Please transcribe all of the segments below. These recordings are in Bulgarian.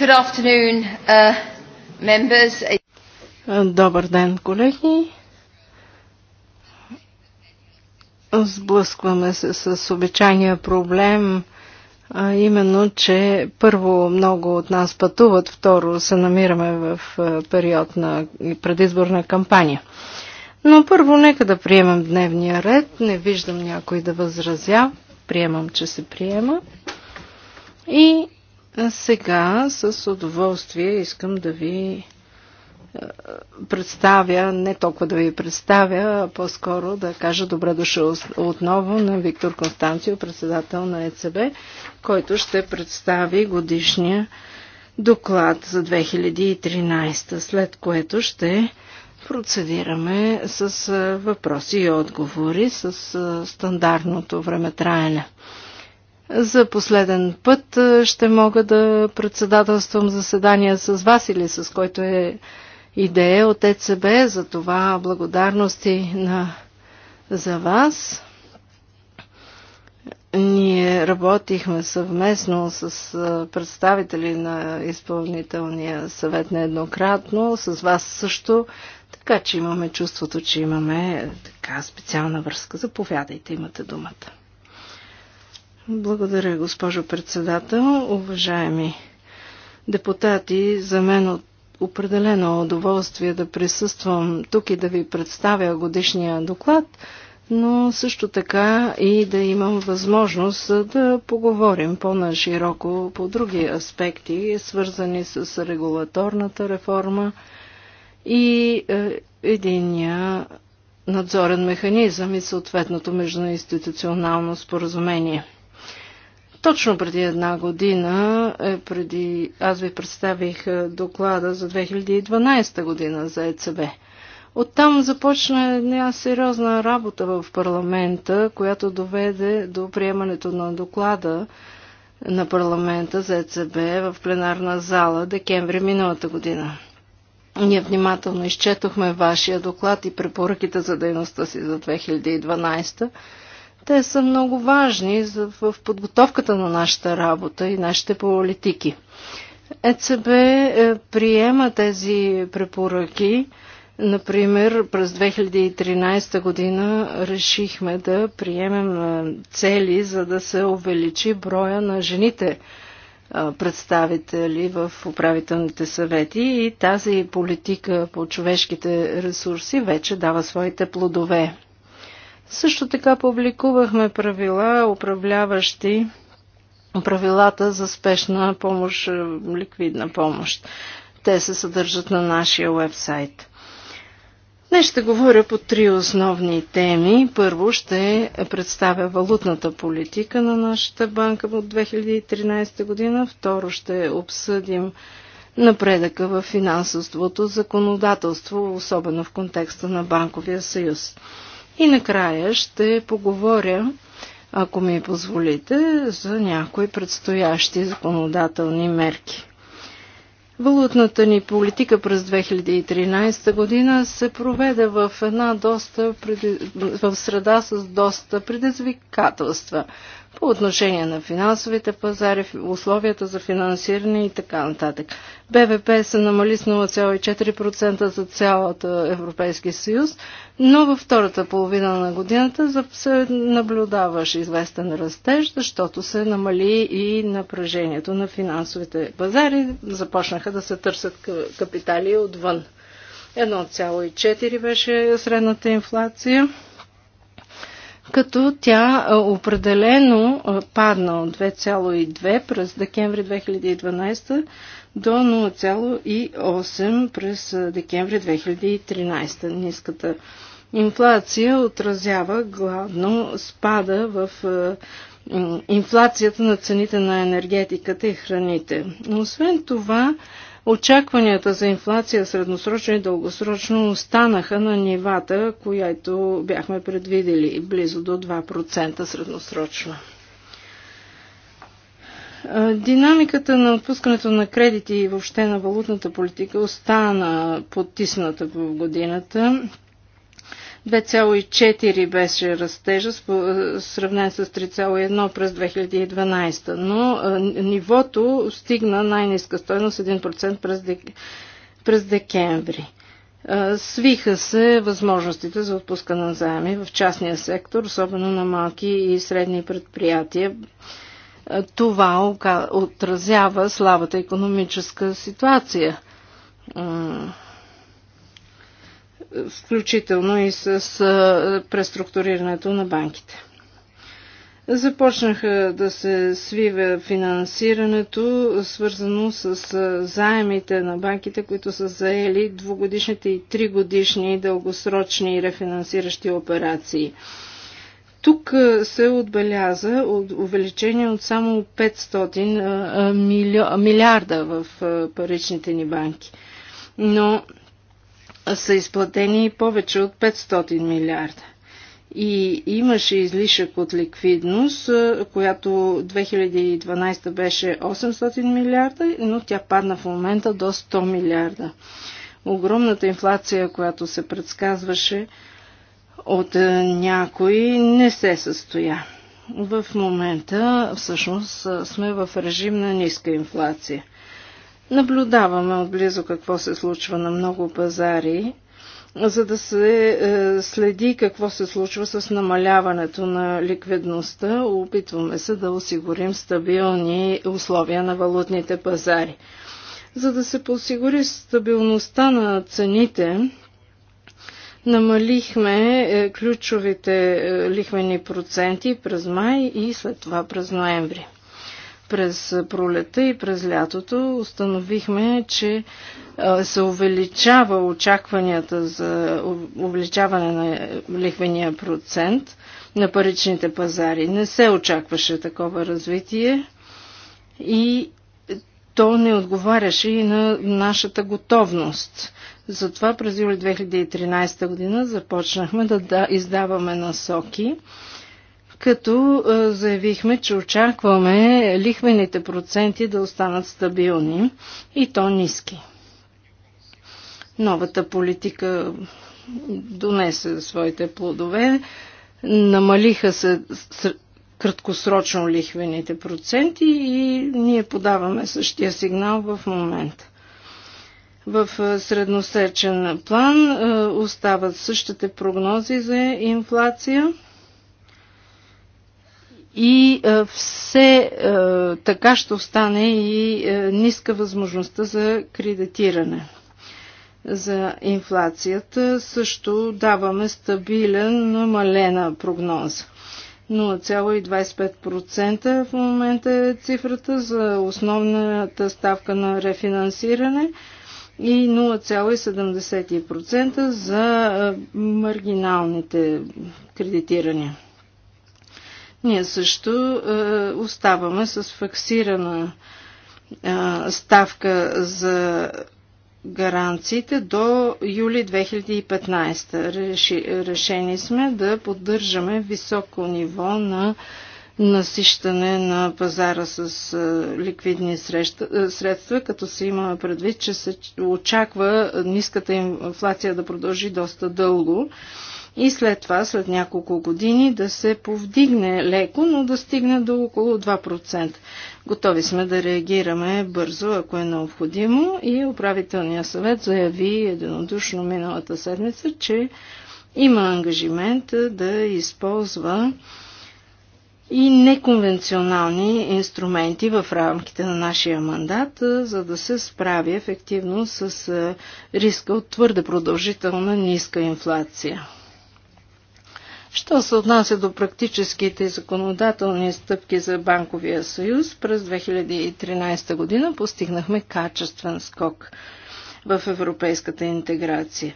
Good afternoon, uh, members. Добър ден, колеги. Сблъскваме се с обичайния проблем, а именно, че първо много от нас пътуват, второ се намираме в период на предизборна кампания. Но първо нека да приемем дневния ред. Не виждам някой да възразя. Приемам, че се приема. И сега с удоволствие искам да ви е, представя, не толкова да ви представя, а по-скоро да кажа добре дошъл отново на Виктор Констанцио, председател на ЕЦБ, който ще представи годишния доклад за 2013, след което ще процедираме с е, въпроси и отговори с е, стандартното време траене. За последен път е, ще мога да председателствам заседания с вас или с който е идея от ЕЦБ. За това благодарности на, за вас. Ние работихме съвместно с е, представители на изпълнителния съвет нееднократно, с вас също, така че имаме чувството, че имаме е, така специална връзка. Заповядайте, имате думата. Благодаря, госпожо председател. Уважаеми депутати, за мен от определено удоволствие да присъствам тук и да ви представя годишния доклад, но също така и да имам възможност да поговорим по-нашироко по други аспекти, свързани с регулаторната реформа и е, единия надзорен механизъм и съответното междуинституционално споразумение. Точно преди една година, е преди, аз ви представих е, доклада за 2012 година за ЕЦБ. Оттам започна една сериозна работа в парламента, която доведе до приемането на доклада на парламента за ЕЦБ в пленарна зала декември миналата година. Ние внимателно изчетохме вашия доклад и препоръките за дейността си за 2012 те са много важни в подготовката на нашата работа и нашите политики. ЕЦБ е, приема тези препоръки. Например, през 2013 година решихме да приемем е, цели, за да се увеличи броя на жените е, представители в управителните съвети и тази политика по човешките ресурси вече дава своите плодове. Също така публикувахме правила, управляващи правилата за спешна помощ, е, ликвидна помощ. Те се съдържат на нашия вебсайт. Днес ще говоря по три основни теми. Първо ще представя валутната политика на нашата банка от 2013 година. Второ ще обсъдим напредъка в финансовото законодателство, особено в контекста на Банковия съюз. И накрая ще поговоря, ако ми позволите, за някои предстоящи законодателни мерки. Валутната ни политика през 2013 година се проведе в една доста в среда с доста предизвикателства по отношение на финансовите пазари, условията за финансиране и така нататък. БВП се намали с 0,4% за цялата Европейски съюз, но във втората половина на годината се наблюдаваше известен растеж, защото се намали и напрежението на финансовите пазари. Започнаха да се търсят капитали отвън. 1,4 беше средната инфлация като тя определено падна от 2,2 през декември 2012 до 0,8 през декември 2013. Ниската инфлация отразява главно спада в инфлацията на цените на енергетиката и храните. Но освен това, Очакванията за инфлация средносрочно и дългосрочно останаха на нивата, която бяхме предвидели, близо до 2% средносрочно. Динамиката на отпускането на кредити и въобще на валутната политика остана подтисната в годината. 2,4 беше растежа, е, сравнен с 3,1 през 2012. Но е, нивото стигна най-низка стойност 1% през, дек... през декември. Е, свиха се възможностите за отпускане на заеми в частния сектор, особено на малки и средни предприятия. Това отразява слабата економическа ситуация включително и с преструктурирането на банките. Започнаха да се свива финансирането, свързано с заемите на банките, които са заели двугодишните и тригодишни дългосрочни рефинансиращи операции. Тук се отбеляза от увеличение от само 500 милиарда в паричните ни банки. Но са изплатени повече от 500 милиарда. И имаше излишък от ликвидност, която 2012 беше 800 милиарда, но тя падна в момента до 100 милиарда. Огромната инфлация, която се предсказваше от някои, не се състоя. В момента всъщност сме в режим на ниска инфлация – Наблюдаваме отблизо какво се случва на много пазари, за да се е, следи какво се случва с намаляването на ликвидността. Опитваме се да осигурим стабилни условия на валутните пазари. За да се посигури стабилността на цените, намалихме е, ключовите е, лихвени проценти през май и след това през ноември. През пролета и през лятото установихме, че се увеличава очакванията за увеличаване на лихвения процент на паричните пазари. Не се очакваше такова развитие и то не отговаряше и на нашата готовност. Затова през юли 2013 година започнахме да, да издаваме насоки като заявихме, че очакваме лихвените проценти да останат стабилни и то ниски. Новата политика донесе своите плодове, намалиха се краткосрочно лихвените проценти и ние подаваме същия сигнал в момента. В средносечен план остават същите прогнози за инфлация – и е, все е, така ще остане и е, ниска възможността за кредитиране. За инфлацията също даваме стабилен, намалена прогноза. 0,25% в момента е цифрата за основната ставка на рефинансиране и 0,70% за маргиналните кредитирания. Ние също е, оставаме с факсирана е, ставка за гаранциите до юли 2015. Реши, решени сме да поддържаме високо ниво на насищане на пазара с е, ликвидни среща, средства, като се има предвид, че се очаква ниската инфлация да продължи доста дълго и след това, след няколко години, да се повдигне леко, но да стигне до около 2%. Готови сме да реагираме бързо, ако е необходимо и управителният съвет заяви единодушно миналата седмица, че има ангажимент да използва и неконвенционални инструменти в рамките на нашия мандат, за да се справи ефективно с риска от твърде продължителна ниска инфлация. Що се отнася до практическите и законодателни стъпки за Банковия съюз, през 2013 година постигнахме качествен скок в европейската интеграция.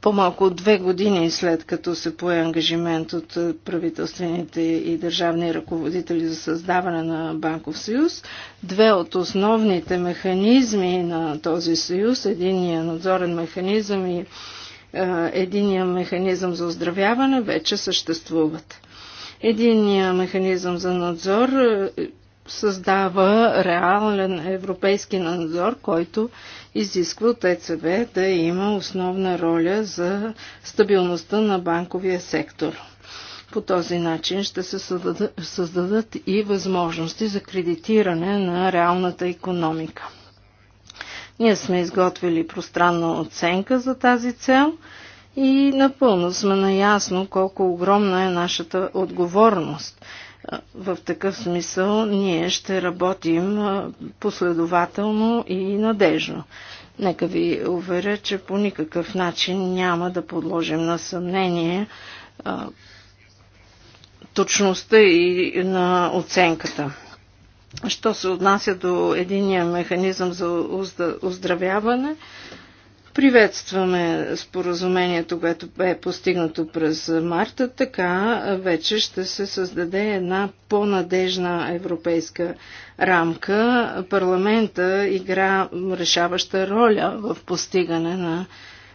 По-малко от две години след като се пое ангажимент от правителствените и държавни ръководители за създаване на Банков съюз, две от основните механизми на този съюз, единия надзорен механизъм и единия механизъм за оздравяване вече съществуват. Единия механизъм за надзор създава реален европейски надзор, който изисква от ЕЦБ да има основна роля за стабилността на банковия сектор. По този начин ще се създадат и възможности за кредитиране на реалната економика. Ние сме изготвили пространна оценка за тази цел и напълно сме наясно колко огромна е нашата отговорност. В такъв смисъл ние ще работим последователно и надежно. Нека ви уверя, че по никакъв начин няма да подложим на съмнение точността и на оценката що се отнася до единия механизъм за оздравяване, приветстваме споразумението, което е постигнато през марта. Така вече ще се създаде една по-надежна европейска рамка. Парламента игра решаваща роля в постигане на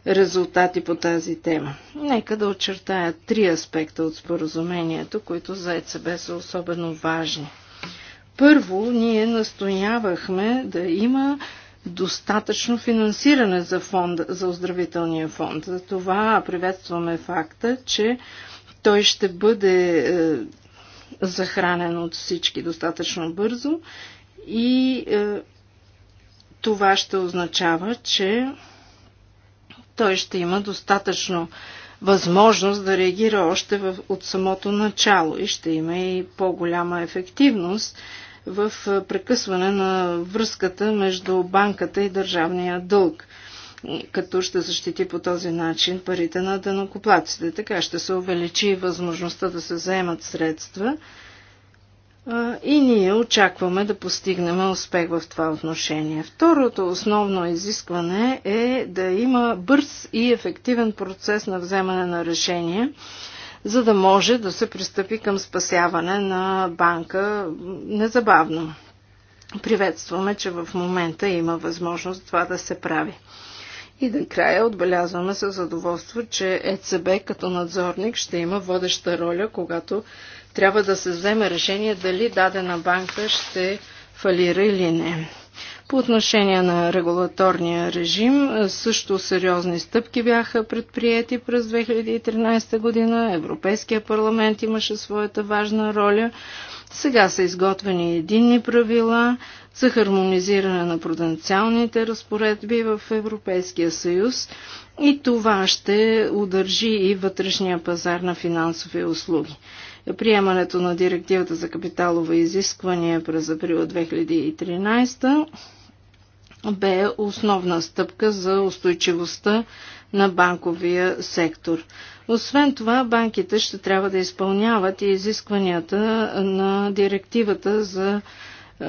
резултати по тази тема. Нека да очертая три аспекта от споразумението, които за ЕЦБ са особено важни – първо, ние настоявахме да има достатъчно финансиране за, фонда, за оздравителния фонд. За това приветстваме факта, че той ще бъде е, захранен от всички достатъчно бързо и е, това ще означава, че той ще има достатъчно възможност да реагира още в, от самото начало и ще има и по-голяма ефективност в прекъсване на връзката между банката и държавния дълг, като ще защити по този начин парите на дънокоплаците. Така ще се увеличи възможността да се заемат средства и ние очакваме да постигнем успех в това отношение. Второто основно изискване е да има бърз и ефективен процес на вземане на решения за да може да се пристъпи към спасяване на банка незабавно. Приветстваме, че в момента има възможност това да се прави. И накрая отбелязваме със задоволство, че ЕЦБ като надзорник ще има водеща роля, когато трябва да се вземе решение дали дадена банка ще фалира или не. По отношение на регулаторния режим, също сериозни стъпки бяха предприяти през 2013 година. Европейския парламент имаше своята важна роля. Сега са изготвени единни правила за хармонизиране на пруденциалните разпоредби в Европейския съюз и това ще удържи и вътрешния пазар на финансови услуги. Приемането на директивата за капиталова изисквания през април 2013 бе основна стъпка за устойчивостта на банковия сектор. Освен това, банките ще трябва да изпълняват и изискванията на директивата за е,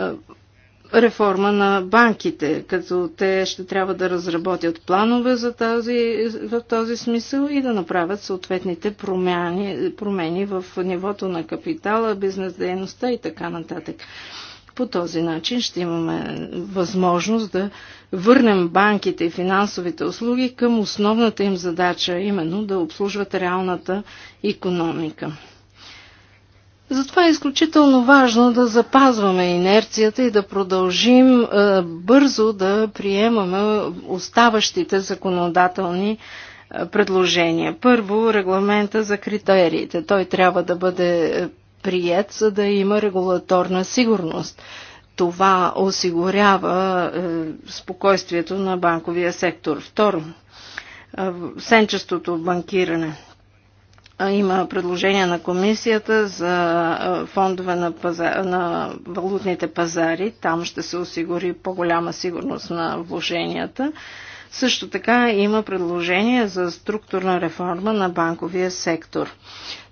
реформа на банките, като те ще трябва да разработят планове за тази, в този смисъл и да направят съответните промени, промени в нивото на капитала, бизнес дейността и така нататък. По този начин ще имаме възможност да върнем банките и финансовите услуги към основната им задача, именно да обслужват реалната економика. Затова е изключително важно да запазваме инерцията и да продължим е, бързо да приемаме оставащите законодателни е, предложения. Първо, регламента за критериите. Той трябва да бъде е, прият, за да има регулаторна сигурност. Това осигурява е, спокойствието на банковия сектор. Второ, е, сенчестото банкиране. Има предложения на комисията за е, фондове на, пазар, на валутните пазари. Там ще се осигури по-голяма сигурност на вложенията. Също така има предложение за структурна реформа на банковия сектор.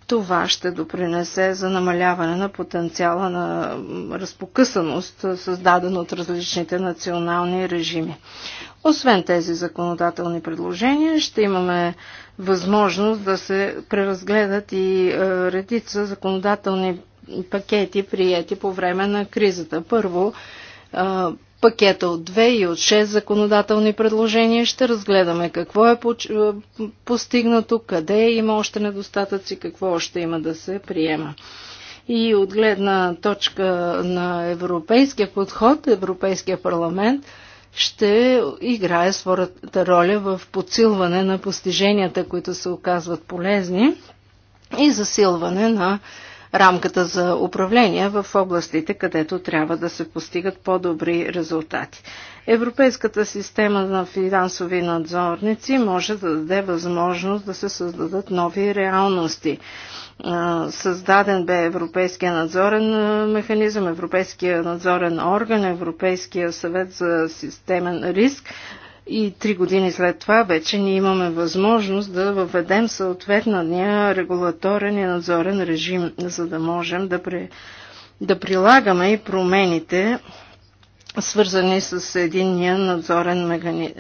Това ще допринесе за намаляване на потенциала на разпокъсаност, създаден от различните национални режими. Освен тези законодателни предложения, ще имаме възможност да се преразгледат и е, редица законодателни пакети, приети по време на кризата. Първо, е, пакета от 2 и от 6 законодателни предложения. Ще разгледаме какво е, е постигнато, къде има още недостатъци, какво още има да се приема. И от гледна точка на европейския подход, Европейския парламент ще играе своята роля в подсилване на постиженията, които се оказват полезни и засилване на рамката за управление в областите, където трябва да се постигат по-добри резултати. Европейската система на финансови надзорници може да даде възможност да се създадат нови реалности. Създаден бе Европейския надзорен механизъм, Европейския надзорен орган, Европейския съвет за системен риск, и три години след това вече ние имаме възможност да въведем съответния регулаторен и надзорен режим, за да можем да, при, да прилагаме и промените, свързани с единния надзорен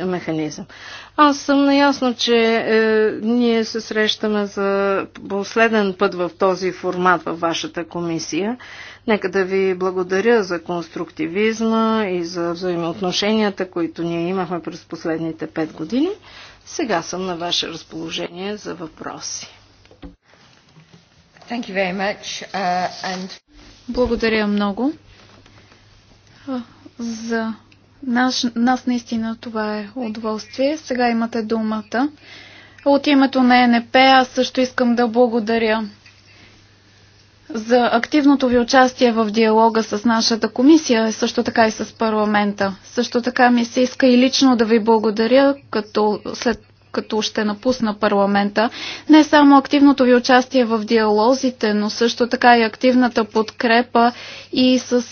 механизъм. Аз съм наясно, че е, ние се срещаме за последен път в този формат във вашата комисия Нека да ви благодаря за конструктивизма и за взаимоотношенията, които ние имахме през последните пет години. Сега съм на ваше разположение за въпроси. Thank you very much, uh, and... Благодаря много. За нас, нас наистина това е удоволствие. Сега имате думата. От името на ЕНП аз също искам да благодаря за активното ви участие в диалога с нашата комисия, също така и с парламента. Също така ми се иска и лично да ви благодаря, като след като ще напусна парламента. Не само активното ви участие в диалозите, но също така и активната подкрепа и с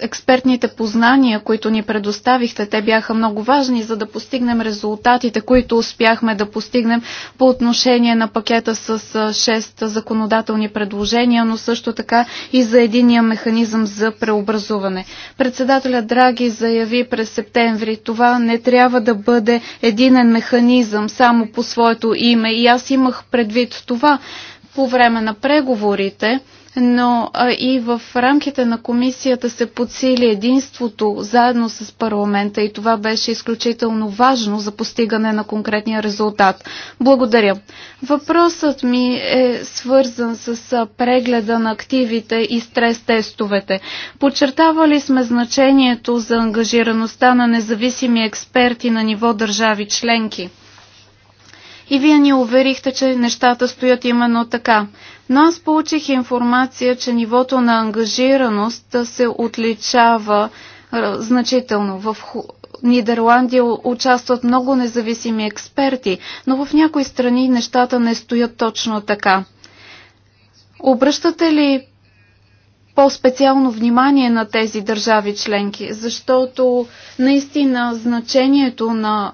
експертните познания, които ни предоставихте. Те бяха много важни, за да постигнем резултатите, които успяхме да постигнем по отношение на пакета с 6 законодателни предложения, но също така и за единия механизъм за преобразуване. Председателя Драги заяви през септември, това не трябва да бъде единен механизъм механизъм само по своето име и аз имах предвид това по време на преговорите, но а, и в рамките на комисията се подсили единството заедно с парламента и това беше изключително важно за постигане на конкретния резултат. Благодаря. Въпросът ми е свързан с прегледа на активите и стрес-тестовете. Подчертавали сме значението за ангажираността на независими експерти на ниво държави членки и вие ни уверихте, че нещата стоят именно така. Но аз получих информация, че нивото на ангажираност се отличава значително. В Нидерландия участват много независими експерти, но в някои страни нещата не стоят точно така. Обръщате ли по-специално внимание на тези държави членки, защото наистина значението на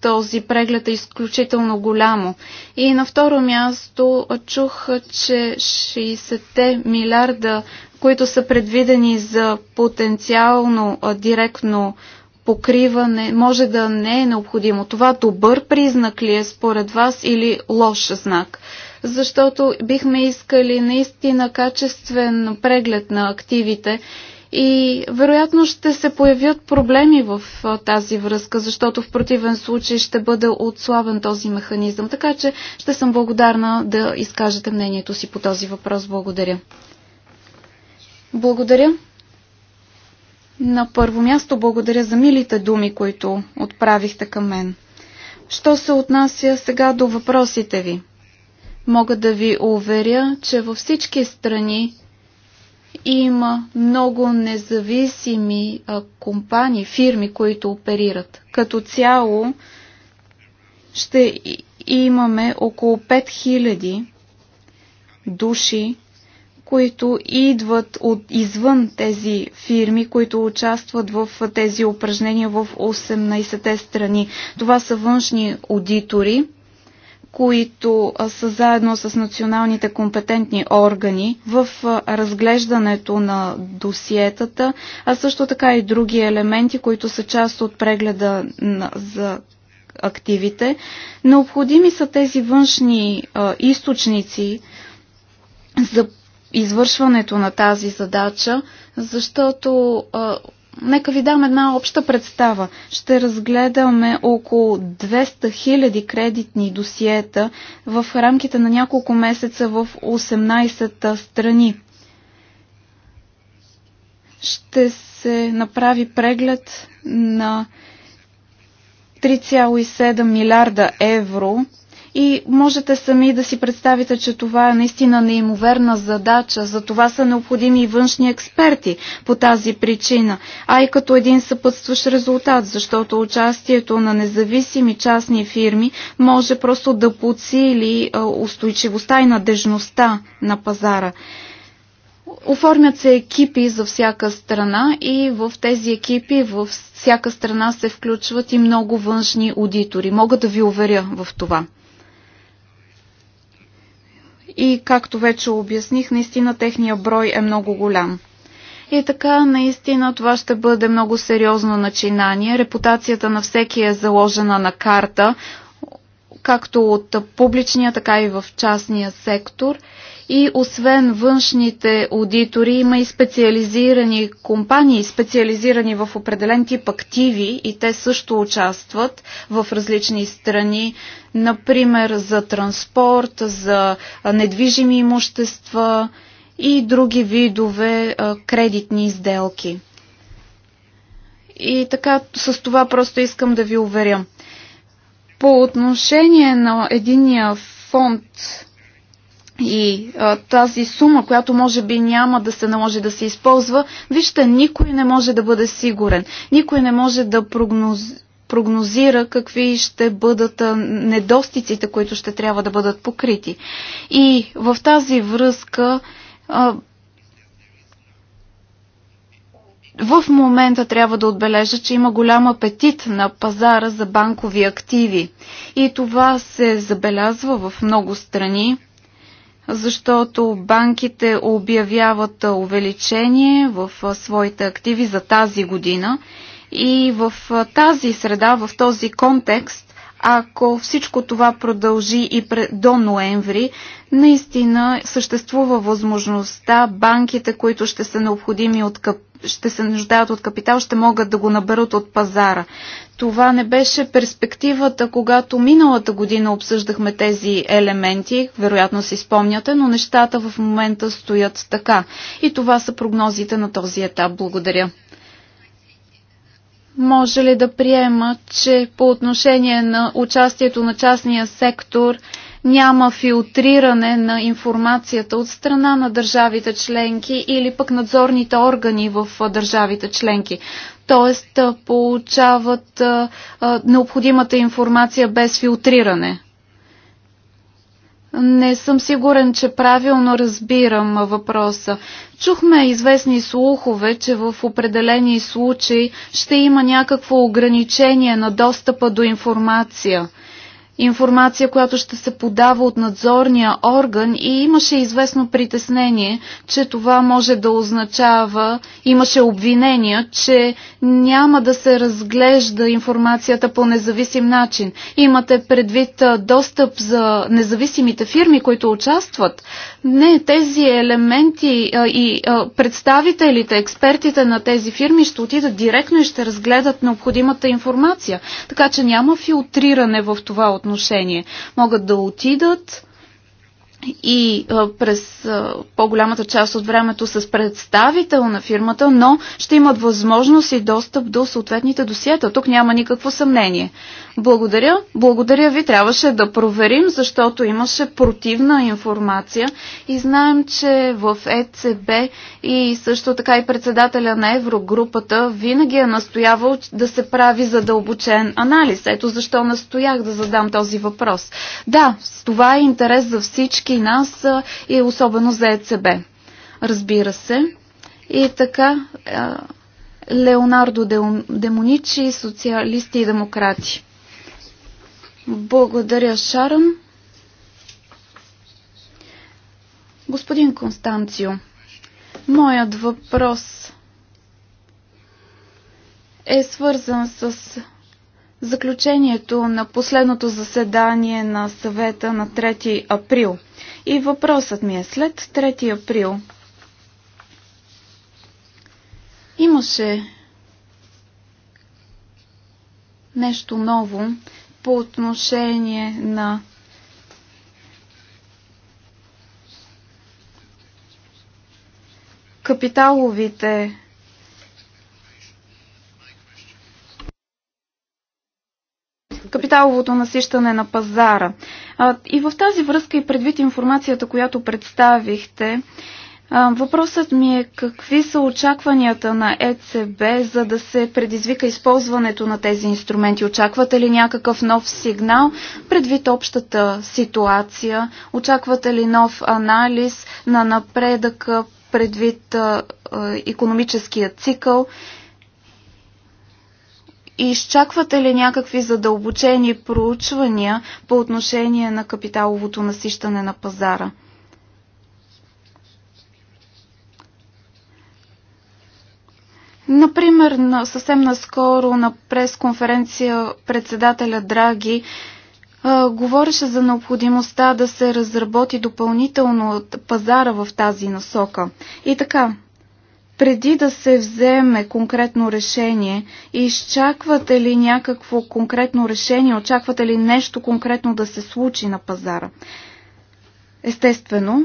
този преглед е изключително голямо. И на второ място чух, че 60 милиарда, които са предвидени за потенциално директно покриване, може да не е необходимо. Това добър признак ли е според вас или лош знак? Защото бихме искали наистина качествен преглед на активите и вероятно ще се появят проблеми в тази връзка, защото в противен случай ще бъде отслабен този механизъм. Така че ще съм благодарна да изкажете мнението си по този въпрос. Благодаря. Благодаря. На първо място благодаря за милите думи, които отправихте към мен. Що се отнася сега до въпросите ви? Мога да ви уверя, че във всички страни има много независими а, компании, фирми, които оперират. Като цяло ще имаме около 5000 души, които идват от извън тези фирми, които участват в тези упражнения в 18-те страни. Това са външни аудитори, които са заедно с националните компетентни органи в разглеждането на досиетата, а също така и други елементи, които са част от прегледа за активите. Необходими са тези външни източници за извършването на тази задача, защото Нека ви дам една обща представа. Ще разгледаме около 200 000 кредитни досиета в рамките на няколко месеца в 18 страни. Ще се направи преглед на 3,7 милиарда евро и можете сами да си представите, че това е наистина неимоверна задача. За това са необходими и външни експерти по тази причина, а и като един съпътстващ резултат, защото участието на независими частни фирми може просто да подсили устойчивостта и надежността на пазара. Оформят се екипи за всяка страна и в тези екипи в всяка страна се включват и много външни аудитори. Мога да ви уверя в това и както вече обясних, наистина техния брой е много голям. И така, наистина това ще бъде много сериозно начинание. Репутацията на всеки е заложена на карта, както от публичния, така и в частния сектор. И освен външните аудитори, има и специализирани компании, специализирани в определен тип активи и те също участват в различни страни, например за транспорт, за недвижими имущества и други видове кредитни изделки. И така, с това просто искам да ви уверя. По отношение на единия фонд и а, тази сума, която може би няма да се наложи да се използва, вижте, никой не може да бъде сигурен. Никой не може да прогноз... прогнозира какви ще бъдат недостиците, които ще трябва да бъдат покрити. И в тази връзка а, в момента трябва да отбележа, че има голям апетит на пазара за банкови активи. И това се забелязва в много страни защото банките обявяват увеличение в своите активи за тази година и в тази среда, в този контекст, ако всичко това продължи и до ноември, наистина съществува възможността банките, които ще са необходими от капитал, ще се нуждаят от капитал, ще могат да го наберат от пазара. Това не беше перспективата, когато миналата година обсъждахме тези елементи, вероятно си спомняте, но нещата в момента стоят така. И това са прогнозите на този етап. Благодаря. Може ли да приема, че по отношение на участието на частния сектор – няма филтриране на информацията от страна на държавите членки или пък надзорните органи в държавите членки. Тоест получават необходимата информация без филтриране. Не съм сигурен, че правилно разбирам въпроса. Чухме известни слухове, че в определени случаи ще има някакво ограничение на достъпа до информация – информация, която ще се подава от надзорния орган и имаше известно притеснение, че това може да означава, имаше обвинения, че няма да се разглежда информацията по независим начин. Имате предвид достъп за независимите фирми, които участват. Не, тези елементи а, и а, представителите, експертите на тези фирми ще отидат директно и ще разгледат необходимата информация. Така че няма филтриране в това отношение отношение. Могат да отидат и през по-голямата част от времето с представител на фирмата, но ще имат възможност и достъп до съответните досиета. Тук няма никакво съмнение. Благодаря. Благодаря ви. Трябваше да проверим, защото имаше противна информация и знаем, че в ЕЦБ и също така и председателя на Еврогрупата винаги е настоявал да се прави задълбочен анализ. Ето защо настоях да задам този въпрос. Да, това е интерес за всички всички нас и особено за ЕЦБ. Разбира се. И така, Леонардо Демоничи, социалисти и демократи. Благодаря, Шарам. Господин Констанцио, моят въпрос е свързан с заключението на последното заседание на съвета на 3 април. И въпросът ми е след 3 април. Имаше нещо ново по отношение на капиталовите капиталовото насищане на пазара. И в тази връзка и предвид информацията, която представихте, Въпросът ми е какви са очакванията на ЕЦБ, за да се предизвика използването на тези инструменти? Очаквате ли някакъв нов сигнал предвид общата ситуация? Очаквате ли нов анализ на напредъка предвид економическия цикъл? Изчаквате ли някакви задълбочени проучвания по отношение на капиталовото насищане на пазара? Например, на, съвсем наскоро на пресконференция председателя Драги а, говореше за необходимостта да се разработи допълнително от пазара в тази насока. И така, преди да се вземе конкретно решение? Изчаквате ли някакво конкретно решение? Очаквате ли нещо конкретно да се случи на пазара? Естествено,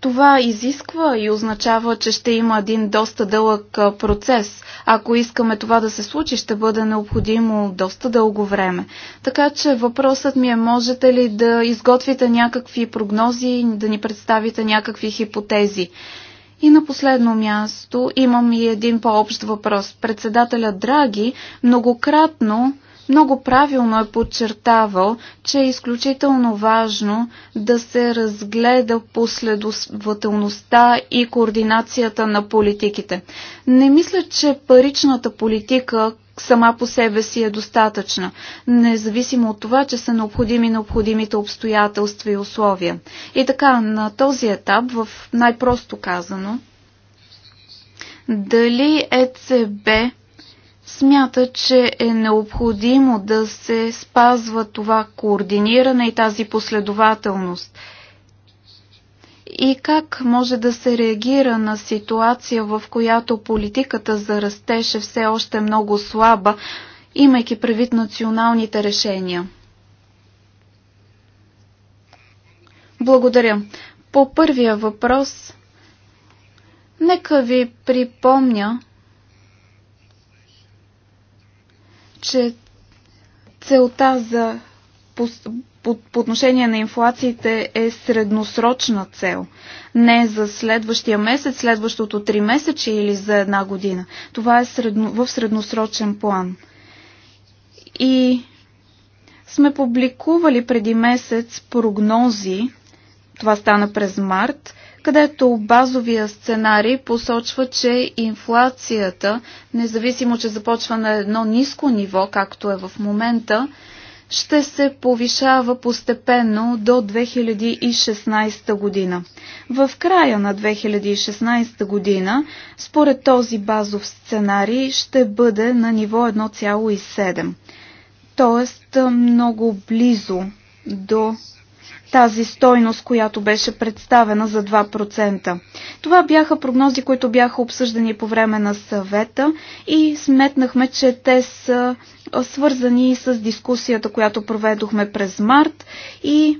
Това изисква и означава, че ще има един доста дълъг процес. Ако искаме това да се случи, ще бъде необходимо доста дълго време. Така че въпросът ми е, можете ли да изготвите някакви прогнози, да ни представите някакви хипотези? И на последно място имам и един по-общ въпрос. Председателя Драги многократно много правилно е подчертавал, че е изключително важно да се разгледа последователността и координацията на политиките. Не мисля, че паричната политика сама по себе си е достатъчна, независимо от това, че са необходими необходимите обстоятелства и условия. И така, на този етап, в най-просто казано, дали ЕЦБ смята, че е необходимо да се спазва това координиране и тази последователност. И как може да се реагира на ситуация, в която политиката за растеж е все още много слаба, имайки предвид националните решения? Благодаря. По първия въпрос, нека ви припомня, че целта за по, по, по отношение на инфлациите е средносрочна цел. Не за следващия месец, следващото три месече или за една година. Това е средно, в средносрочен план. И сме публикували преди месец прогнози, това стана през март, където базовия сценарий посочва, че инфлацията, независимо, че започва на едно ниско ниво, както е в момента, ще се повишава постепенно до 2016 година. В края на 2016 година, според този базов сценарий, ще бъде на ниво 1,7, т.е. много близо до тази стойност, която беше представена за 2%. Това бяха прогнози, които бяха обсъждани по време на съвета и сметнахме, че те са свързани с дискусията, която проведохме през март и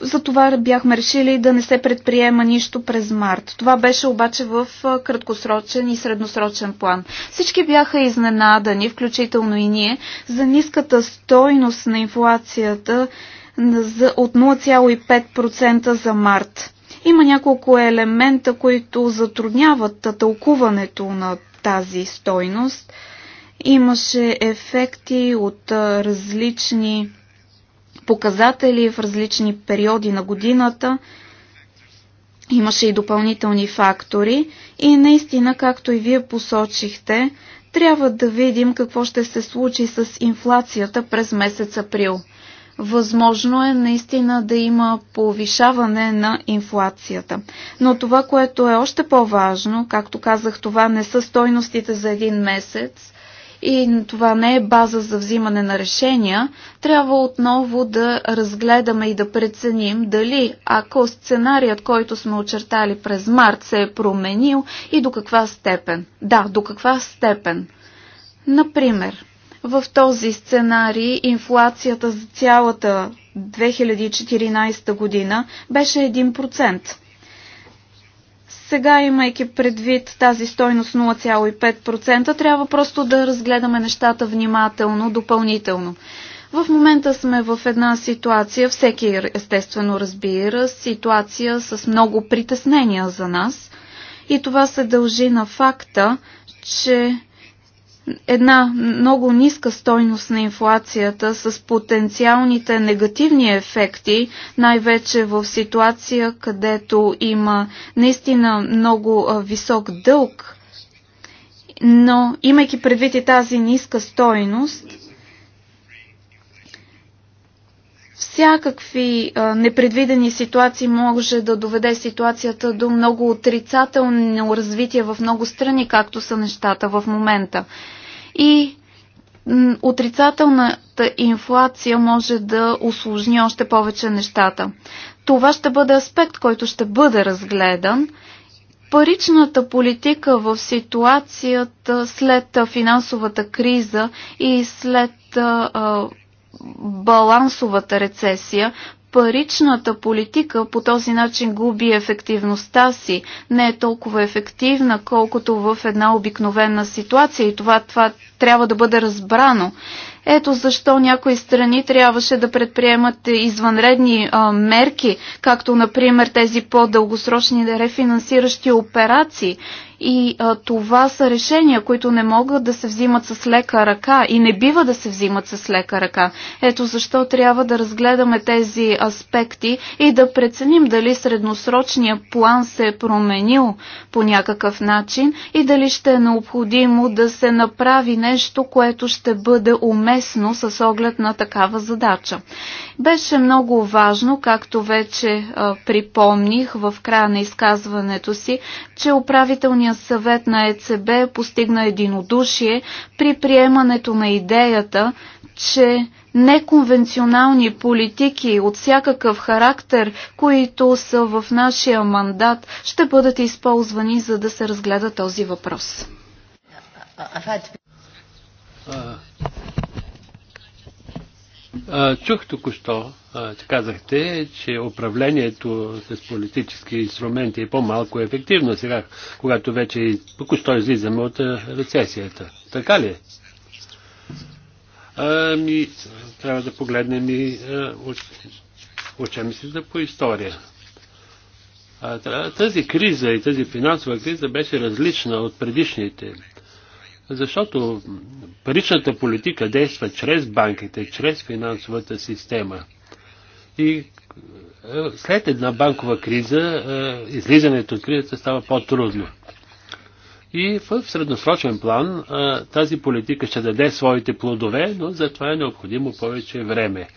затова бяхме решили да не се предприема нищо през март. Това беше обаче в краткосрочен и средносрочен план. Всички бяха изненадани, включително и ние, за ниската стойност на инфлацията от 0,5% за март. Има няколко елемента, които затрудняват тълкуването на тази стойност. Имаше ефекти от различни показатели в различни периоди на годината. Имаше и допълнителни фактори и наистина, както и вие посочихте, трябва да видим какво ще се случи с инфлацията през месец април. Възможно е наистина да има повишаване на инфлацията. Но това, което е още по-важно, както казах, това не са стойностите за един месец, и това не е база за взимане на решения, трябва отново да разгледаме и да преценим дали, ако сценарият, който сме очертали през март, се е променил и до каква степен. Да, до каква степен. Например, в този сценарий инфлацията за цялата 2014 година беше 1%. Сега, имайки предвид тази стойност 0,5%, трябва просто да разгледаме нещата внимателно, допълнително. В момента сме в една ситуация, всеки естествено разбира, ситуация с много притеснения за нас. И това се дължи на факта, че една много ниска стойност на инфлацията с потенциалните негативни ефекти, най-вече в ситуация, където има наистина много висок дълг, но имайки предвид и тази ниска стойност, всякакви а, непредвидени ситуации може да доведе ситуацията до много отрицателно развитие в много страни, както са нещата в момента и отрицателната инфлация може да осложни още повече нещата. Това ще бъде аспект, който ще бъде разгледан. Паричната политика в ситуацията след финансовата криза и след балансовата рецесия паричната политика по този начин губи ефективността си, не е толкова ефективна, колкото в една обикновена ситуация и това, това трябва да бъде разбрано. Ето защо някои страни трябваше да предприемат извънредни а, мерки, както например тези по-дългосрочни рефинансиращи операции и а, това са решения, които не могат да се взимат с лека ръка и не бива да се взимат с лека ръка. Ето защо трябва да разгледаме тези аспекти и да преценим дали средносрочния план се е променил по някакъв начин и дали ще е необходимо да се направи нещо, което ще бъде уместно с оглед на такава задача. Беше много важно, както вече а, припомних в края на изказването си, че управителният управителният съвет на ЕЦБ постигна единодушие при приемането на идеята, че неконвенционални политики от всякакъв характер, които са в нашия мандат, ще бъдат използвани за да се разгледа този въпрос. А, Чух току-що, че казахте, че управлението с политически инструменти е по-малко ефективно сега, когато вече току-що излизаме от рецесията. Така ли? ми, трябва да погледнем и учеми се да по история. Тази криза и тази финансова криза беше различна от предишните защото паричната политика действа чрез банките, чрез финансовата система. И е, след една банкова криза, е, излизането от кризата става по-трудно. И в средносрочен план е, тази политика ще даде своите плодове, но за това е необходимо повече време.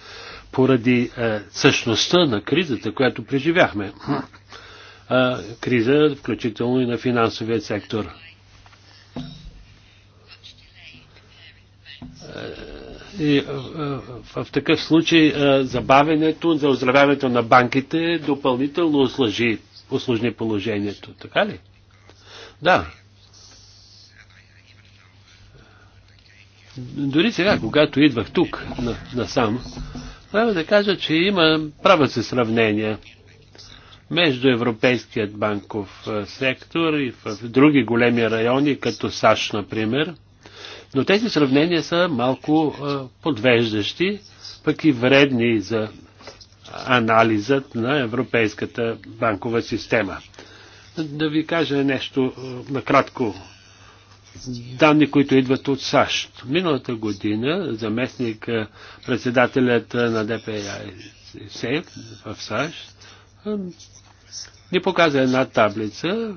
Поради същността на кризата, която преживяхме. Криза, включително и на финансовия сектор. И е, е, в такъв случай е, забавенето за оздравяването на банките допълнително услъжи, услужни положението. Така ли? Да. Дори сега, когато идвах тук, насам, трябва да кажа, че има, права се сравнения между Европейският банков сектор и в други големи райони, като САЩ, например – но тези сравнения са малко подвеждащи, пък и вредни за анализът на европейската банкова система. Да ви кажа нещо накратко. Данни, които идват от САЩ. Миналата година заместник председателят на ДПА в САЩ ни показа една таблица,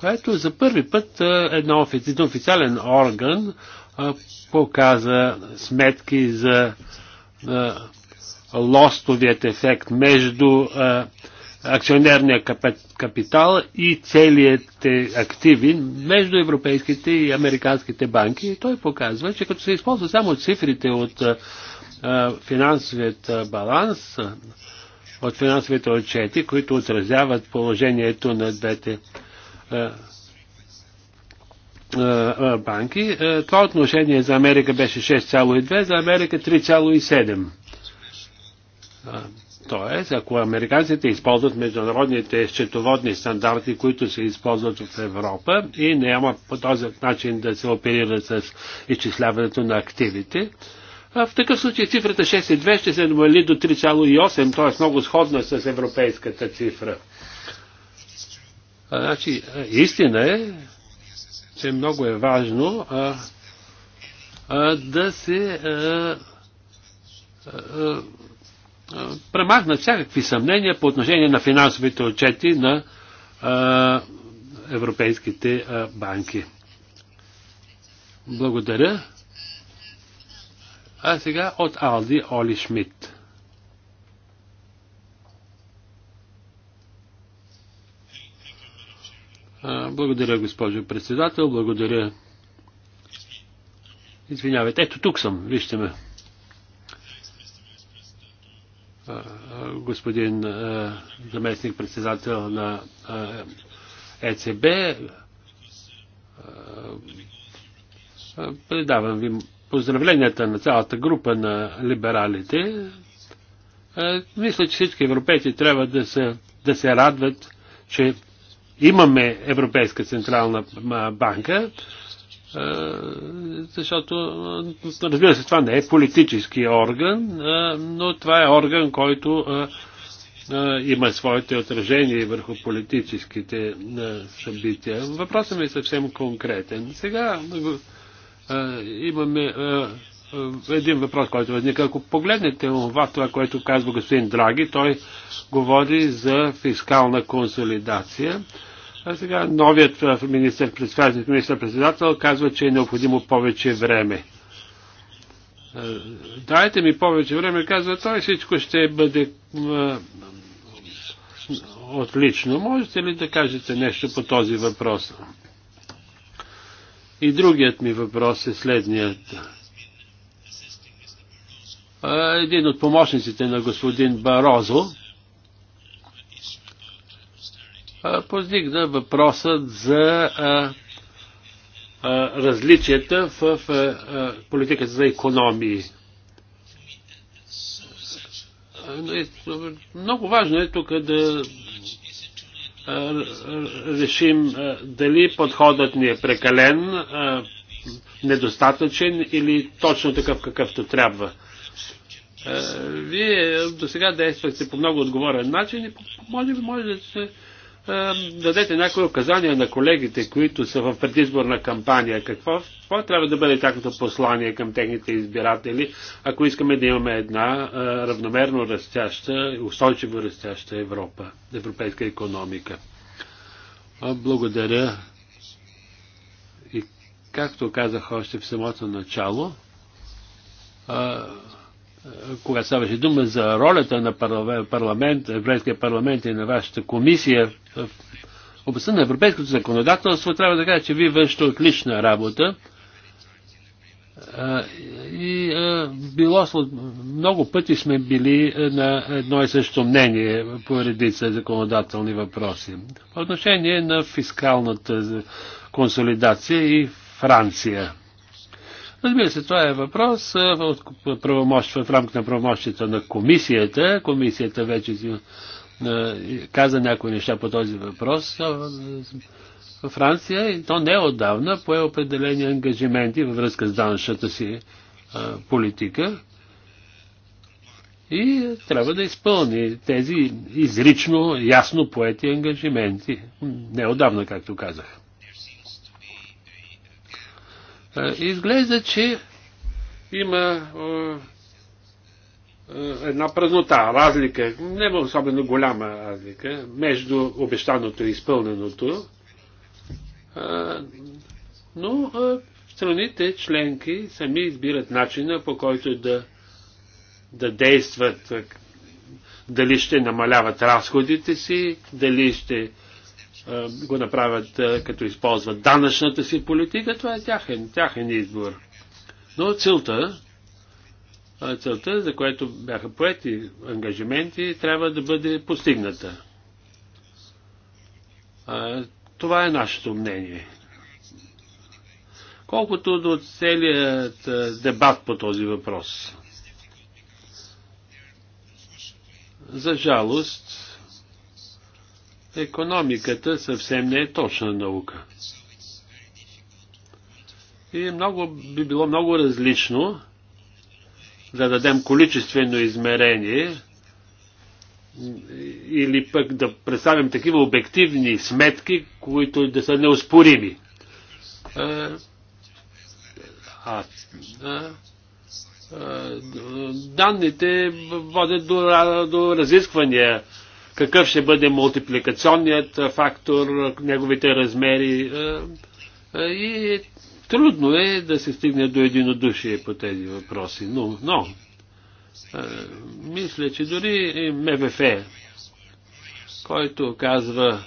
което за първи път едно един официален орган показа сметки за лостовият ефект между акционерния капитал и целите активи между европейските и американските банки. И той показва, че като се използва само цифрите от финансовият баланс, от финансовите отчети, които отразяват положението на двете е, е, е, банки. Това отношение за Америка беше 6,2, за Америка 3,7. Тоест, ако американците използват международните счетоводни стандарти, които се използват в Европа и няма по този начин да се оперира с изчисляването на активите, в такъв случай цифрата 6,2 ще се намали до 3,8, т.е. много сходна с европейската цифра. Значи, истина е, че много е важно а, а, да се а, а, а, премахнат всякакви съмнения по отношение на финансовите отчети на а, европейските а, банки. Благодаря. А сега от Алди Оли Шмидт. Благодаря, госпожо председател. Благодаря. Извинявайте, ето тук съм, вижте ме. Господин заместник председател на ЕЦБ, предавам ви поздравленията на цялата група на либералите. Мисля, че всички европейци трябва да се, да се радват, че имаме Европейска централна банка, защото, разбира се, това не е политически орган, но това е орган, който има своите отражения върху политическите събития. Въпросът ми е съвсем конкретен. Сега имаме един въпрос, който възника. Ако погледнете това, това, което казва господин Драги, той говори за фискална консолидация а сега новият министър-председател министър казва, че е необходимо повече време. Дайте ми повече време, казва той, всичко ще бъде отлично. Можете ли да кажете нещо по този въпрос? И другият ми въпрос е следният. Един от помощниците на господин Барозо поздигна въпросът за различията в политиката за економии. Много важно е тук да решим дали подходът ни е прекален, недостатъчен или точно такъв какъвто трябва. Вие до сега действахте по много отговорен начин и може би може да се е, дадете някои указания на колегите, които са в предизборна кампания. Какво, какво трябва да бъде тяхното послание към техните избиратели, ако искаме да имаме една а, е, равномерно растяща, устойчиво растяща Европа, европейска економика? А, благодаря. И както казах още в самото начало, а, когато ставаше дума за ролята на парламент, Европейския парламент и на вашата комисия в областта на европейското законодателство, трябва да кажа, че вие вършите отлична работа. И било много пъти сме били на едно и също мнение по редица законодателни въпроси. По отношение на фискалната консолидация и Франция. Разбира се, това е въпрос в, в, в рамките на правомощията на комисията. Комисията вече си каза някои неща по този въпрос. Във Франция, и то не отдавна, пое определени ангажименти във връзка с данъчната си политика и трябва да изпълни тези изрично, ясно поети ангажименти. Не отдавна, както казах. Изглежда, че има една празнота, разлика, не е особено голяма разлика, между обещаното и изпълненото, но страните членки сами избират начина по който да, да действат, дали ще намаляват разходите си, дали ще го направят като използват данъчната си политика, това е тяхен, тяхен избор. Но целта, целта, за което бяха поети ангажименти, трябва да бъде постигната. Това е нашето мнение. Колкото до целият дебат по този въпрос. За жалост, економиката съвсем не е точна наука. И много, би било много различно да дадем количествено измерение или пък да представим такива обективни сметки, които да са неоспорими. А, а, а, данните водят до, до разисквания какъв ще бъде мултипликационният фактор, неговите размери. И трудно е да се стигне до единодушие по тези въпроси. Но, но мисля, че дори и МВФ, който казва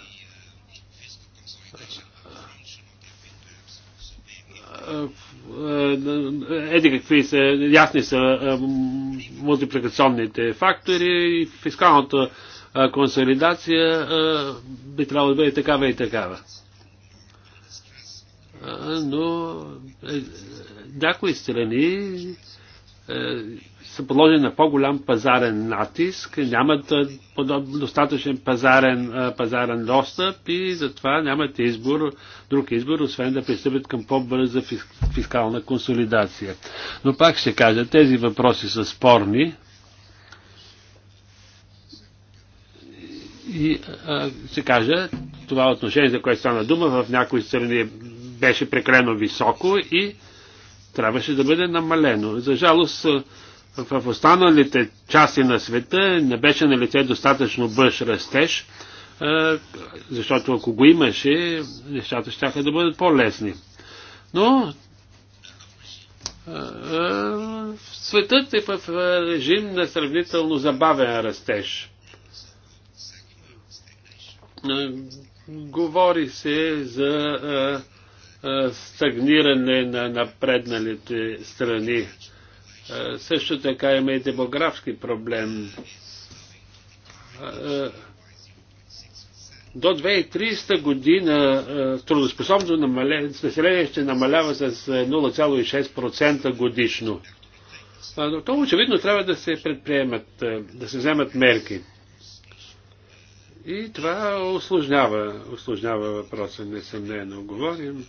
еди какви са, ясни са мултипликационните фактори и фискалната консолидация би трябвало да бъде такава и такава. Но е, някои страни е, са положени на по-голям пазарен натиск, нямат достатъчен пазарен, пазарен достъп и затова нямат избор, друг избор, освен да пристъпят към по-бърза фискална консолидация. Но пак ще кажа, тези въпроси са спорни И а, се кажа, това отношение, за което стана дума, в някои страни беше прекалено високо и трябваше да бъде намалено. За жалост, в останалите части на света не беше на лице достатъчно бърз растеж, защото ако го имаше, нещата ще да бъдат по-лесни. Но светът е в режим на сравнително забавен растеж. Говори се за стагниране на напредналите страни. Също така има и демографски проблем. До 2030 година трудоспособното население ще намалява с 0,6% годишно. Но то очевидно трябва да се предприемат, да се вземат мерки. И това осложнява, осложнява въпроса, несъмнено. Говорим,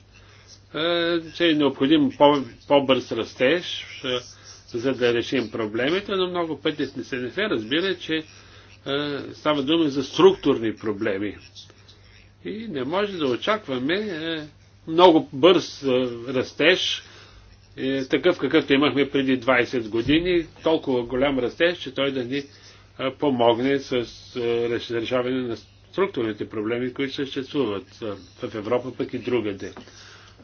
е, че е необходим по-бърз по растеж, е, за да решим проблемите, но много пъти се не се разбира, че е, става дума за структурни проблеми. И не може да очакваме много бърз растеж, такъв какъвто имахме преди 20 години, толкова голям растеж, че той да ни помогне с решаване на структурните проблеми, които съществуват в Европа, пък и другаде.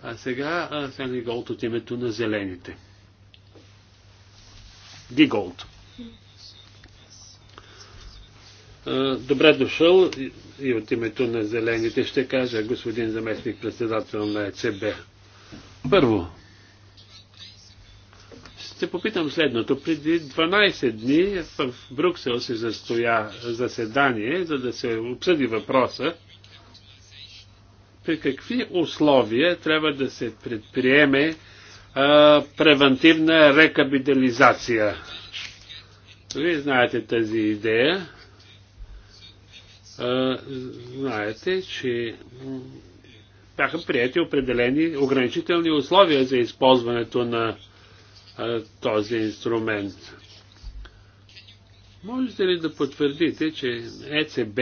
А сега Сенли Голд от името на зелените. Голд. Добре дошъл и от името на зелените ще кажа господин заместник председател на ЕЦБ. Първо, ще попитам следното. Преди 12 дни в Бруксел се застоя заседание, за да се обсъди въпроса при какви условия трябва да се предприеме а, превентивна рекапитализация. Вие знаете тази идея. А, знаете, че бяха прияти определени ограничителни условия за използването на е, този инструмент. Можете ли да потвърдите, че ЕЦБ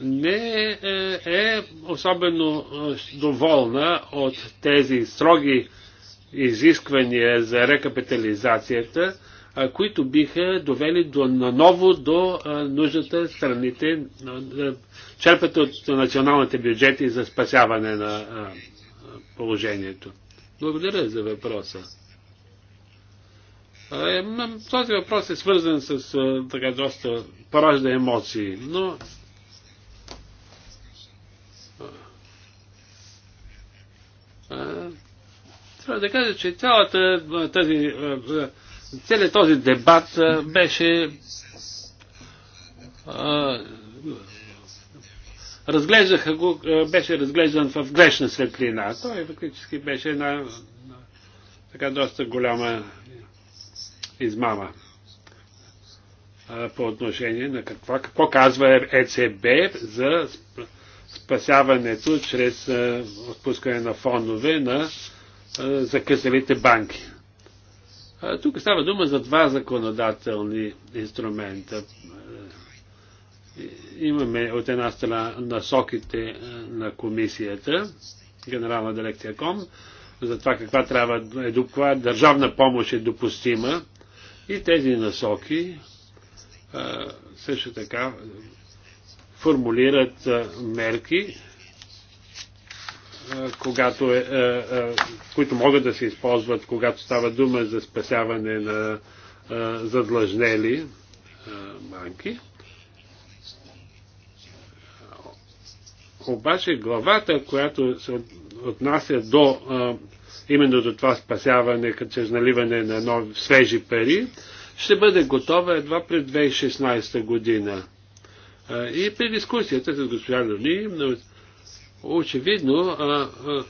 не е, е особено е, доволна от тези строги изисквания за рекапитализацията, които биха довели до, наново до нуждата страните черпят от националните бюджети за спасяване на положението. Благодаря за въпроса. Е, този въпрос е свързан с така доста поражда емоции, но трябва да кажа, че цялата тази, целият този дебат беше разглеждаха го, е, беше разглеждан в грешна светлина. Той фактически беше една така доста голяма измама по отношение на какво, какво казва ЕЦБ за спасяването чрез е, отпускане на фондове на е, закъсалите банки. Тук става дума за два законодателни инструмента имаме от една страна насоките е, на комисията, генерална дирекция КОМ, за това каква трябва е, каква държавна помощ е допустима и тези насоки е, също така формулират е, мерки, когато е, които могат да се използват, когато става дума за спасяване на задлъжнели банки. Обаче главата, която се отнася до а, именно до това спасяване, като чрез наливане на нови, свежи пари, ще бъде готова едва през 2016 година. А, и при дискусията с госпожа Люни, очевидно, а, а,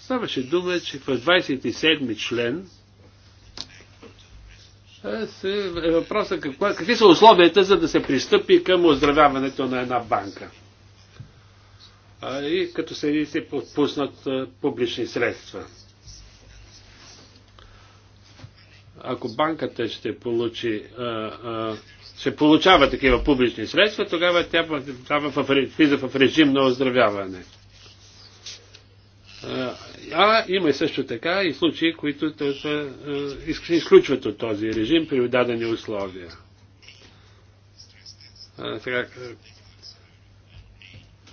ставаше дума, че в 27 член е, е, въпросът е какво, какви са условията за да се пристъпи към оздравяването на една банка. А, и като се, се подпуснат а, е, публични средства. Ако банката ще получи, а, а, ще получава такива публични средства, тогава тя влиза в режим на оздравяване. А има и също така и случаи, които се е, изключват от този режим при дадени условия. сега, е,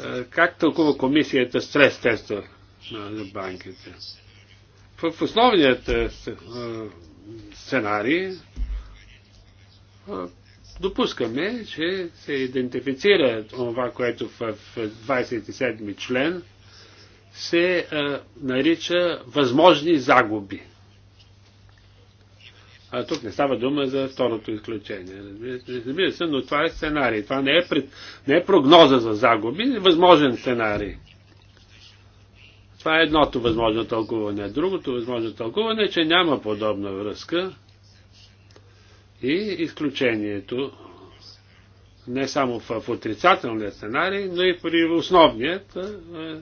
е, как тълкува комисията стрес теста на банките? В, основният сценарий допускаме, че се идентифицира това, което в 27 член се а, е, нарича възможни загуби. А тук не става дума за второто изключение. Разбира се, но това е сценарий. Това не е, пред, не е прогноза за загуби, е възможен сценарий. Това е едното възможно тълкуване. Другото възможно тълкуване е, че няма подобна връзка и изключението не само в, в отрицателния сценарий, но и при основният е,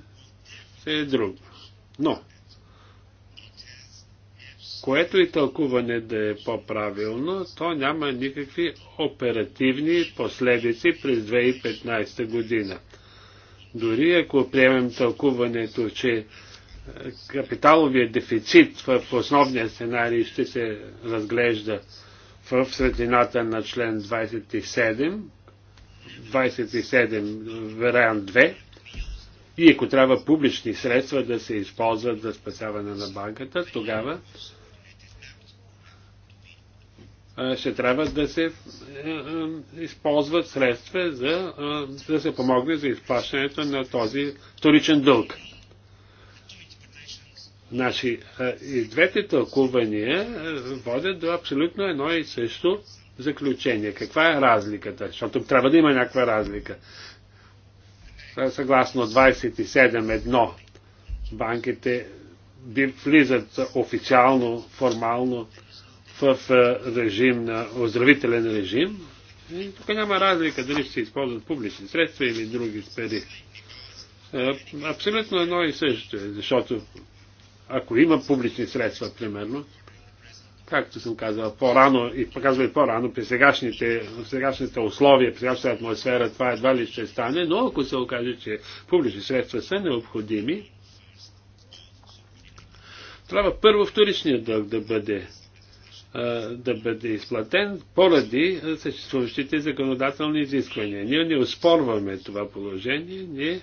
е друго. Но, което и тълкуване да е по-правилно, то няма никакви оперативни последици през 2015 година. Дори ако приемем тълкуването, че е, капиталовия дефицит в основния сценарий ще се разглежда в светлината на член 27, 27 вариант 2, и ако трябва публични средства да се използват за спасяване на банката, тогава ще трябва да се използват средства за да се помогне за изплащането на този вторичен дълг. Значи, и двете тълкувания водят до абсолютно едно и също заключение. Каква е разликата? Защото трябва да има някаква разлика съгласно 27.1 банките влизат официално, формално в режим на оздравителен режим. И тук няма разлика дали ще се използват публични средства или други пари. Абсолютно едно и също е, защото ако има публични средства, примерно, както съм казал по-рано и показва и по-рано, при сегашните, сегашните условия, при сегашната атмосфера това едва ли ще стане, но ако се окаже, че публични средства са необходими, трябва първо вторичният дълг да бъде, да бъде изплатен поради съществуващите законодателни изисквания. Ние не успорваме това положение, ние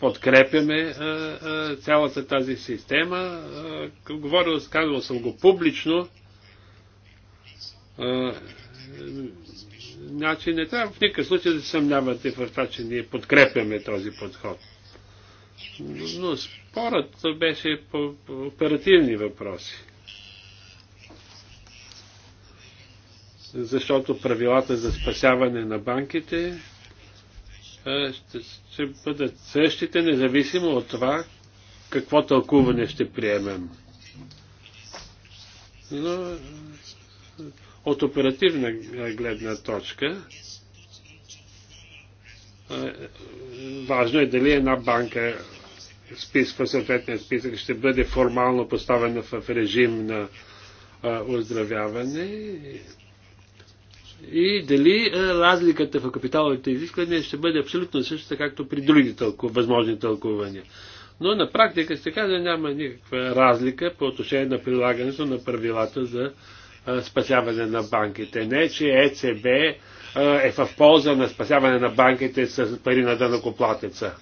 подкрепяме цялата тази система. Говорил, казвал съм го публично. Значи не трябва в никакъв случай да се съмнявате в това, че ние подкрепяме този подход. Но спорът беше по оперативни въпроси. Защото правилата за спасяване на банките ще, ще бъдат същите, независимо от това какво тълкуване ще приемем. Но от оперативна гледна точка е, важно е дали една банка списва съответния списък, ще бъде формално поставена в режим на оздравяване и дали е, разликата в капиталовите изисквания ще бъде абсолютно същата, както при други тълку, възможни тълкувания. Но на практика се казва, няма никаква разлика по отношение на прилагането на правилата за е, спасяване на банките. Не, че ЕЦБ е, е в полза на спасяване на банките с пари на дънокоплатеца.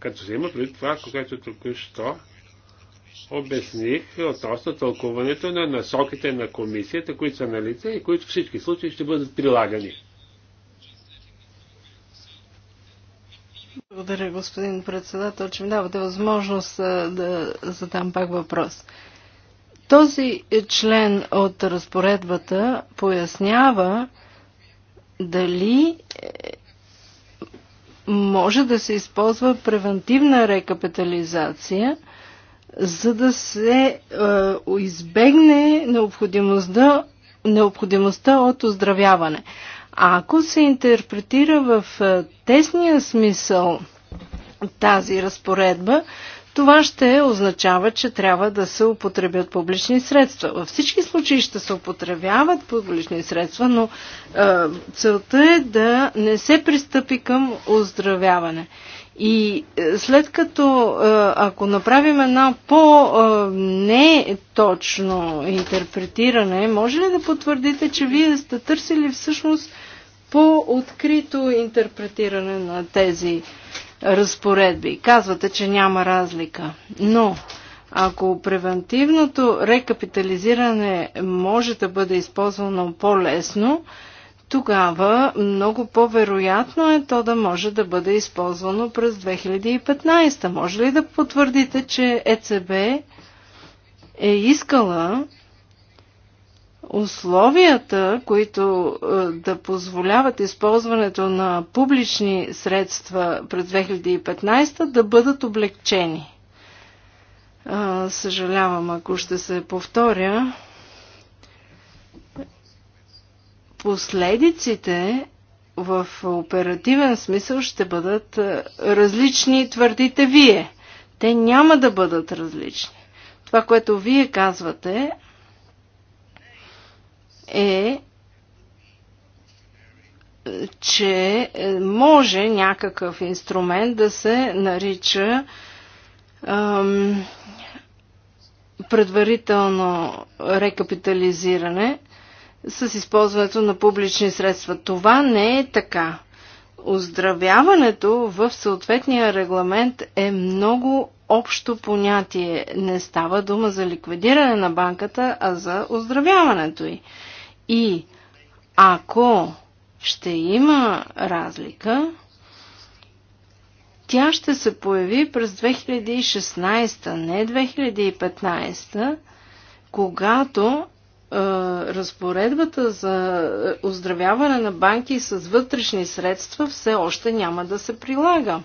Като се има преди това, когато току-що обясних относно тълкуването на насоките на комисията, които са на лице и които всички случаи ще бъдат прилагани. Благодаря, господин председател, че ми давате възможност да задам пак въпрос. Този член от разпоредбата пояснява дали е, може да се използва превентивна рекапитализация за да се е, избегне необходимостта, необходимостта от оздравяване. А ако се интерпретира в е, тесния смисъл тази разпоредба, това ще означава, че трябва да се употребят публични средства. Във всички случаи ще се употребяват публични средства, но е, целта е да не се пристъпи към оздравяване. И е, след като, е, ако направим една по-неточно е, интерпретиране, може ли да потвърдите, че вие сте търсили всъщност по-открито интерпретиране на тези разпоредби? Казвате, че няма разлика. Но, ако превентивното рекапитализиране може да бъде използвано по-лесно, тогава много по-вероятно е то да може да бъде използвано през 2015. Може ли да потвърдите, че ЕЦБ е искала условията, които е, да позволяват използването на публични средства през 2015 да бъдат облегчени? Е, съжалявам, ако ще се повторя. последиците в оперативен смисъл ще бъдат е, различни, твърдите вие. Те няма да бъдат различни. Това, което вие казвате, е, че е, може някакъв инструмент да се нарича ам, предварително рекапитализиране, с използването на публични средства. Това не е така. Оздравяването в съответния регламент е много общо понятие. Не става дума за ликвидиране на банката, а за оздравяването й. И ако ще има разлика, тя ще се появи през 2016, не 2015, когато разпоредбата за оздравяване на банки с вътрешни средства все още няма да се прилага.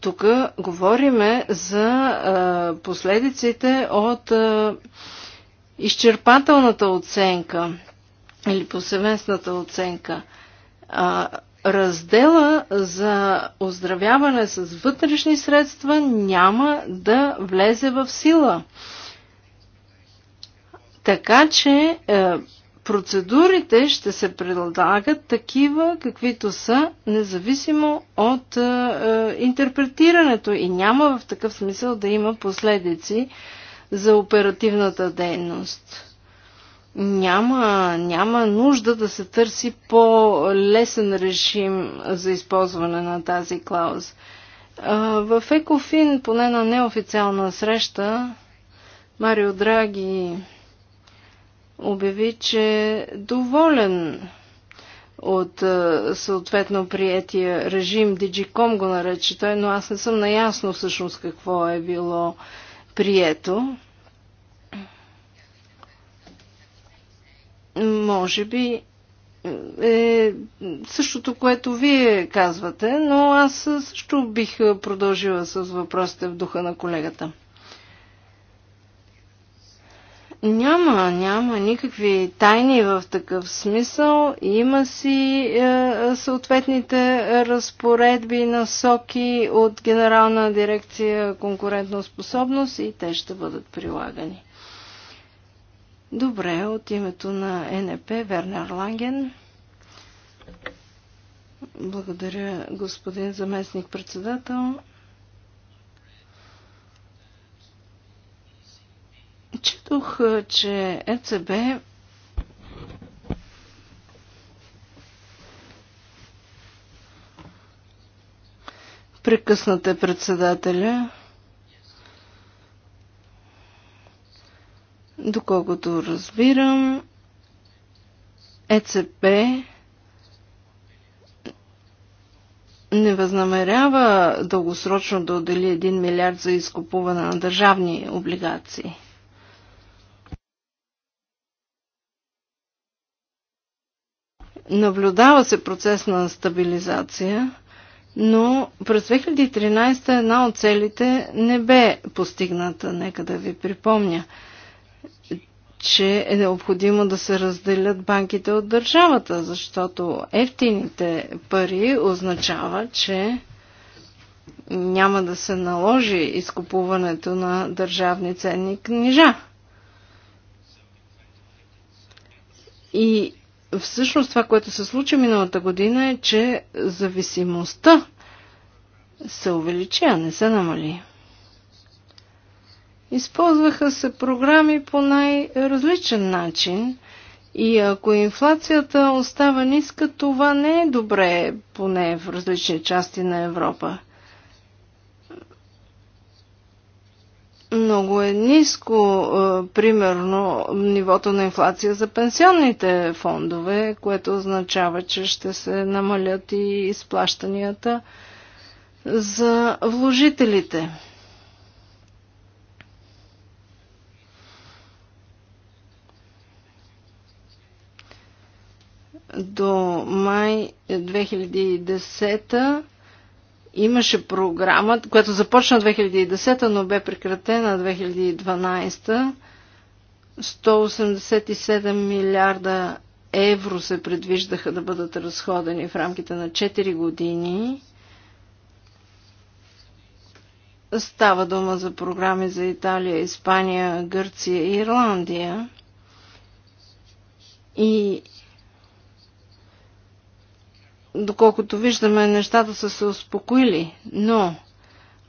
Тук говориме за последиците от изчерпателната оценка или посеместната оценка. Раздела за оздравяване с вътрешни средства няма да влезе в сила. Така че е, процедурите ще се предлагат такива, каквито са, независимо от е, е, интерпретирането и няма в такъв смисъл да има последици за оперативната дейност няма, няма нужда да се търси по-лесен режим за използване на тази клауз. В Екофин, поне на неофициална среща, Марио Драги обяви, че е доволен от е, съответно приятия режим. Диджиком го нарече той, но аз не съм наясно всъщност какво е било прието. Може би е, е същото, което вие казвате, но аз също бих е, продължила с въпросите в духа на колегата. Няма, няма никакви тайни в такъв смисъл. Има си е, съответните разпоредби, насоки от Генерална дирекция конкурентна способност и те ще бъдат прилагани. Добре, от името на НП Вернер Ланген. Благодаря, господин заместник председател. Четох, е, че ЕЦБ прекъснате председателя. Доколкото разбирам, ЕЦП не възнамерява дългосрочно да отдели 1 милиард за изкупуване на държавни облигации. наблюдава се процес на стабилизация, но през 2013 една от целите не бе постигната. Нека да ви припомня, че е необходимо да се разделят банките от държавата, защото ефтините пари означава, че няма да се наложи изкупуването на държавни ценни книжа. И всъщност това, което се случи миналата година е, че зависимостта се увеличи, а не се намали. Използваха се програми по най-различен начин и ако инфлацията остава ниска, това не е добре, поне в различни части на Европа. много е ниско, е, примерно, нивото на инфлация за пенсионните фондове, което означава, че ще се намалят и изплащанията за вложителите. До май 2010 Имаше програма, която започна 2010, но бе прекратена 2012. 187 милиарда евро се предвиждаха да бъдат разходени в рамките на 4 години. Става дума за програми за Италия, Испания, Гърция и Ирландия. И доколкото виждаме, нещата са се успокоили. Но,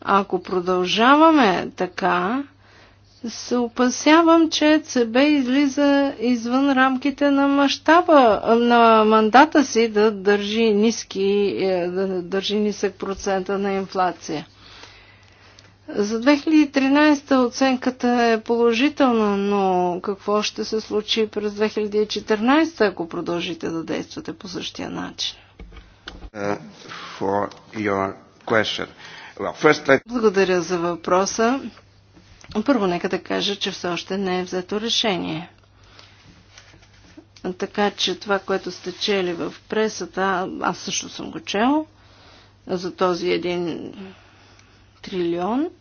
ако продължаваме така, се опасявам, че ЦБ излиза извън рамките на мащаба, на мандата си да държи ниски, е, да държи нисък процента на инфлация. За 2013 оценката е положителна, но какво ще се случи през 2014, ако продължите да действате по същия начин? Well, first, let... Благодаря за въпроса. Първо нека да кажа, че все още не е взето решение. Така че това, което сте чели в пресата, аз също съм го чел, за този един трилион –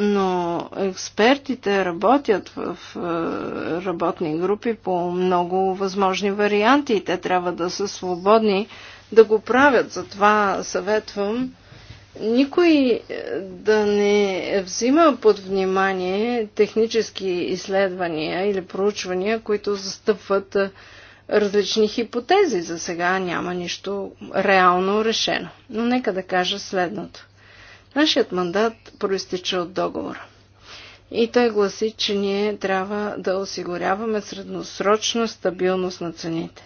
но експертите работят в е, работни групи по много възможни варианти и те трябва да са свободни да го правят. Затова съветвам никой е, да не взима под внимание технически изследвания или проучвания, които застъпват е, различни хипотези. За сега няма нищо реално решено. Но нека да кажа следното. Нашият мандат проистича от договора. И той гласи, че ние трябва да осигуряваме средносрочна стабилност на цените.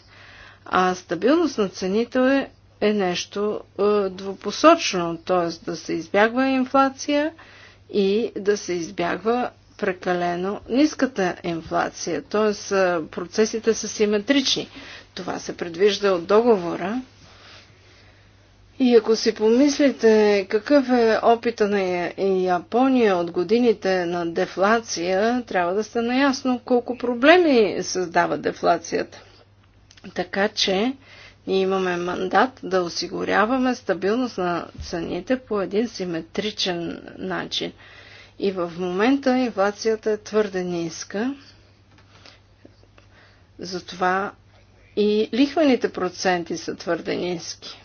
А стабилност на цените е, е нещо е, двупосочно, т.е. да се избягва инфлация и да се избягва прекалено ниската инфлация, т.е. процесите са симетрични. Това се предвижда от договора и ако си помислите какъв е опита на Япония от годините на дефлация, трябва да сте наясно колко проблеми създава дефлацията. Така че ние имаме мандат да осигуряваме стабилност на цените по един симетричен начин. И в момента инфлацията е твърде ниска, затова и лихвените проценти са твърде ниски.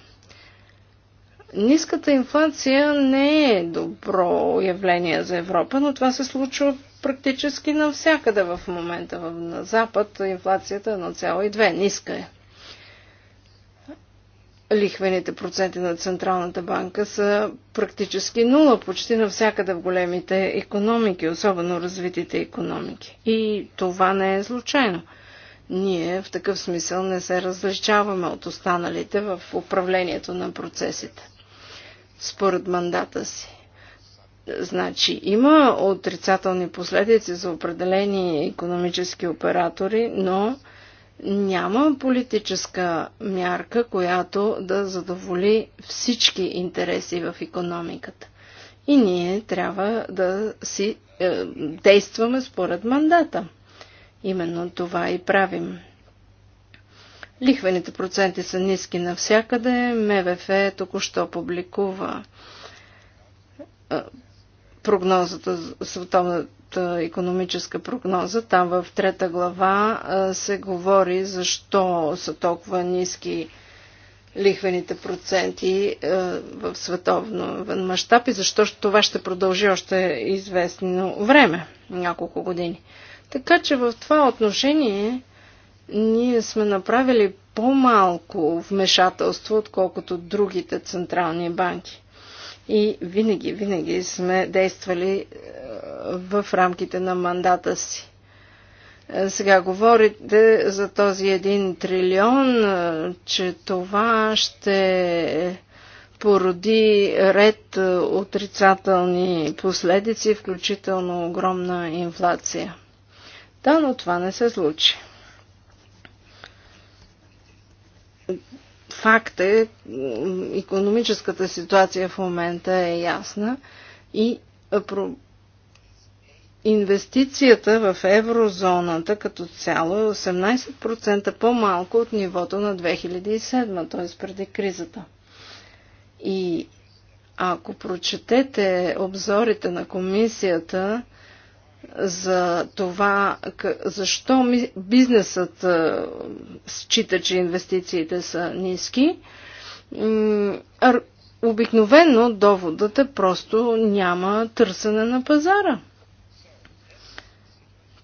Ниската инфлация не е добро явление за Европа, но това се случва практически навсякъде в момента. На Запад инфлацията е 1,2. Ниска е. Лихвените проценти на Централната банка са практически нула почти навсякъде в големите економики, особено развитите економики. И това не е случайно ние в такъв смисъл не се различаваме от останалите в управлението на процесите според мандата си. Значи има отрицателни последици за определени економически оператори, но няма политическа мярка, която да задоволи всички интереси в економиката. И ние трябва да си е, действаме според мандата. Именно това и правим. Лихвените проценти са ниски навсякъде. МВФ току-що публикува прогнозата, световната економическа прогноза. Там в трета глава се говори защо са толкова ниски лихвените проценти в световен мащаб и защо това ще продължи още известно време, няколко години. Така че в това отношение ние сме направили по-малко вмешателство, отколкото другите централни банки. И винаги, винаги сме действали е, в рамките на мандата си. Е, сега говорите за този един трилион, е, че това ще породи ред отрицателни последици, включително огромна инфлация. Да, но това не се случи. факт е, економическата ситуация в момента е ясна и инвестицията в еврозоната като цяло е 18% по-малко от нивото на 2007, т.е. преди кризата. И ако прочетете обзорите на комисията, за това защо бизнесът счита, че инвестициите са ниски, обикновено доводът е просто няма търсене на пазара.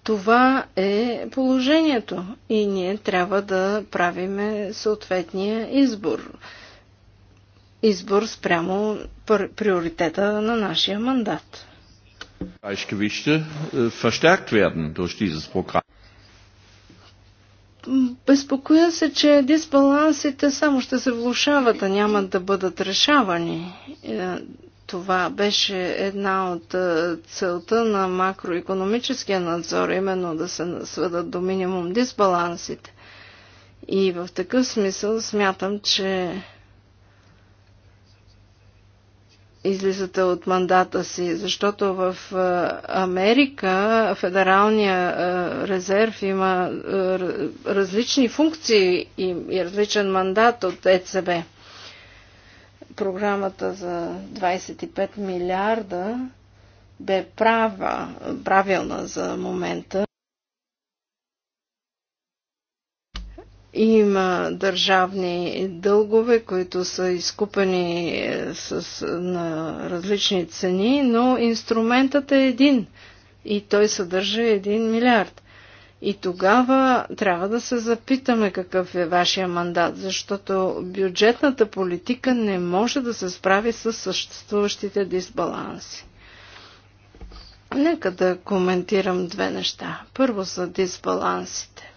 Това е положението и ние трябва да правиме съответния избор. Избор спрямо приоритета на нашия мандат. Äh, Безпокоя се, че дисбалансите само ще се влушават, а няма да бъдат решавани. Е, това беше една от е, целта на макроекономическия надзор, именно да се сведат до минимум дисбалансите. И в такъв смисъл смятам, че излизате от мандата си, защото в Америка Федералния резерв има различни функции и различен мандат от ЕЦБ. Програмата за 25 милиарда бе права, правилна за момента. Има държавни дългове, които са изкупени е, с, на различни цени, но инструментът е един и той съдържа един милиард. И тогава трябва да се запитаме какъв е вашия мандат, защото бюджетната политика не може да се справи с съществуващите дисбаланси. Нека да коментирам две неща. Първо са дисбалансите.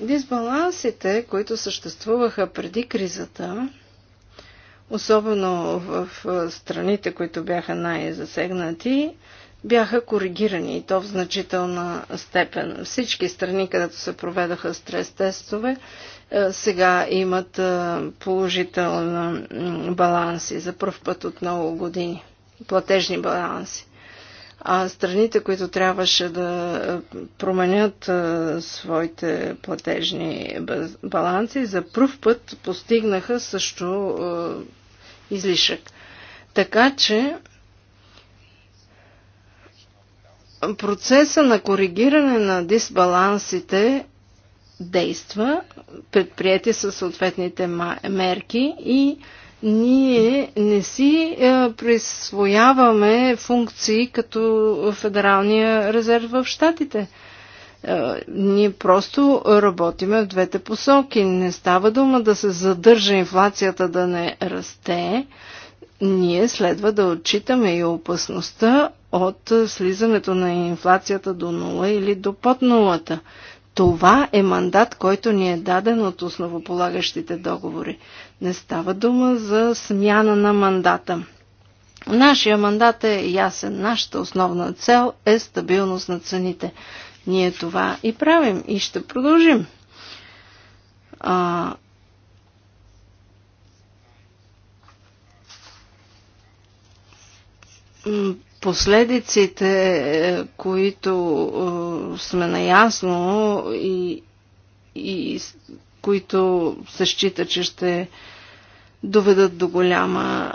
Дисбалансите, които съществуваха преди кризата, особено в страните, които бяха най-засегнати, бяха коригирани и то в значителна степен. Всички страни, където се проведаха стрес тестове, е, сега имат е, положителни баланси за първ път от много години. Платежни баланси а страните, които трябваше да е, променят е, своите платежни баланси, за пръв път постигнаха също е, излишък. Така че процеса на коригиране на дисбалансите действа, предприяти със съответните мерки и ние не си е, присвояваме функции като Федералния резерв в Штатите. Е, ние просто работиме в двете посоки. Не става дума да се задържа инфлацията да не расте. Ние следва да отчитаме и опасността от слизането на инфлацията до нула или до под нулата. Това е мандат, който ни е даден от основополагащите договори. Не става дума за смяна на мандата. Нашия мандат е ясен. Нашата основна цел е стабилност на цените. Ние това и правим и ще продължим. А, последиците, е, които е, сме наясно и, и които се счита, че ще доведат до голяма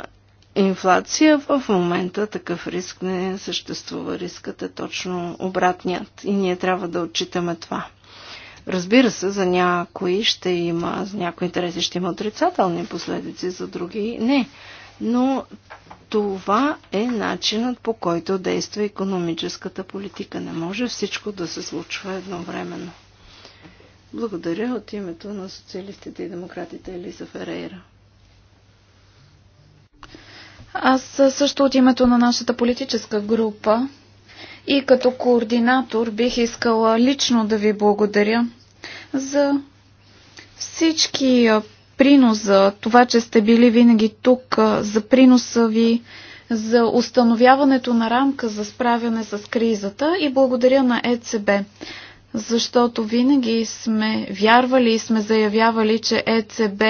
инфлация, в момента такъв риск не съществува. Рискът е точно обратният и ние трябва да отчитаме това. Разбира се, за някои ще има, за някои интереси ще има отрицателни последици, за други не. Но това е начинът по който действа економическата политика. Не може всичко да се случва едновременно. Благодаря от името на социалистите и демократите Елиза Ферейра. Аз също от името на нашата политическа група и като координатор бих искала лично да ви благодаря за всички принос за това, че сте били винаги тук, за приноса ви, за установяването на рамка за справяне с кризата и благодаря на ЕЦБ защото винаги сме вярвали и сме заявявали, че ЕЦБ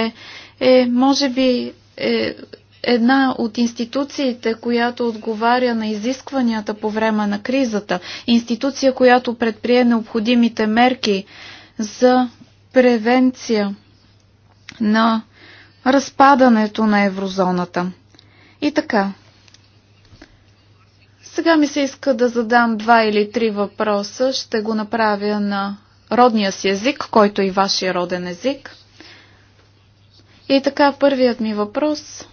е, може би, е една от институциите, която отговаря на изискванията по време на кризата, институция, която предприе необходимите мерки за превенция на разпадането на еврозоната. И така, сега ми се иска да задам два или три въпроса. Ще го направя на родния си език, който е и вашия роден език. И така, първият ми въпрос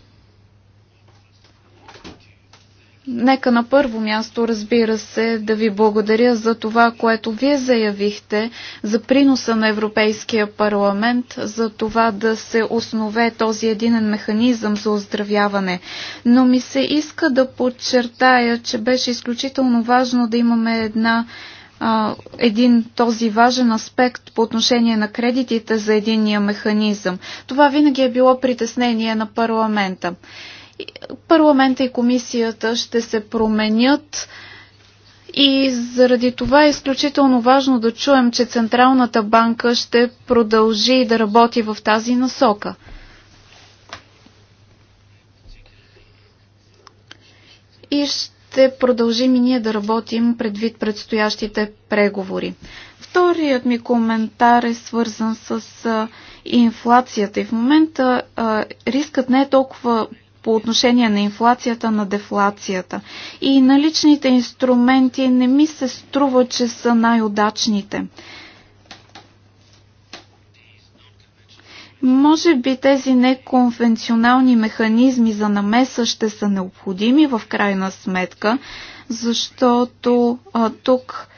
Нека на първо място, разбира се, да ви благодаря за това, което вие заявихте, за приноса на Европейския парламент, за това да се основе този единен механизъм за оздравяване. Но ми се иска да подчертая, че беше изключително важно да имаме една един този важен аспект по отношение на кредитите за единния механизъм. Това винаги е било притеснение на парламента парламента и комисията ще се променят и заради това е изключително важно да чуем, че Централната банка ще продължи да работи в тази насока. И ще продължим и ние да работим предвид предстоящите преговори. Вторият ми коментар е свързан с инфлацията и в момента рискът не е толкова по отношение на инфлацията, на дефлацията. И наличните инструменти не ми се струва, че са най-удачните. Може би тези неконвенционални механизми за намеса ще са необходими в крайна сметка, защото а, тук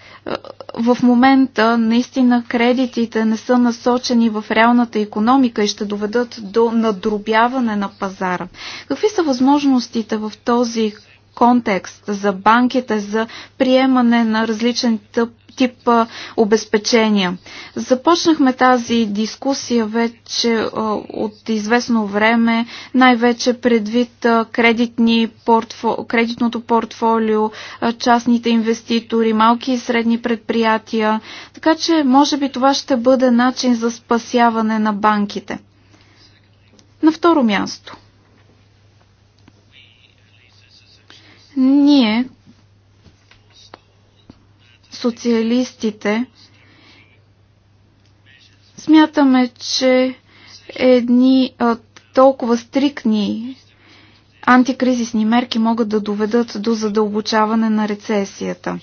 в момента наистина кредитите не са насочени в реалната економика и ще доведат до надробяване на пазара. Какви са възможностите в този контекст за банките за приемане на различен тъп тип обезпечения. Започнахме тази дискусия вече от известно време, най-вече предвид кредитни портфо, кредитното портфолио, частните инвеститори, малки и средни предприятия. Така че, може би това ще бъде начин за спасяване на банките. На второ място. Ние, социалистите, смятаме, че едни а, толкова стрикни антикризисни мерки могат да доведат до задълбочаване на рецесията.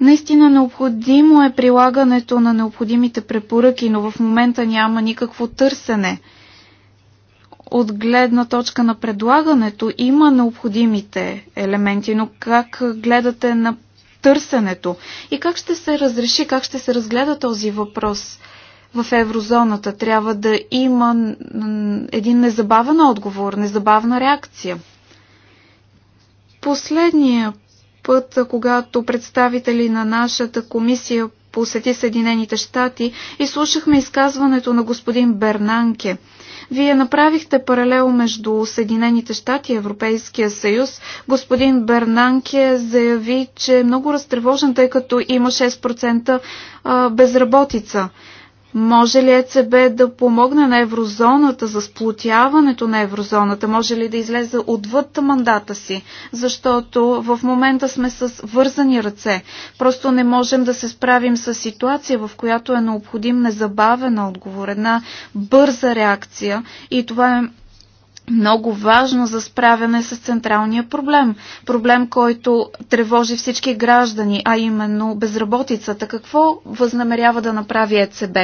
Наистина необходимо е прилагането на необходимите препоръки, но в момента няма никакво търсене – от гледна точка на предлагането има необходимите елементи, но как гледате на търсенето и как ще се разреши, как ще се разгледа този въпрос в еврозоната? Трябва да има един незабавен отговор, незабавна реакция. Последния път, когато представители на нашата комисия посети Съединените щати и слушахме изказването на господин Бернанке – вие направихте паралел между Съединените щати и Европейския съюз. Господин Бернанке заяви, че е много разтревожен, тъй като има 6% безработица. Може ли ЕЦБ да помогне на еврозоната за сплотяването на еврозоната? Може ли да излезе отвъд мандата си? Защото в момента сме с вързани ръце. Просто не можем да се справим с ситуация, в която е необходим незабавен отговор, една бърза реакция. И това е много важно за справяне с централния проблем. Проблем, който тревожи всички граждани, а именно безработицата. Какво възнамерява да направи ЕЦБ?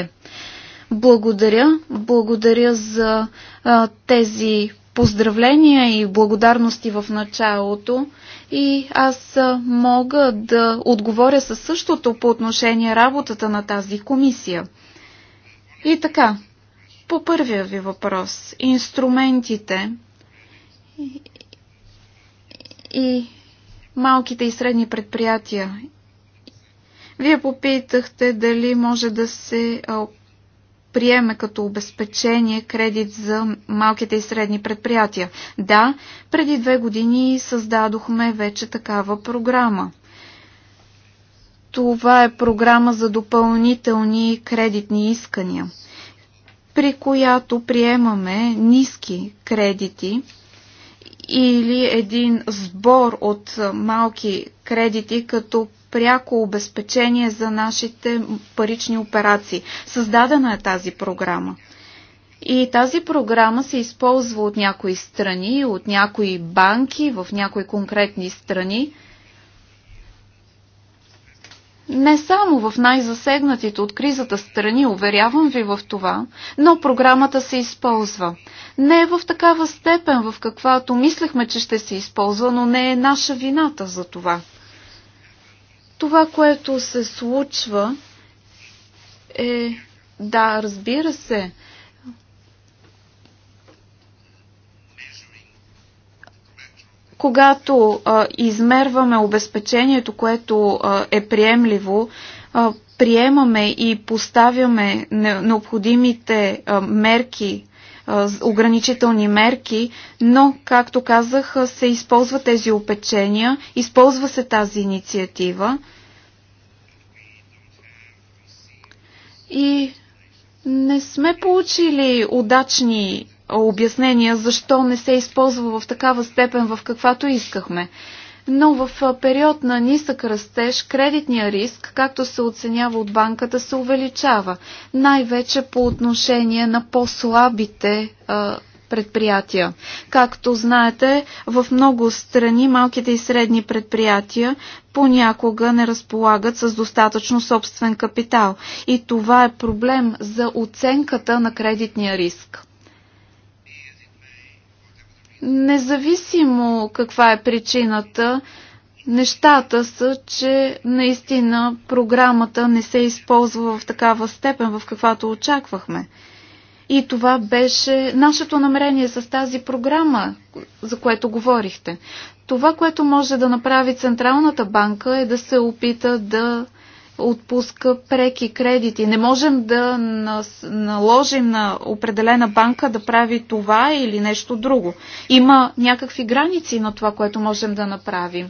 Благодаря. Благодаря за а, тези поздравления и благодарности в началото. И аз мога да отговоря със същото по отношение работата на тази комисия. И така, по първия ви въпрос, инструментите и, и малките и средни предприятия. Вие попитахте дали може да се приеме като обезпечение кредит за малките и средни предприятия. Да, преди две години създадохме вече такава програма. Това е програма за допълнителни кредитни искания при която приемаме ниски кредити или един сбор от малки кредити като пряко обезпечение за нашите парични операции. Създадена е тази програма. И тази програма се използва от някои страни, от някои банки в някои конкретни страни не само в най-засегнатите от кризата страни, уверявам ви в това, но програмата се използва. Не е в такава степен, в каквато мислехме, че ще се използва, но не е наша вината за това. Това, което се случва е... Да, разбира се, Когато а, измерваме обезпечението, което а, е приемливо, а, приемаме и поставяме необходимите а, мерки, а, ограничителни мерки, но, както казах, се използва тези опечения, използва се тази инициатива. И не сме получили удачни обяснения защо не се използва в такава степен, в каквато искахме. Но в период на нисък растеж кредитния риск, както се оценява от банката, се увеличава, най-вече по отношение на по-слабите предприятия. Както знаете, в много страни малките и средни предприятия понякога не разполагат с достатъчно собствен капитал. И това е проблем за оценката на кредитния риск. Независимо каква е причината, нещата са, че наистина програмата не се използва в такава степен, в каквато очаквахме. И това беше нашето намерение с тази програма, за което говорихте. Това, което може да направи Централната банка е да се опита да отпуска преки кредити. Не можем да наложим на определена банка да прави това или нещо друго. Има някакви граници на това, което можем да направим.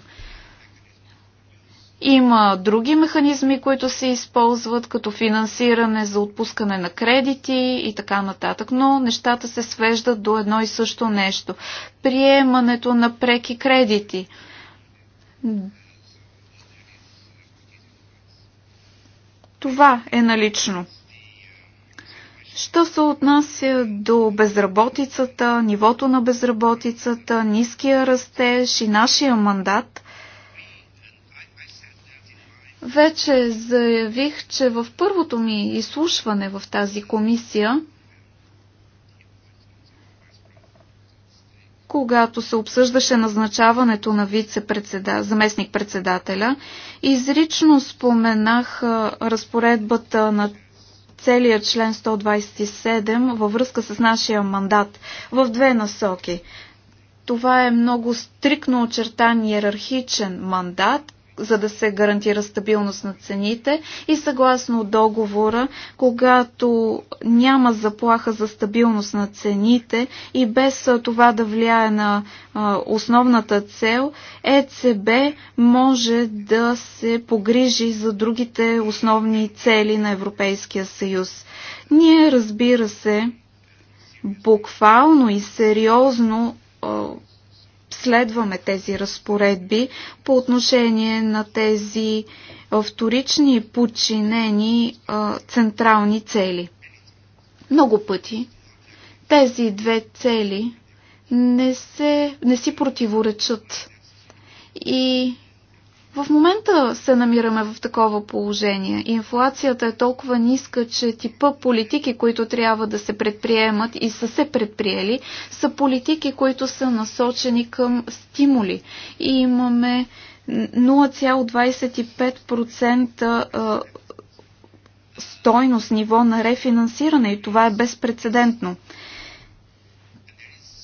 Има други механизми, които се използват като финансиране за отпускане на кредити и така нататък, но нещата се свеждат до едно и също нещо. Приемането на преки кредити това е налично. Що се отнася до безработицата, нивото на безработицата, ниския растеж и нашия мандат, вече заявих, че в първото ми изслушване в тази комисия когато се обсъждаше назначаването на заместник-председателя, изрично споменах разпоредбата на целият член 127 във връзка с нашия мандат в две насоки. Това е много стрикно очертан иерархичен мандат за да се гарантира стабилност на цените и съгласно договора, когато няма заплаха за стабилност на цените и без това да влияе на основната цел, ЕЦБ може да се погрижи за другите основни цели на Европейския съюз. Ние, разбира се, буквално и сериозно следваме тези разпоредби по отношение на тези вторични подчинени централни цели. Много пъти тези две цели не, се, не си противоречат и в момента се намираме в такова положение. Инфлацията е толкова ниска, че типа политики, които трябва да се предприемат и са се предприели, са политики, които са насочени към стимули. И имаме 0,25% стойност ниво на рефинансиране и това е безпредседентно.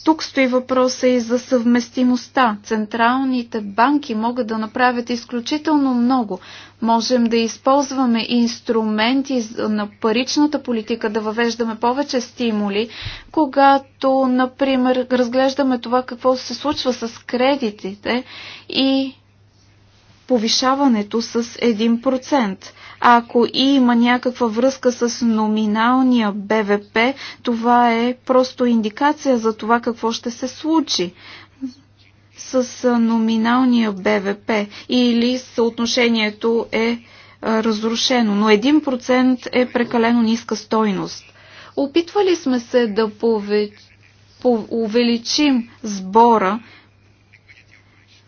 Тук стои въпроса и за съвместимостта. Централните банки могат да направят изключително много. Можем да използваме инструменти на паричната политика, да въвеждаме повече стимули, когато, например, разглеждаме това какво се случва с кредитите и повишаването с 1%. А ако и има някаква връзка с номиналния БВП, това е просто индикация за това какво ще се случи с номиналния БВП или съотношението е, е разрушено. Но 1% е прекалено ниска стойност. Опитвали сме се да пове... по- увеличим сбора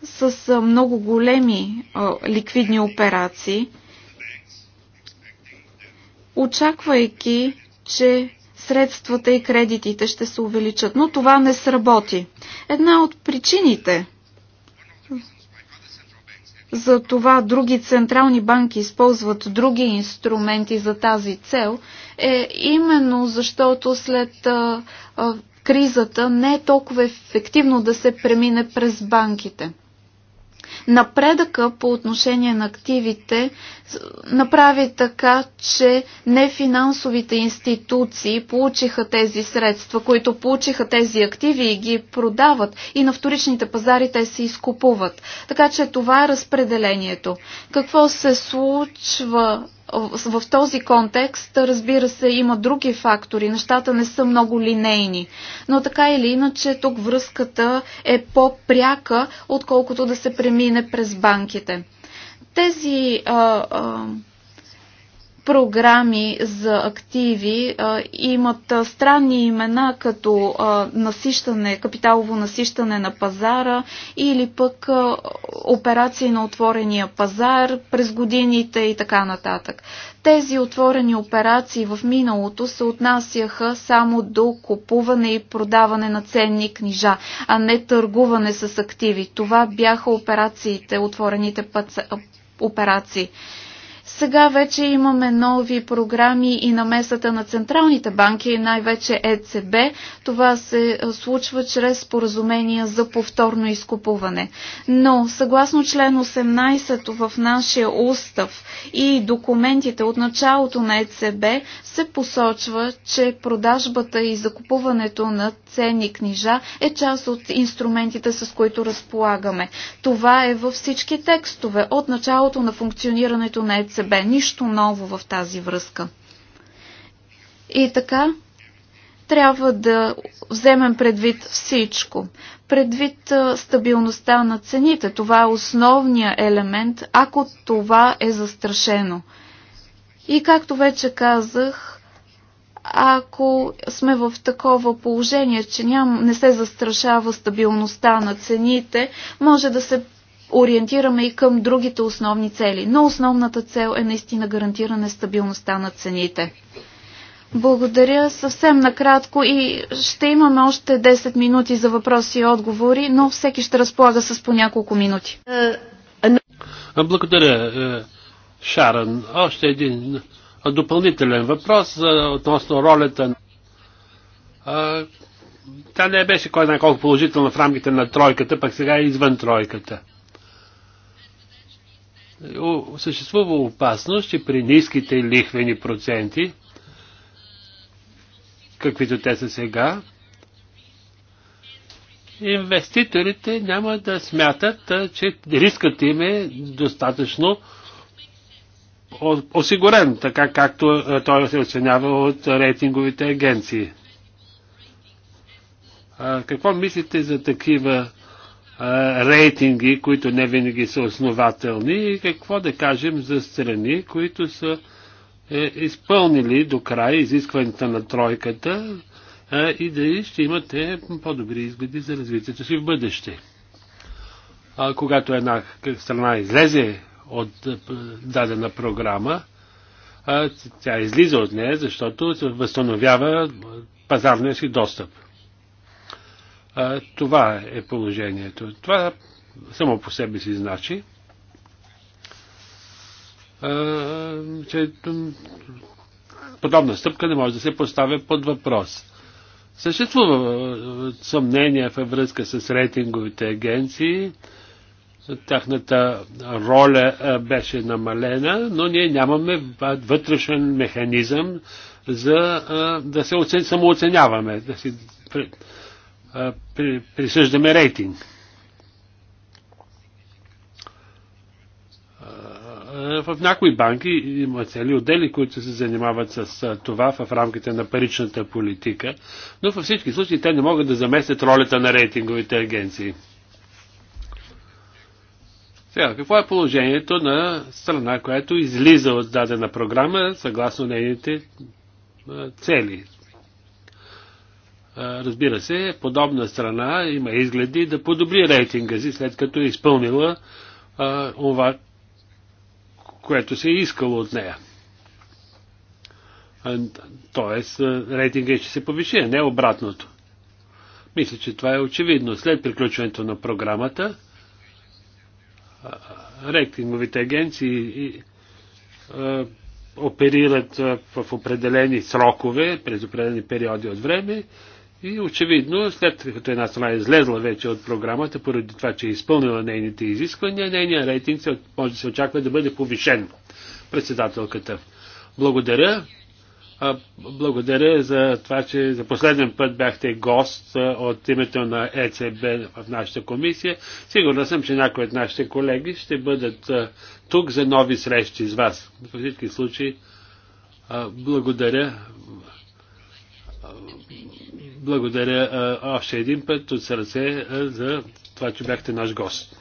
с много големи ликвидни операции, очаквайки, че средствата и кредитите ще се увеличат. Но това не сработи. Една от причините за това други централни банки използват други инструменти за тази цел е именно защото след а, а, кризата не е толкова ефективно да се премине през банките. Напредъка по отношение на активите направи така, че нефинансовите институции получиха тези средства, които получиха тези активи и ги продават и на вторичните пазари те се изкупуват. Така че това е разпределението. Какво се случва в този контекст, разбира се, има други фактори. Нещата не са много линейни. Но така или иначе, тук връзката е по-пряка, отколкото да се премине през банките. Тези а, а, програми за активи а, имат странни имена, като а, насищане, капиталово насищане на пазара или пък а, операции на отворения пазар през годините и така нататък. Тези отворени операции в миналото се отнасяха само до купуване и продаване на ценни книжа, а не търгуване с активи. Това бяха операциите, отворените паца... операции. Сега вече имаме нови програми и намесата на централните банки и най-вече ЕЦБ. Това се случва чрез споразумения за повторно изкупуване. Но съгласно член 18 в нашия устав и документите от началото на ЕЦБ се посочва, че продажбата и закупуването на ценни книжа е част от инструментите, с които разполагаме. Това е във всички текстове от началото на функционирането на ЕЦБ. ЕЦБ. Нищо ново в тази връзка. И така, трябва да вземем предвид всичко. Предвид стабилността на цените. Това е основният елемент, ако това е застрашено. И както вече казах, ако сме в такова положение, че ням, не се застрашава стабилността на цените, може да се ориентираме и към другите основни цели. Но основната цел е наистина гарантиране стабилността на цените. Благодаря съвсем накратко и ще имаме още 10 минути за въпроси и отговори, но всеки ще разполага с по няколко минути. Благодаря, е, Шаран. Още един допълнителен въпрос относно ролята. Тя не беше кой знае колко положителна в рамките на тройката, пък сега е извън тройката съществува опасност, че при ниските лихвени проценти, каквито те са сега, инвеститорите няма да смятат, че рискът им е достатъчно осигурен, така както той се оценява от рейтинговите агенции. А какво мислите за такива рейтинги, които не винаги са основателни и какво да кажем за страни, които са е, изпълнили до край изискването на тройката е, и да ще имате по-добри изгледи за развитието си в бъдеще. А, когато една страна излезе от дадена програма, тя излиза от нея, защото възстановява пазарния си достъп. А, това е положението. Това само по себе си значи, а, че подобна стъпка не може да се поставя под въпрос. Съществува съмнение във връзка с рейтинговите агенции. Тяхната роля беше намалена, но ние нямаме вътрешен механизъм за да се самооценяваме, да си при, присъждаме рейтинг. В някои банки има цели отдели, които се занимават с това в рамките на паричната политика, но във всички случаи те не могат да заместят ролята на рейтинговите агенции. Сега, какво е положението на страна, която излиза от дадена програма съгласно нейните цели? Разбира се, подобна страна има изгледи да подобри рейтинга си, след като е изпълнила това, което се е искало от нея. Тоест, рейтинга ще се повиши, а не обратното. Мисля, че това е очевидно. След приключването на програмата, рейтинговите агенции оперират в определени срокове, през определени периоди от време и очевидно, след като една страна е излезла вече от програмата, поради това, че е изпълнила нейните изисквания, нейният рейтинг се, може да се очаква да бъде повишен. Председателката. Благодаря. А, благодаря за това, че за последен път бяхте гост от името на ЕЦБ в нашата комисия. Сигурна съм, че някои от нашите колеги ще бъдат тук за нови срещи с вас. Във всички случаи, благодаря благодаря а, още един път от сърце а, за това, че бяхте наш гост.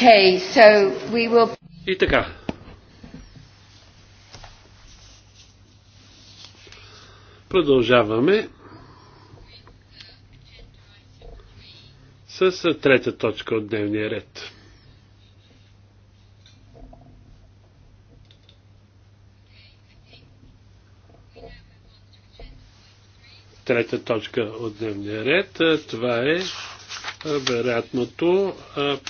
Okay, so we will... И така. Продължаваме с трета точка от дневния ред. Трета точка от дневния ред. Това е вероятното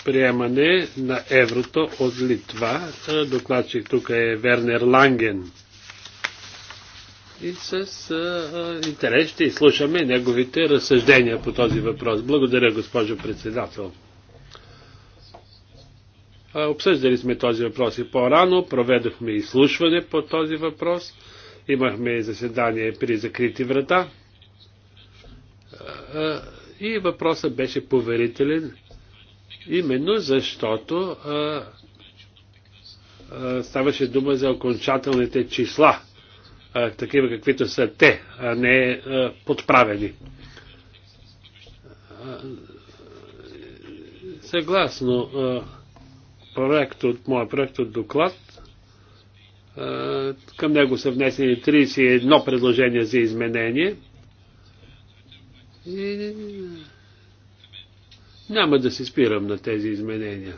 приемане на еврото от Литва. Докладчик тук е Вернер Ланген. И с интерес ще изслушаме неговите разсъждения по този въпрос. Благодаря, госпожо председател. Обсъждали сме този въпрос и по-рано, проведохме изслушване по този въпрос, имахме заседание при закрити врата и въпросът беше поверителен, именно защото а, а, ставаше дума за окончателните числа, а, такива каквито са те, а не а, подправени. А, съгласно а, проект от, моя проект от доклад, към него са внесени 31 предложения за изменение – и... Е, няма да се спирам на тези изменения.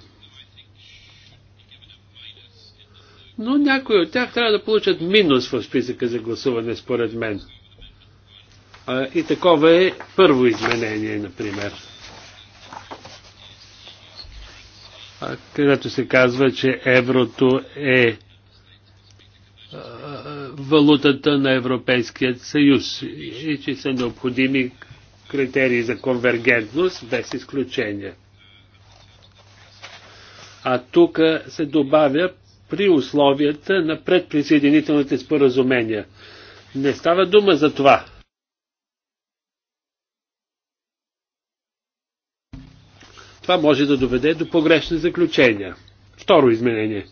Но някои от тях трябва да получат минус в списъка за гласуване, според мен. А, и такова е първо изменение, например. А, където се казва, че еврото е валутата на Европейският съюз и че са необходими критерии за конвергентност, без изключение. А тук се добавя при условията на предприсъединителните споразумения. Не става дума за това. Това може да доведе до погрешни заключения. Второ изменение.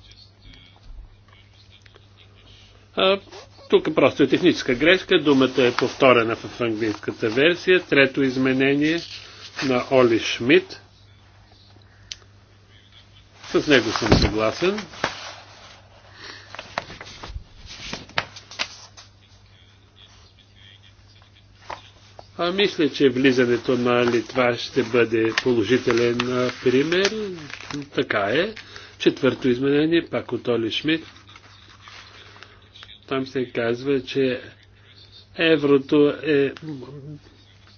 Тук е просто е техническа грешка. Думата е повторена в английската версия. Трето изменение на Оли Шмидт. С него съм съгласен. А мисля, че влизането на Литва ще бъде положителен пример. Така е. Четвърто изменение, пак от Оли Шмидт. Там се казва, че еврото е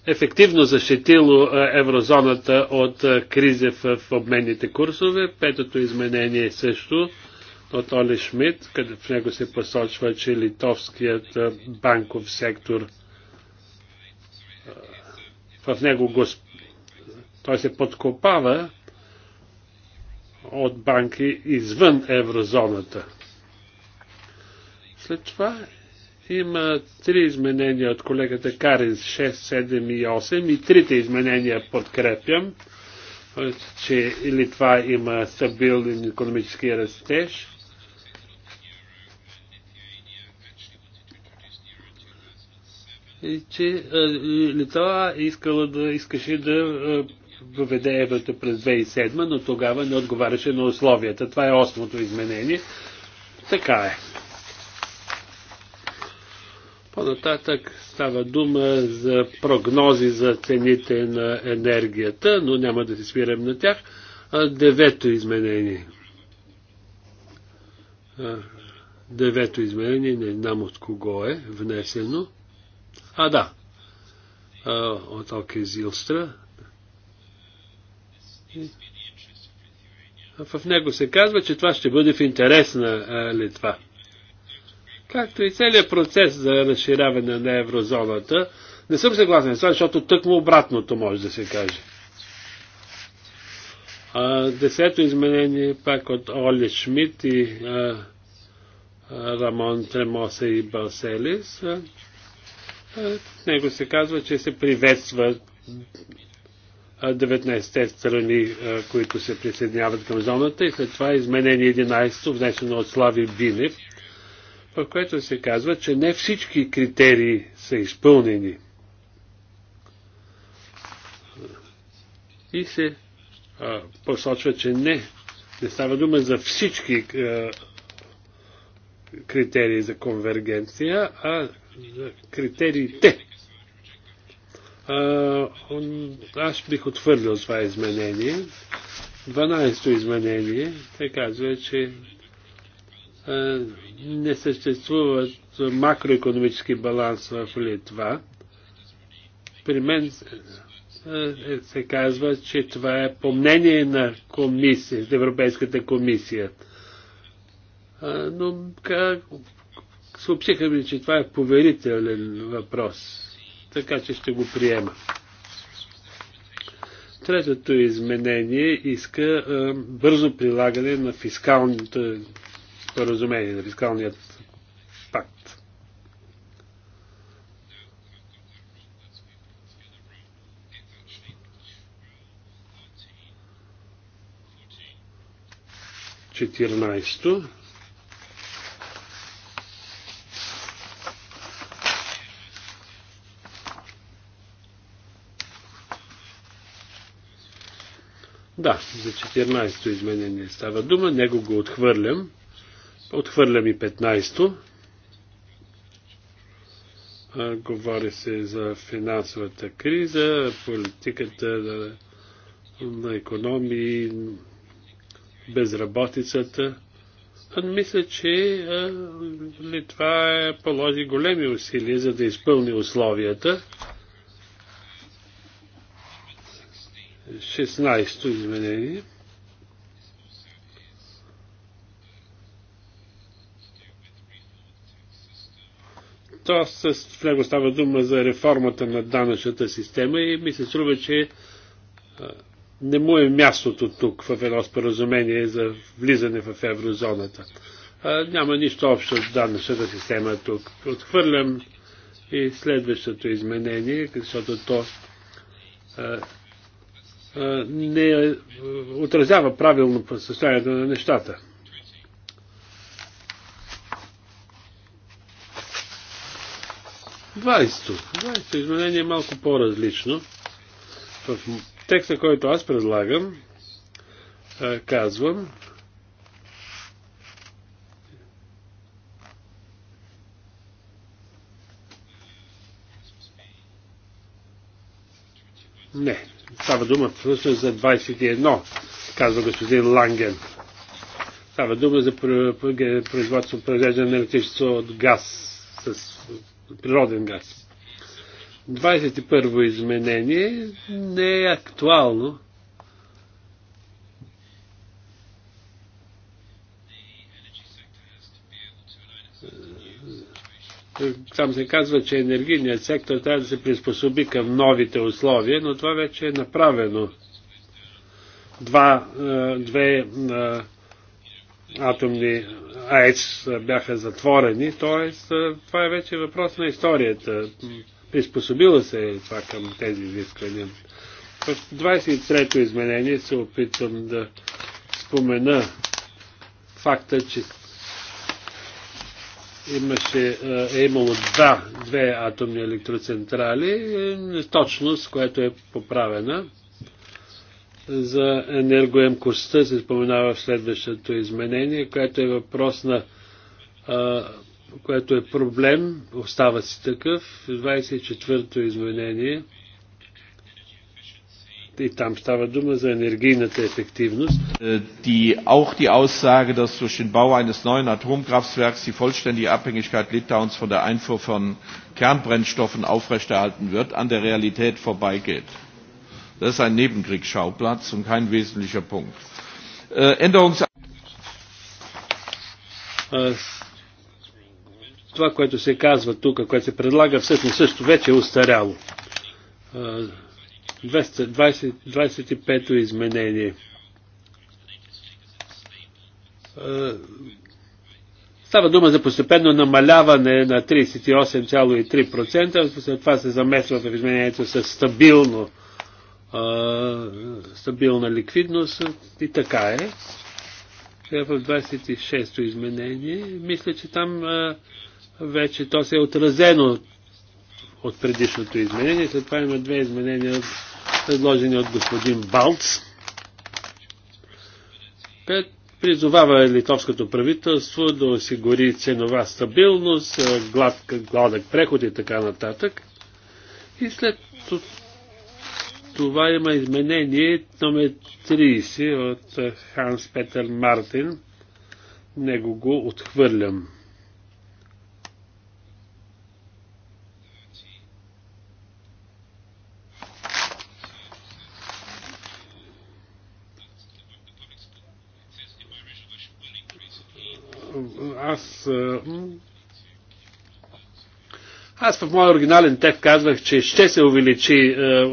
ефективно защитило е, еврозоната от е, кризи в обменните курсове. Петото изменение е също от Оли Шмидт, където в него се посочва, че литовският банков сектор в него го, той се подкопава от банки извън еврозоната. След това има три изменения от колегата Карин 6, 7 и 8 и трите изменения подкрепям, че това има стабилен економически растеж. И че Литва искала да, искаше да въведе еврото през 2007, но тогава не отговаряше на условията. Това е осмото изменение. Така е. По-нататък става дума за прогнози за цените на енергията, но няма да се свирам на тях. Девето изменение. Девето изменение, не знам от кого е внесено. А, да. От Оке Зилстра. В него се казва, че това ще бъде в интерес на Литва както и целият процес за разширяване на еврозоната. Не съм съгласен с това, защото тъкмо обратното може да се каже. А, десето изменение пак от Оли Шмидт и а, Рамон Тремоса и Балселис. А, а, него се казва, че се приветства 19-те страни, а, които се присъединяват към зоната и след това изменение 11, то внесено от Слави Бинев – в което се казва, че не всички критерии са изпълнени. И се а, посочва, че не, не става дума за всички а, критерии за конвергенция, а за критериите. А, аз бих отвърлил това изменение. 12-то изменение се казва, че е, не съществуват макроекономически баланс в Литва. При мен е, е, се казва, че това е по мнение на комисия, Европейската комисия. Но как, съобщиха ми, че това е поверителен въпрос, така че ще го приема. Третото изменение иска бързо прилагане на фискалните споразумение, на нали, фискалният пакт. Четирнайсто. Да, за 14-то изменение става дума, него го отхвърлям. Отхвърлям и 15-то. Говори се за финансовата криза, политиката на, на економии, безработицата. Мисля, че Литва нали, е, положи големи усилия, за да изпълни условията. 16-то изменение. То с него става дума за реформата на данъчната система и ми се струва, че не му е мястото тук в едно споразумение за влизане в еврозоната. А, няма нищо общо с данъчната система тук. Отхвърлям и следващото изменение, защото то а, а, не е, отразява правилно състоянието на нещата. 20-то. 20-то изменение е малко по-различно. В текста, който аз предлагам, казвам, Не, става дума всъщност за 21, казва господин Ланген. Става дума за производство, произвеждане на електричество от газ с природен газ. 21 изменение не е актуално. Там се казва, че енергийният сектор трябва да се приспособи към новите условия, но това вече е направено. Два, е, две е, атомни АЕЦ бяха затворени, т.е. това е вече въпрос на историята. Приспособила се е това към тези изисквания. В 23-то изменение се опитвам да спомена факта, че имаше, е имало два, две атомни електроцентрали, е, точност, която е поправена за енергоемкостта се споменава в следващото изменение, което е въпрос на което е проблем, остава си такъв, 24-то изменение и там става дума за енергийната ефективност. Die, auch die Aussage, dass durch den Bau eines neuen Atomkraftwerks die vollständige Abhängigkeit Litauens von der Einfuhr von Kernbrennstoffen aufrechterhalten wird, an der Realität vorbeigeht. Das ist ein Nebenkriegsschauplatz und kein wesentlicher Punkt. Äh, Änderungs äh, това, което се казва тук, което се предлага, всъщност също вече е устаряло. 25-то е, изменение. Е, става дума за постепенно намаляване на 38,3%, след това се замесва в изменението с стабилно стабилна ликвидност и така е. Сега в 26-то изменение, мисля, че там вече то се е отразено от предишното изменение. След това има две изменения, предложени от господин Балц. Пет призовава литовското правителство да осигури ценова стабилност, гладък преход и така нататък. И след това има изменение номер 30 от Ханс Петър Мартин. Него го отхвърлям. Аз аз в моя оригинален текст казвах, че ще се увеличи е,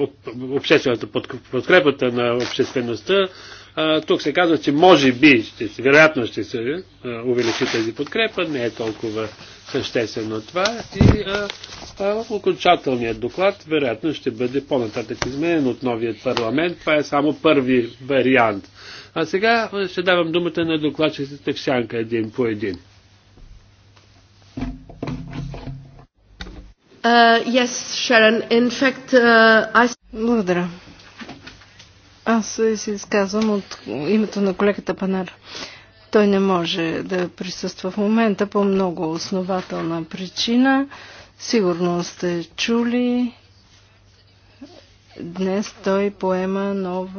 обществената подкрепата на обществеността. Тук се казва, че може би, ще, вероятно ще се е, увеличи тази подкрепа, не е толкова съществено това. И а, а, окончателният доклад вероятно ще бъде по-нататък изменен от новият парламент. Това е само първи вариант. А сега ще давам думата на докладчиците в сянка един по един. Uh, yes, Sharon. In fact, uh, I... Благодаря. Аз се изказвам от името на колегата Панар. Той не може да присъства в момента по много основателна причина. Сигурно сте чули. Днес той поема нов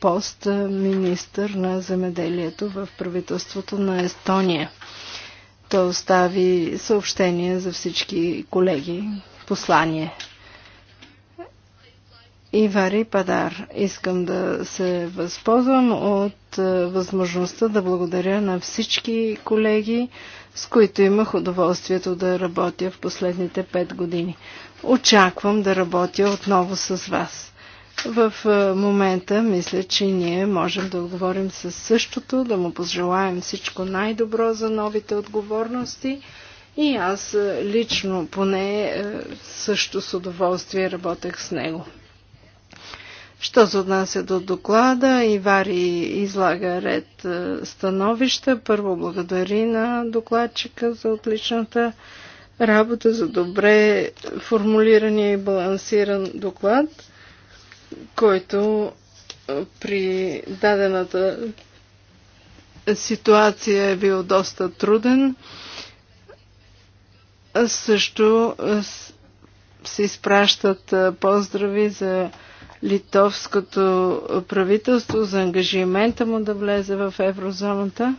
пост министър на земеделието в правителството на Естония. Той остави съобщение за всички колеги, послание. Ивари Падар, искам да се възползвам от е, възможността да благодаря на всички колеги, с които имах удоволствието да работя в последните пет години. Очаквам да работя отново с вас. В е, момента мисля, че ние можем да отговорим със същото, да му пожелаем всичко най-добро за новите отговорности. И аз е, лично поне е, също с удоволствие работех с него. Що се отнася до доклада, Ивари излага ред становища. Първо благодари на докладчика за отличната работа, за добре формулирания и балансиран доклад който при дадената ситуация е бил доста труден. Също се изпращат поздрави за литовското правителство, за ангажимента му да влезе в еврозоната.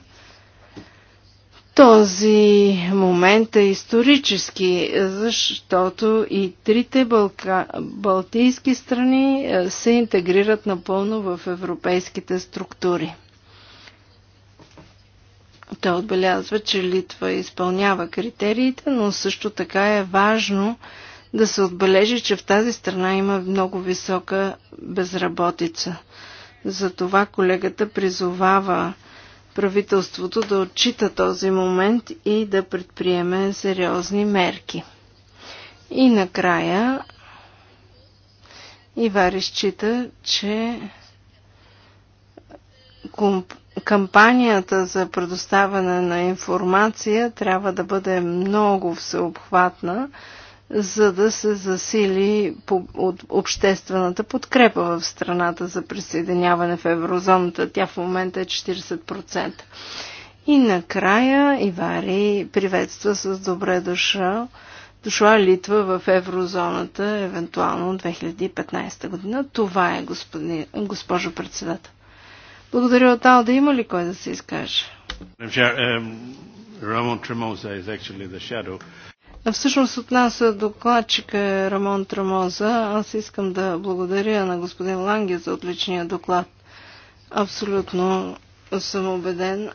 Този момент е исторически, защото и трите Балка... балтийски страни е, се интегрират напълно в европейските структури. Той отбелязва, че Литва изпълнява критериите, но също така е важно да се отбележи, че в тази страна има много висока безработица. Затова колегата призовава правителството да отчита този момент и да предприеме сериозни мерки. И накрая Ивари счита, че кампанията за предоставяне на информация трябва да бъде много всеобхватна, за да се засили по, от обществената подкрепа в страната за присъединяване в еврозоната. Тя в момента е 40%. И накрая Ивари приветства с добре душа дошла Литва в еврозоната, евентуално 2015 година. Това е, господи, госпожо председател. Благодаря от Алда. Има ли кой да се изкаже? Всъщност от нас докладчик е Рамон Трамоза. Аз искам да благодаря на господин Ланге за отличния доклад. Абсолютно съм убеден,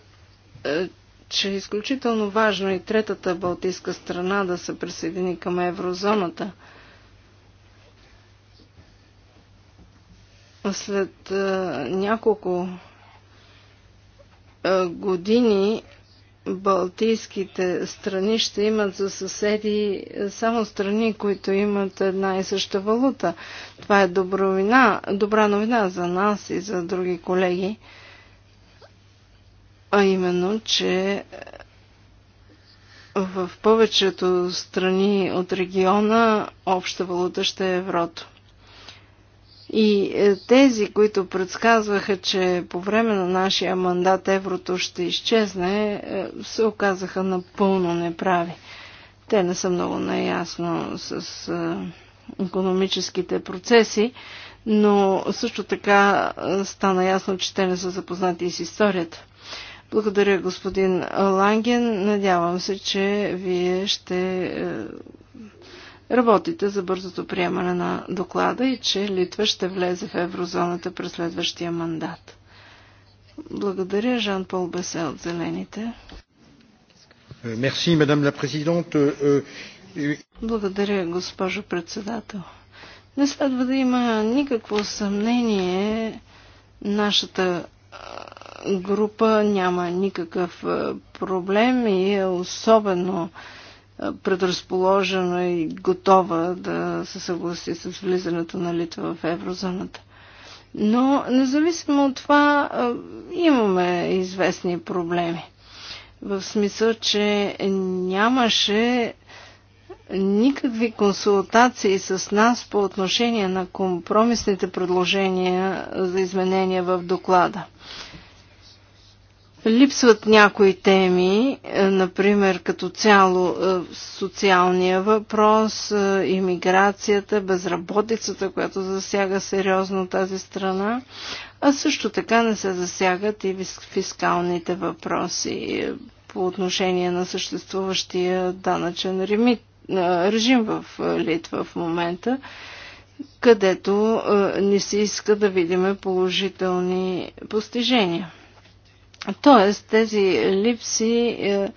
е, че е изключително важно и третата балтийска страна да се присъедини към еврозоната. След е, няколко е, години Балтийските страни ще имат за съседи само страни, които имат една и съща валута. Това е добровина, добра новина за нас и за други колеги. А именно, че в повечето страни от региона обща валута ще е еврото. И е, тези, които предсказваха, че по време на нашия мандат еврото ще изчезне, е, се оказаха напълно неправи. Те не са много наясно с економическите процеси, но също така е, стана ясно, че те не са запознати и с историята. Благодаря, господин Ланген. Надявам се, че вие ще работите за бързото приемане на доклада и че Литва ще влезе в еврозоната през следващия мандат. Благодаря, Жан-Пол Бесе от Зелените. Merci, е, la е, е, Благодаря, госпожо председател. Не следва да има никакво съмнение. Нашата група няма никакъв проблем и е особено предразположена и готова да се съгласи с влизането на Литва в еврозоната. Но независимо от това имаме известни проблеми. В смисъл, че нямаше никакви консултации с нас по отношение на компромисните предложения за изменения в доклада. Липсват някои теми, е, например като цяло е, социалния въпрос, е, иммиграцията, безработицата, която засяга сериозно тази страна, а също така не се засягат и фискалните въпроси по отношение на съществуващия данъчен режим в Литва в момента където не се иска да видим положителни постижения. Тоест, тези липси е,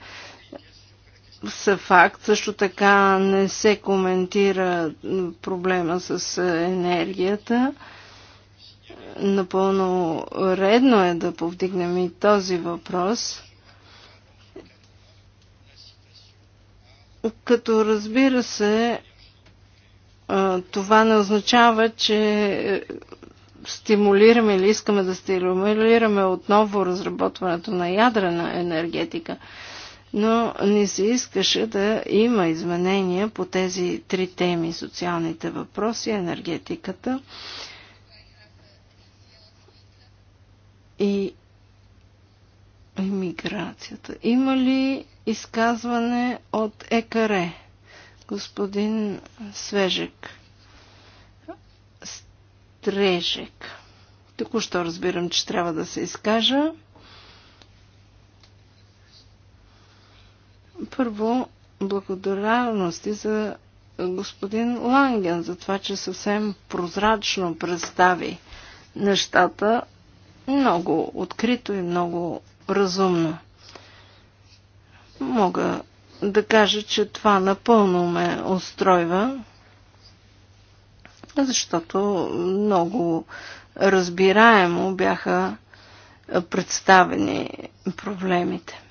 са факт. Също така не се коментира проблема с енергията. Напълно редно е да повдигнем и този въпрос. Като разбира се, е, това не означава, че стимулираме или искаме да стимулираме отново разработването на ядрена енергетика. Но ни се искаше да има изменения по тези три теми социалните въпроси, енергетиката. и иммиграцията. Има ли изказване от ЕКАРЕ? Господин Свежек. Стрежек. Току-що разбирам, че трябва да се изкажа. Първо, благодарности за господин Ланген за това, че съвсем прозрачно представи нещата много открито и много разумно. Мога да кажа, че това напълно ме устройва защото много разбираемо бяха представени проблемите.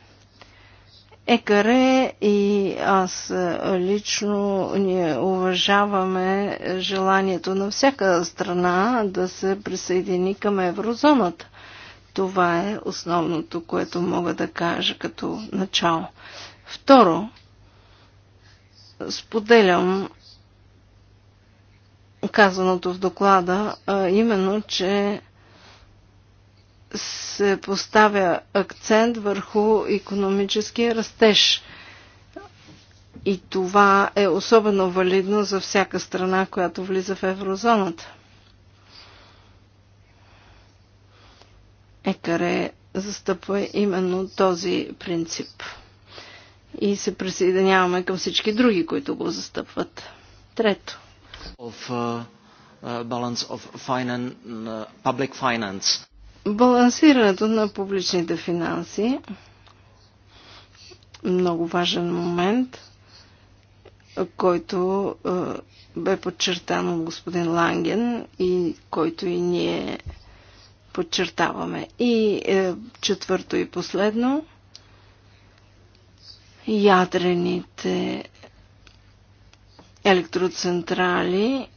Екаре и аз лично ние уважаваме желанието на всяка страна да се присъедини към еврозоната. Това е основното, което мога да кажа като начало. Второ, споделям казаното в доклада, а именно, че се поставя акцент върху економическия растеж. И това е особено валидно за всяка страна, която влиза в еврозоната. Екаре застъпва именно този принцип. И се присъединяваме към всички други, които го застъпват. Трето. Of, uh, uh, balance of uh, public finance. Балансирането на публичните финанси много важен момент, който е, бе подчертан от господин Ланген и който и ние подчертаваме. И е, четвърто и последно, ядрените електроцентрали.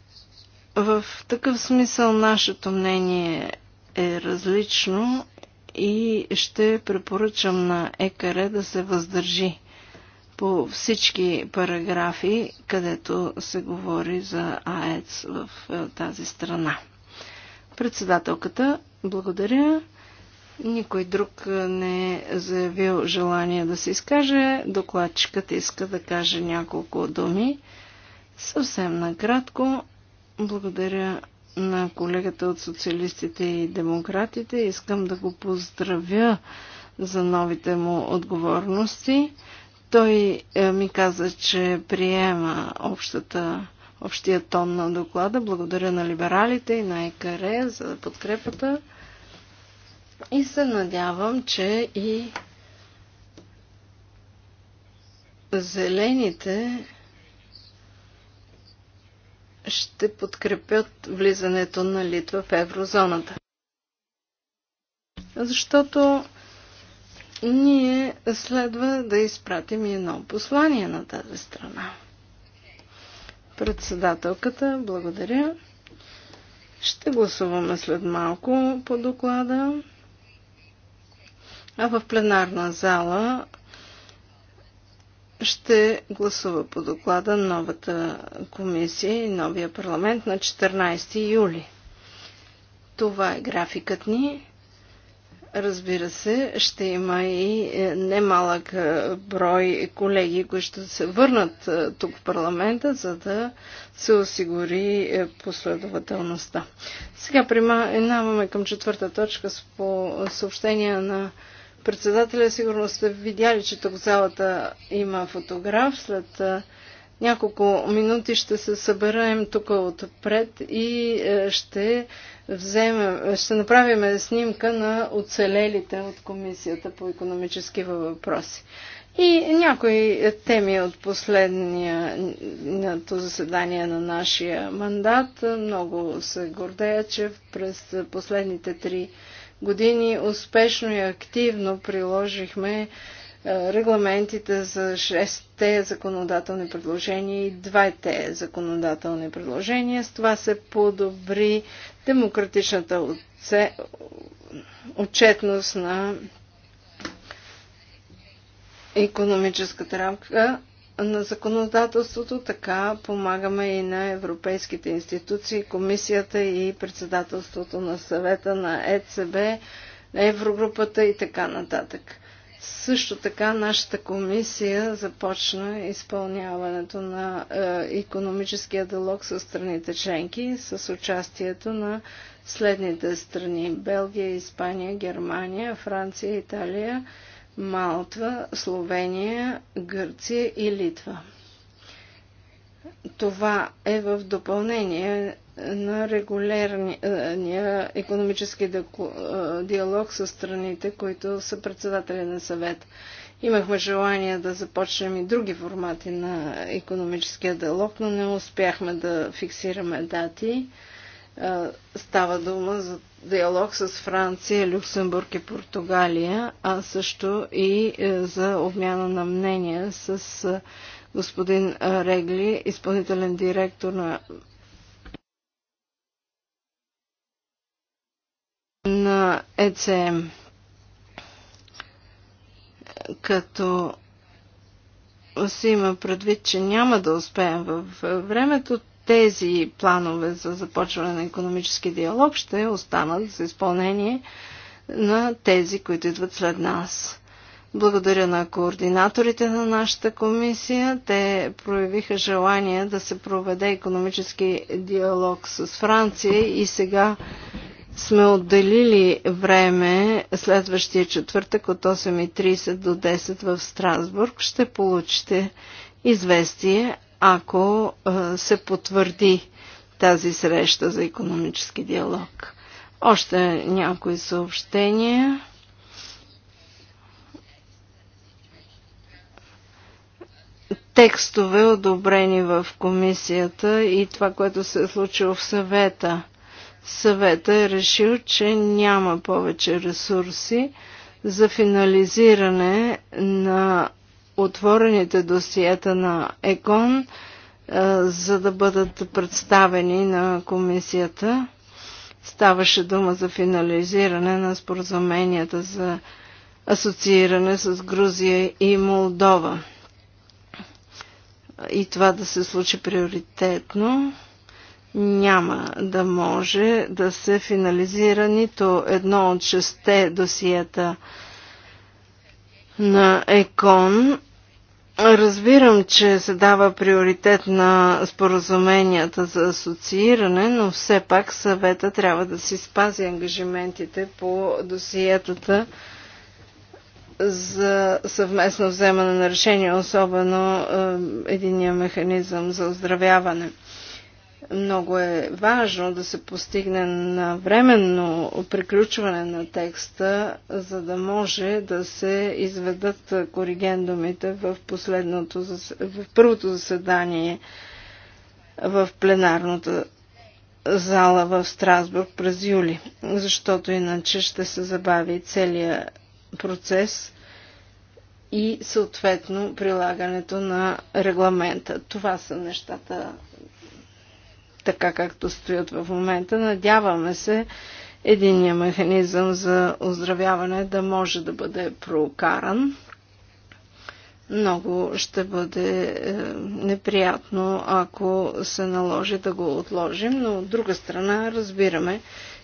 В такъв смисъл нашето мнение е различно и ще препоръчам на ЕКР да се въздържи по всички параграфи, където се говори за АЕЦ в е, тази страна. Председателката, благодаря. Никой друг е, не е заявил желание да се изкаже. Докладчикът иска да каже няколко думи. Съвсем накратко, благодаря на колегата от социалистите и демократите. Искам да го поздравя за новите му отговорности. Той е, ми каза, че приема общата, общия тон на доклада. Благодаря на либералите и на ЕКР за подкрепата. И се надявам, че и зелените ще подкрепят влизането на Литва в еврозоната. Защото ние следва да изпратим едно послание на тази страна. Председателката, благодаря. Ще гласуваме след малко по доклада. А в пленарна зала ще гласува по доклада новата комисия и новия парламент на 14 юли. Това е графикът ни. Разбира се, ще има и е, немалък е, брой колеги, които ще се върнат е, тук в парламента, за да се осигури последователността. Сега преминаваме към четвърта точка с по съобщения на председателя сигурно сте видяли, че тук залата има фотограф. След няколко минути ще се съберем тук отпред и е, ще, вземем, ще направим снимка на оцелелите от Комисията по економически въпроси. И някои теми от последното заседание на нашия мандат. Много се гордея, че през последните три години успешно и активно приложихме е, регламентите за 6-те законодателни предложения и 2-те законодателни предложения. С това се подобри демократичната отчетност на економическата рамка на законодателството, така помагаме и на европейските институции, комисията и председателството на съвета на ЕЦБ, на Еврогрупата и така нататък. Също така нашата комисия започна изпълняването на е, економическия диалог с страните членки с участието на следните страни Белгия, Испания, Германия, Франция, Италия, Малтва, Словения, Гърция и Литва. Това е в допълнение на регулярния економически диалог с страните, които са председатели на съвет. Имахме желание да започнем и други формати на економическия диалог, но не успяхме да фиксираме дати. Става дума за диалог с Франция, Люксембург и Португалия, а също и е, за обмяна на мнения с е, господин Регли, изпълнителен директор на на ЕЦМ. Като се има предвид, че няма да успеем в времето, тези планове за започване на економически диалог ще останат за изпълнение на тези, които идват след нас. Благодаря на координаторите на нашата комисия. Те проявиха желание да се проведе економически диалог с Франция и сега сме отделили време следващия четвъртък от 8.30 до 10 в Страсбург. Ще получите известие, ако се потвърди тази среща за економически диалог. Още някои съобщения. Текстове, одобрени в комисията и това, което се е случило в съвета. Съвета е решил, че няма повече ресурси за финализиране на отворените досиета на ЕКОН, е, за да бъдат представени на комисията. Ставаше дума за финализиране на споразуменията за асоцииране с Грузия и Молдова. И това да се случи приоритетно няма да може да се финализира нито едно от шесте досиета на ЕКОН Разбирам, че се дава приоритет на споразуменията за асоцииране, но все пак съвета трябва да си спази ангажиментите по досиетата за съвместно вземане на решение, особено е, единия механизъм за оздравяване. Много е важно да се постигне на временно приключване на текста, за да може да се изведат коригендумите в, последното, в първото заседание в пленарната зала в Страсбург през юли, защото иначе ще се забави целият процес и съответно прилагането на регламента. Това са нещата, така както стоят в момента. Надяваме се единия механизъм за оздравяване да може да бъде прокаран. Много ще бъде е, неприятно, ако се наложи да го отложим, но от друга страна разбираме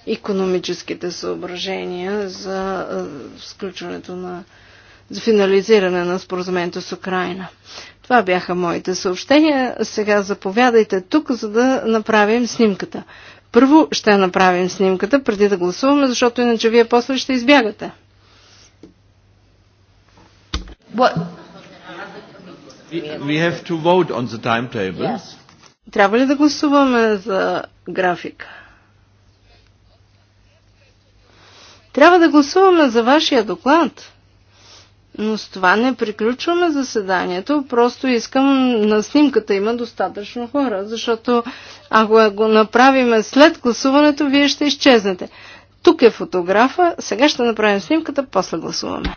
економическите съображения за е, сключването на за финализиране на споразумението с Украина. Това бяха моите съобщения. Сега заповядайте тук, за да направим снимката. Първо ще направим снимката, преди да гласуваме, защото иначе вие после ще избягате. We have to vote on the Yes. Трябва ли да гласуваме за графика? Трябва да гласуваме за вашия доклад. Но с това не приключваме заседанието, просто искам на снимката има достатъчно хора, защото ако го направим след гласуването, вие ще изчезнете. Тук е фотографа, сега ще направим снимката, после гласуваме.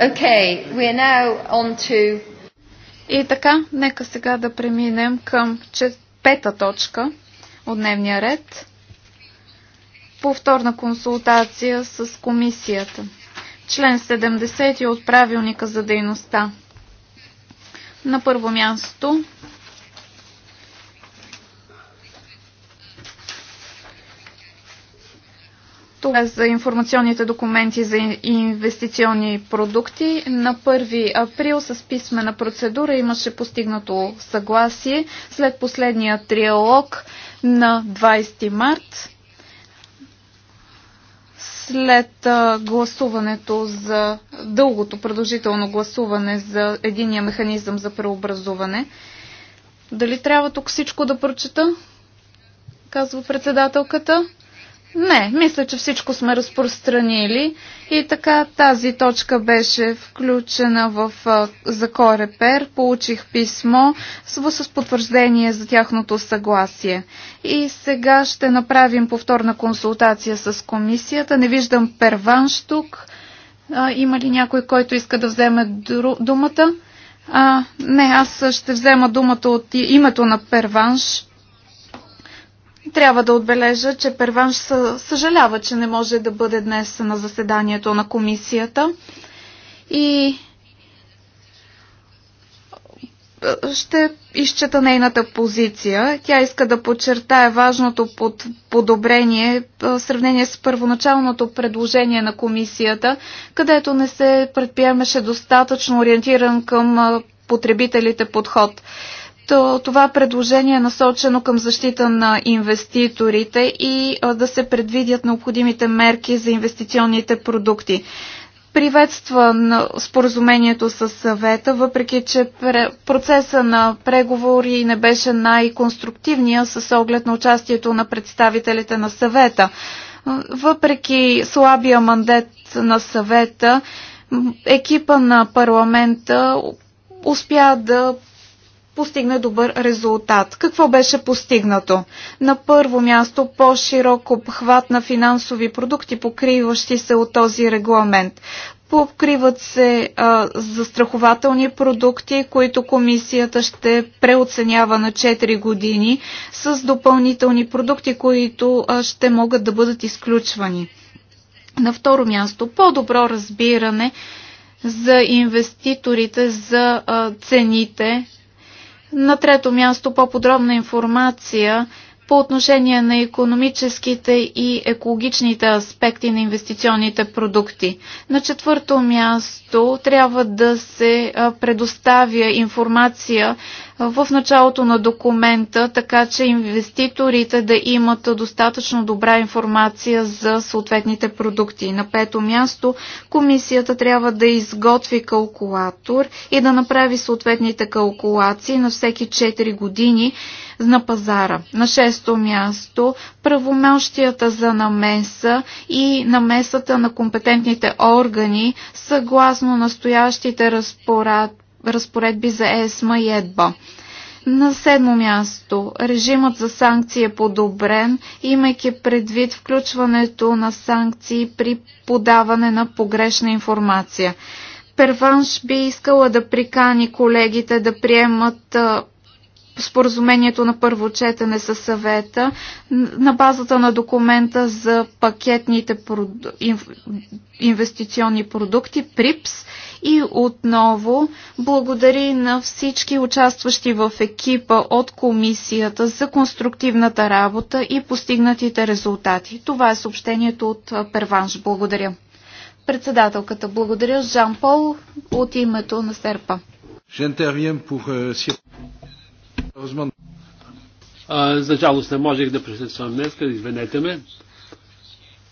Okay, we are now on to... И така, нека сега да преминем към пета точка от дневния ред. Повторна консултация с комисията. Член 70 от правилника за дейността. На първо място за информационните документи за инвестиционни продукти. На 1 април с писмена процедура имаше постигнато съгласие след последния триалог на 20 март. След гласуването за дългото продължително гласуване за единия механизъм за преобразуване. Дали трябва тук всичко да прочета? Казва председателката. Не, мисля, че всичко сме разпространили и така тази точка беше включена в Закорепер. Получих писмо с, потвърждение за тяхното съгласие. И сега ще направим повторна консултация с комисията. Не виждам перванш тук. А, има ли някой, който иска да вземе дру, думата? А, не, аз ще взема думата от името на перванш трябва да отбележа, че Перванш съжалява, че не може да бъде днес на заседанието на комисията и ще изчета нейната позиция. Тя иска да подчертае важното под подобрение в сравнение с първоначалното предложение на комисията, където не се предприемаше достатъчно ориентиран към потребителите подход това предложение е насочено към защита на инвеститорите и да се предвидят необходимите мерки за инвестиционните продукти. Приветства на споразумението с съвета, въпреки че процеса на преговори не беше най-конструктивния с оглед на участието на представителите на съвета. Въпреки слабия мандет на съвета, екипа на парламента успя да постигна добър резултат. Какво беше постигнато? На първо място по-широк обхват на финансови продукти, покриващи се от този регламент. Покриват се а, застрахователни продукти, които комисията ще преоценява на 4 години с допълнителни продукти, които а, ще могат да бъдат изключвани. На второ място, по-добро разбиране за инвеститорите за а, цените на трето място по-подробна информация по отношение на економическите и екологичните аспекти на инвестиционните продукти. На четвърто място трябва да се предоставя информация в началото на документа, така че инвеститорите да имат достатъчно добра информация за съответните продукти. На пето място комисията трябва да изготви калкулатор и да направи съответните калкулации на всеки 4 години на пазара. На шесто място правомощията за намеса и намесата на компетентните органи съгласно настоящите разпорад... разпоредби за ЕСМА и ЕДБА. На седмо място, режимът за санкции е подобрен, имайки предвид включването на санкции при подаване на погрешна информация. Перванш би искала да прикани колегите да приемат споразумението на първо четене със съвета на базата на документа за пакетните инвестиционни продукти ПРИПС и отново благодари на всички участващи в екипа от комисията за конструктивната работа и постигнатите резултати. Това е съобщението от Перванш. Благодаря. Председателката, благодаря. Жан Пол от името на Серпа за жалост не можех да присъствам днес, извинете ме.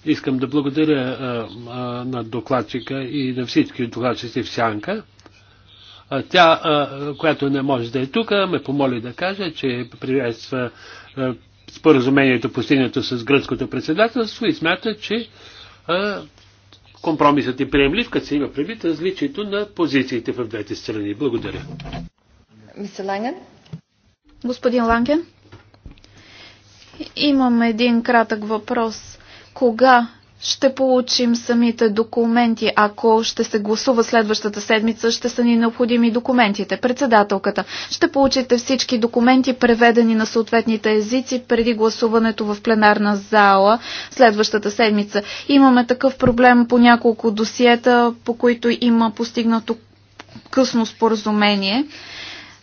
Искам да благодаря а, а, на докладчика и на всички докладчици в Сянка. А, тя, а, която не може да е тук, ме помоли да кажа, че приветства споразумението постигнато с гръцкото председателство и смята, че а, компромисът е приемлив, като се има предвид различието на позициите в двете страни. Благодаря. Мисля Ланген? Господин Ланген, имам един кратък въпрос. Кога ще получим самите документи. Ако ще се гласува следващата седмица, ще са ни необходими документите. Председателката, ще получите всички документи, преведени на съответните езици преди гласуването в пленарна зала следващата седмица. Имаме такъв проблем по няколко досиета, по които има постигнато късно споразумение.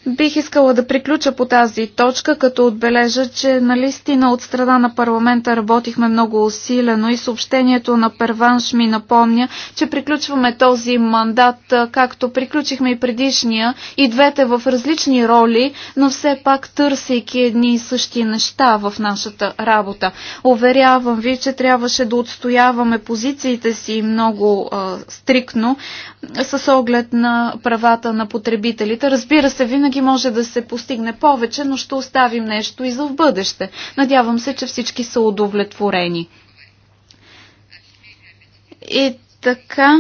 Бих искала да приключа по тази точка, като отбележа, че наистина от страна на парламента работихме много усилено и съобщението на Перванш ми напомня, че приключваме този мандат, както приключихме и предишния, и двете в различни роли, но все пак търсейки едни и същи неща в нашата работа. Уверявам ви, че трябваше да отстояваме позициите си много а, стриктно с оглед на правата на потребителите. Разбира се, винаги винаги може да се постигне повече, но ще оставим нещо и за в бъдеще. Надявам се, че всички са удовлетворени. И така,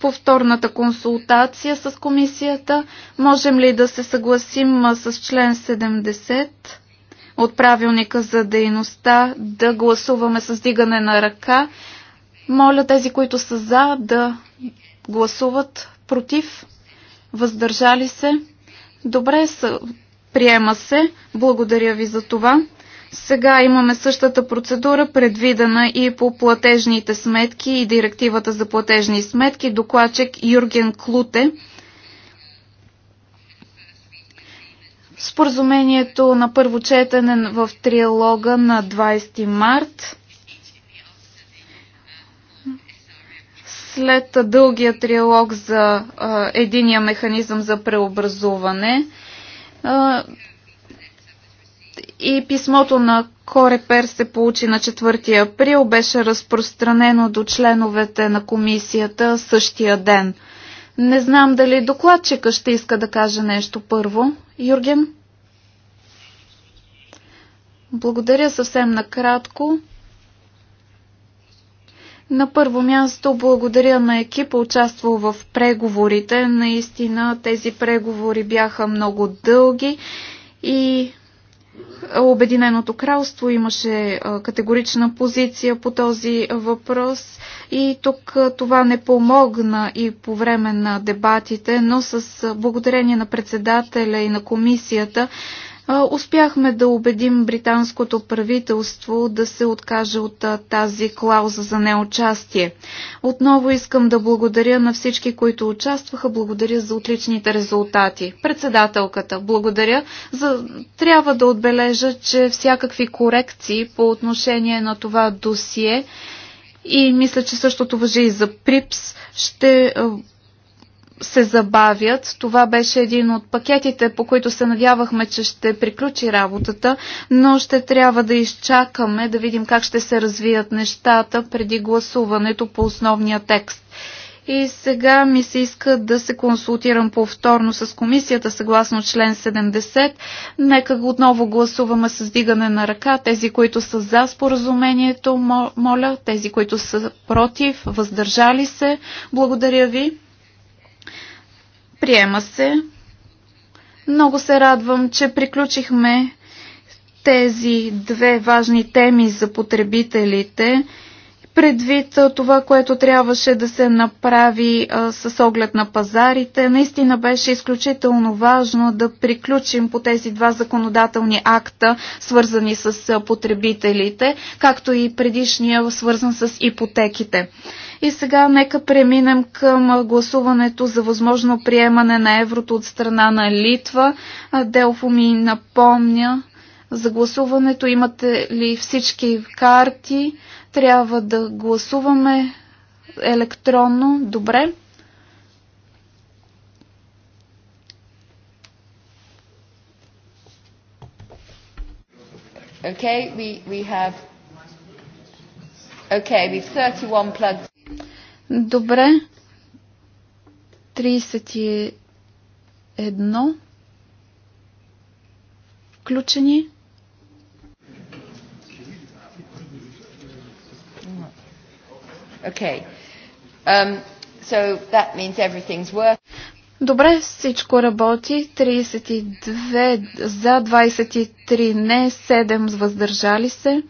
повторната консултация с комисията, можем ли да се съгласим с член 70? от правилника за дейността да гласуваме с дигане на ръка. Моля тези, които са за, да гласуват против, въздържали се. Добре, приема се. Благодаря ви за това. Сега имаме същата процедура, предвидена и по платежните сметки и директивата за платежни сметки. Докладчик Юрген Клуте. Споразумението на първо четене в триалога на 20 март. след дългия триалог за а, единия механизъм за преобразуване а, и писмото на Корепер се получи на 4 април, беше разпространено до членовете на комисията същия ден. Не знам дали докладчика ще иска да каже нещо първо. Юрген? Благодаря съвсем накратко. На първо място благодаря на екипа, участвал в преговорите. Наистина тези преговори бяха много дълги и е, Обединеното кралство имаше е, категорична позиция по този въпрос и тук е, това не помогна и по време на дебатите, но с благодарение на председателя и на комисията успяхме да убедим британското правителство да се откаже от тази клауза за неучастие. Отново искам да благодаря на всички, които участваха. Благодаря за отличните резултати. Председателката, благодаря. За... Трябва да отбележа, че всякакви корекции по отношение на това досие и мисля, че същото въжи и за ПРИПС, ще се забавят. Това беше един от пакетите, по които се надявахме, че ще приключи работата, но ще трябва да изчакаме да видим как ще се развият нещата преди гласуването по основния текст. И сега ми се иска да се консултирам повторно с комисията съгласно член 70. Нека отново гласуваме с дигане на ръка. Тези, които са за споразумението, моля, тези, които са против, въздържали се. Благодаря ви. Приема се. Много се радвам, че приключихме тези две важни теми за потребителите предвид това, което трябваше да се направи а, с оглед на пазарите. Наистина беше изключително важно да приключим по тези два законодателни акта, свързани с потребителите, както и предишния, свързан с ипотеките. И сега нека преминем към гласуването за възможно приемане на еврото от страна на Литва. Делфо ми напомня за гласуването. Имате ли всички карти? Трябва да гласуваме електронно. Добре. Okay, we, we have okay, we've 31 plugs. Добре. 31 включени. Okay. Um, so that means everything's working. Добре, всичко работи. 32 за, 23 не, 7 въздържали се.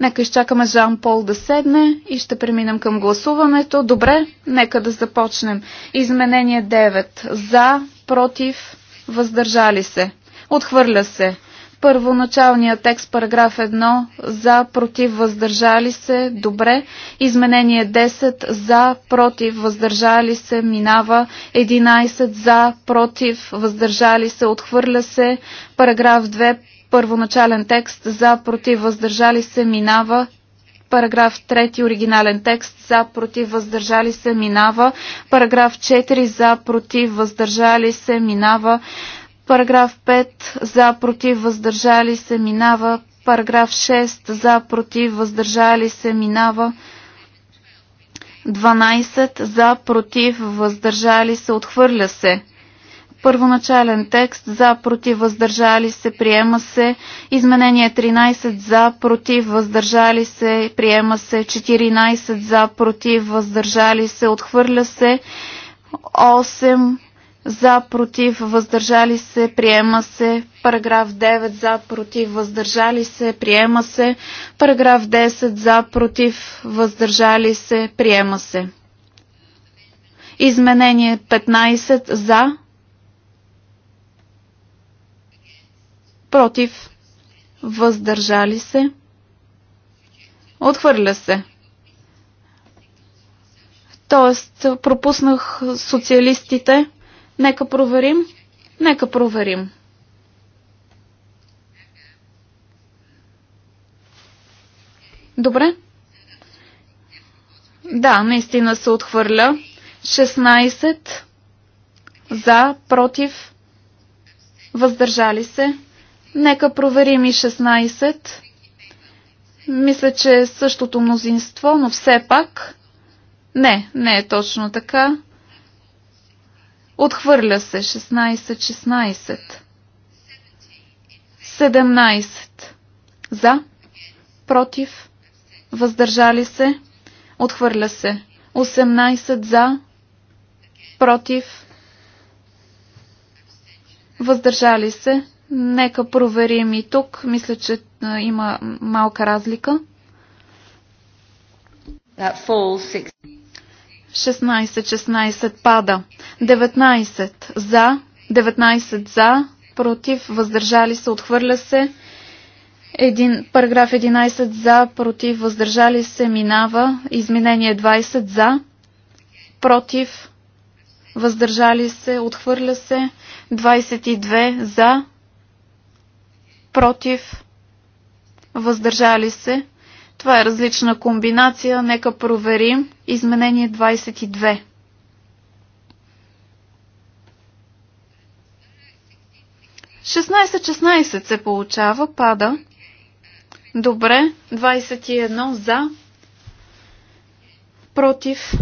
Нека изчакаме Жан Пол да седне и ще преминем към гласуването. Добре, нека да започнем. Изменение 9. За, против, въздържали се. Отхвърля се. Първоначалният текст, параграф 1, за, против, въздържали се, добре. Изменение 10, за, против, въздържали се, минава. 11, за, против, въздържали се, отхвърля се. Параграф 2, първоначален текст за против въздържали се минава. Параграф 3 оригинален текст за против въздържали се минава. Параграф 4 за против въздържали се минава. Параграф 5 за против въздържали се минава. Параграф 6 за против въздържали се минава. 12 за против въздържали се отхвърля се. Първоначален текст за против въздържали се приема се. Изменение 13 за против въздържали се приема се. 14 за против въздържали се отхвърля се. 8 за против въздържали се приема се. Параграф 9 за против въздържали се приема се. Параграф 10 за против въздържали се приема се. Изменение 15 за против, въздържали се, отхвърля се. Тоест, пропуснах социалистите. Нека проверим. Нека проверим. Добре. Да, наистина се отхвърля. 16 за, против, въздържали се. Нека проверим и 16. Мисля, че е същото мнозинство, но все пак. Не, не е точно така. Отхвърля се 16-16. 17. За. Против. Въздържали се. Отхвърля се. 18 за. Против. Въздържали се. Нека проверим и тук. Мисля, че има малка разлика. 16-16 пада. 19 за. 19 за. Против. Въздържали се. Отхвърля се. Един, параграф 11 за. Против. Въздържали се. Минава. Изменение 20 за. Против. Въздържали се. Отхвърля се. 22 за против, въздържали се. Това е различна комбинация. Нека проверим. Изменение 22. Шестнайсет, шестнайсет се получава, пада. Добре, 21 за, против,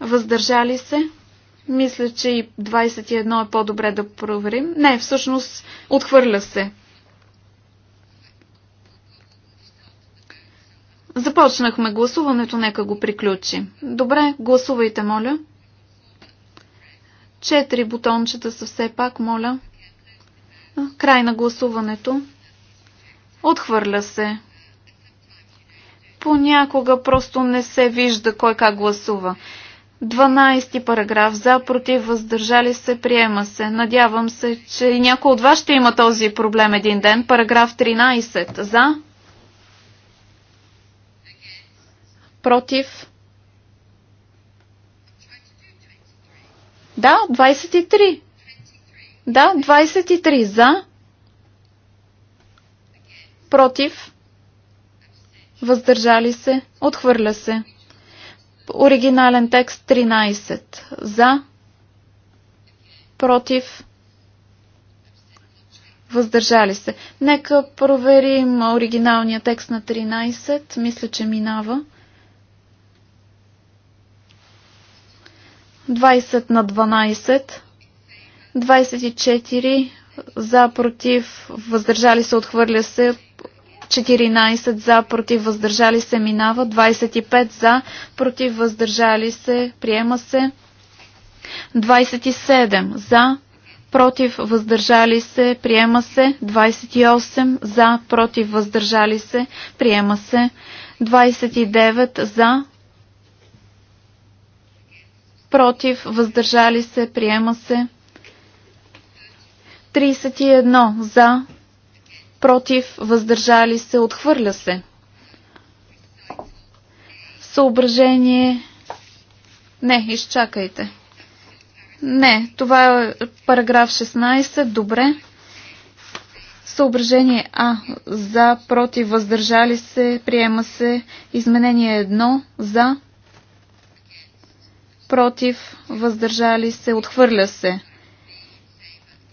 въздържали се. Мисля, че и 21 е по-добре да проверим. Не, всъщност отхвърля се. Започнахме гласуването, нека го приключи. Добре, гласувайте, моля. Четири бутончета са все пак, моля. Край на гласуването. Отхвърля се. Понякога просто не се вижда кой как гласува. 12 параграф за, против, въздържали се, приема се. Надявам се, че някой от вас ще има този проблем един ден. Параграф 13 за, против. Да, 23. Да, 23 за, против, въздържали се, отхвърля се. Оригинален текст 13 за, против, въздържали се. Нека проверим оригиналния текст на 13. Мисля, че минава. 20 на 12, 24 за, против, въздържали се, отхвърля се, 14 за, против, въздържали се, минава, 25 за, против, въздържали се, приема се, 27 за, против, въздържали се, приема се, 28 за, против, въздържали се, приема се, 29 за, против, въздържали се, приема се. 31 за, против, въздържали се, отхвърля се. Съображение. Не, изчакайте. Не, това е параграф 16. Добре. Съображение А. За, против, въздържали се, приема се. Изменение 1. За, против, въздържали се, отхвърля се.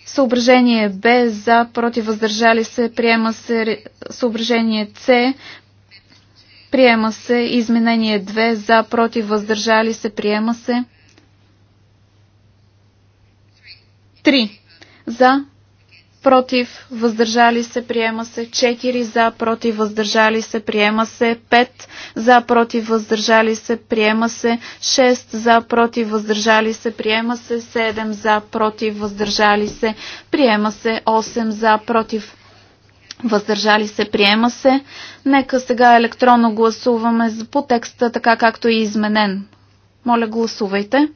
Съображение Б за, против, въздържали се, приема се съображение С, приема се изменение 2 за, против, въздържали се, приема се 3 за, против, въздържали се, приема се, 4 за, против, въздържали се, приема се, 5 за, против, въздържали се, приема се, 6 за, против, въздържали се, приема се, 7 за, против, въздържали се, приема се, 8 за, против, въздържали се, приема се. Нека сега електронно гласуваме по текста, така както е изменен. Моля, гласувайте.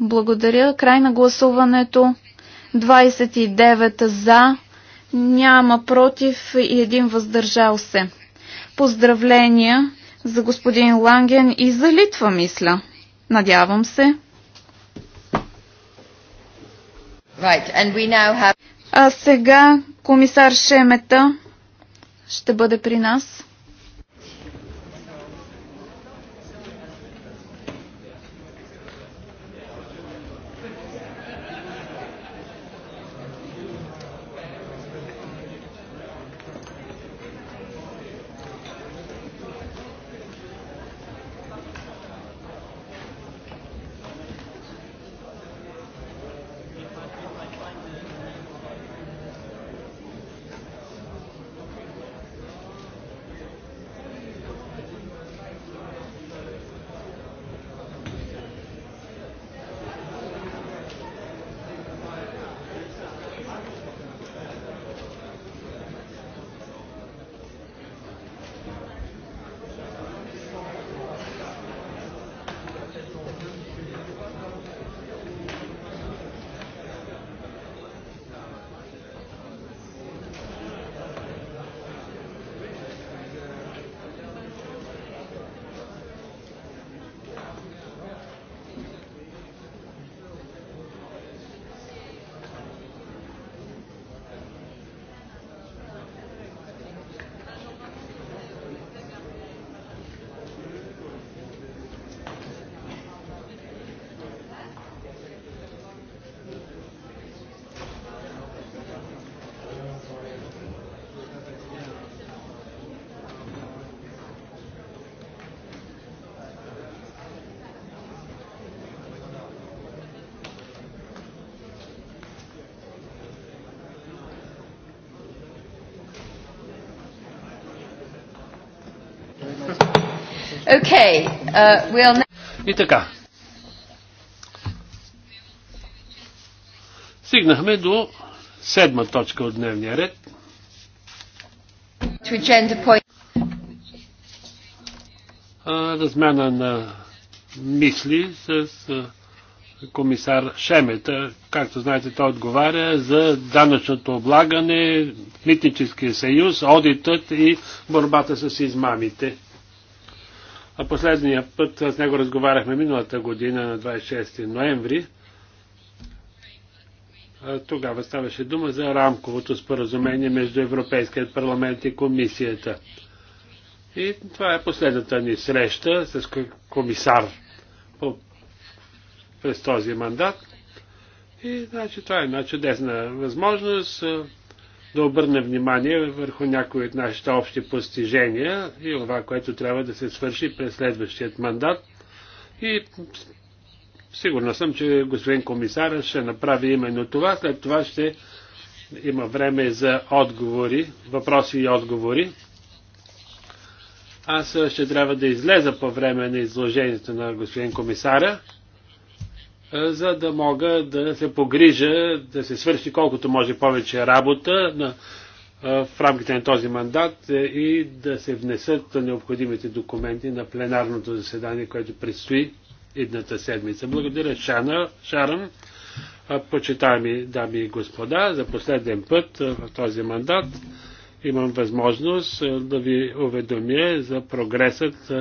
Благодаря. Край на гласуването. 29 за, няма против и един въздържал се. Поздравления за господин Ланген и за Литва, мисля. Надявам се. Right, and we now have... А сега комисар Шемета ще бъде при нас. Okay, uh, we'll... И така. Стигнахме до седма точка от дневния ред. Размяна на мисли с комисар Шемета. Както знаете, той отговаря за данъчното облагане, митническия съюз, одитът и борбата с измамите. А последния път с него разговаряхме миналата година на 26 ноември. Тогава ставаше дума за рамковото споразумение между Европейският парламент и комисията. И това е последната ни среща с комисар по, през този мандат. И значи, това е една чудесна възможност да обърне внимание върху някои от нашите общи постижения и това, което трябва да се свърши през следващият мандат. И сигурна съм, че господин комисар ще направи именно това. След това ще има време за отговори, въпроси и отговори. Аз ще трябва да излеза по време на изложението на господин комисара за да мога да се погрижа, да се свърши колкото може повече работа на, в рамките на този мандат е, и да се внесат необходимите документи на пленарното заседание, което предстои едната седмица. Благодаря, Шана, Шарам. Почитаеми дами и господа, за последен път в този мандат имам възможност да ви уведомя за прогресът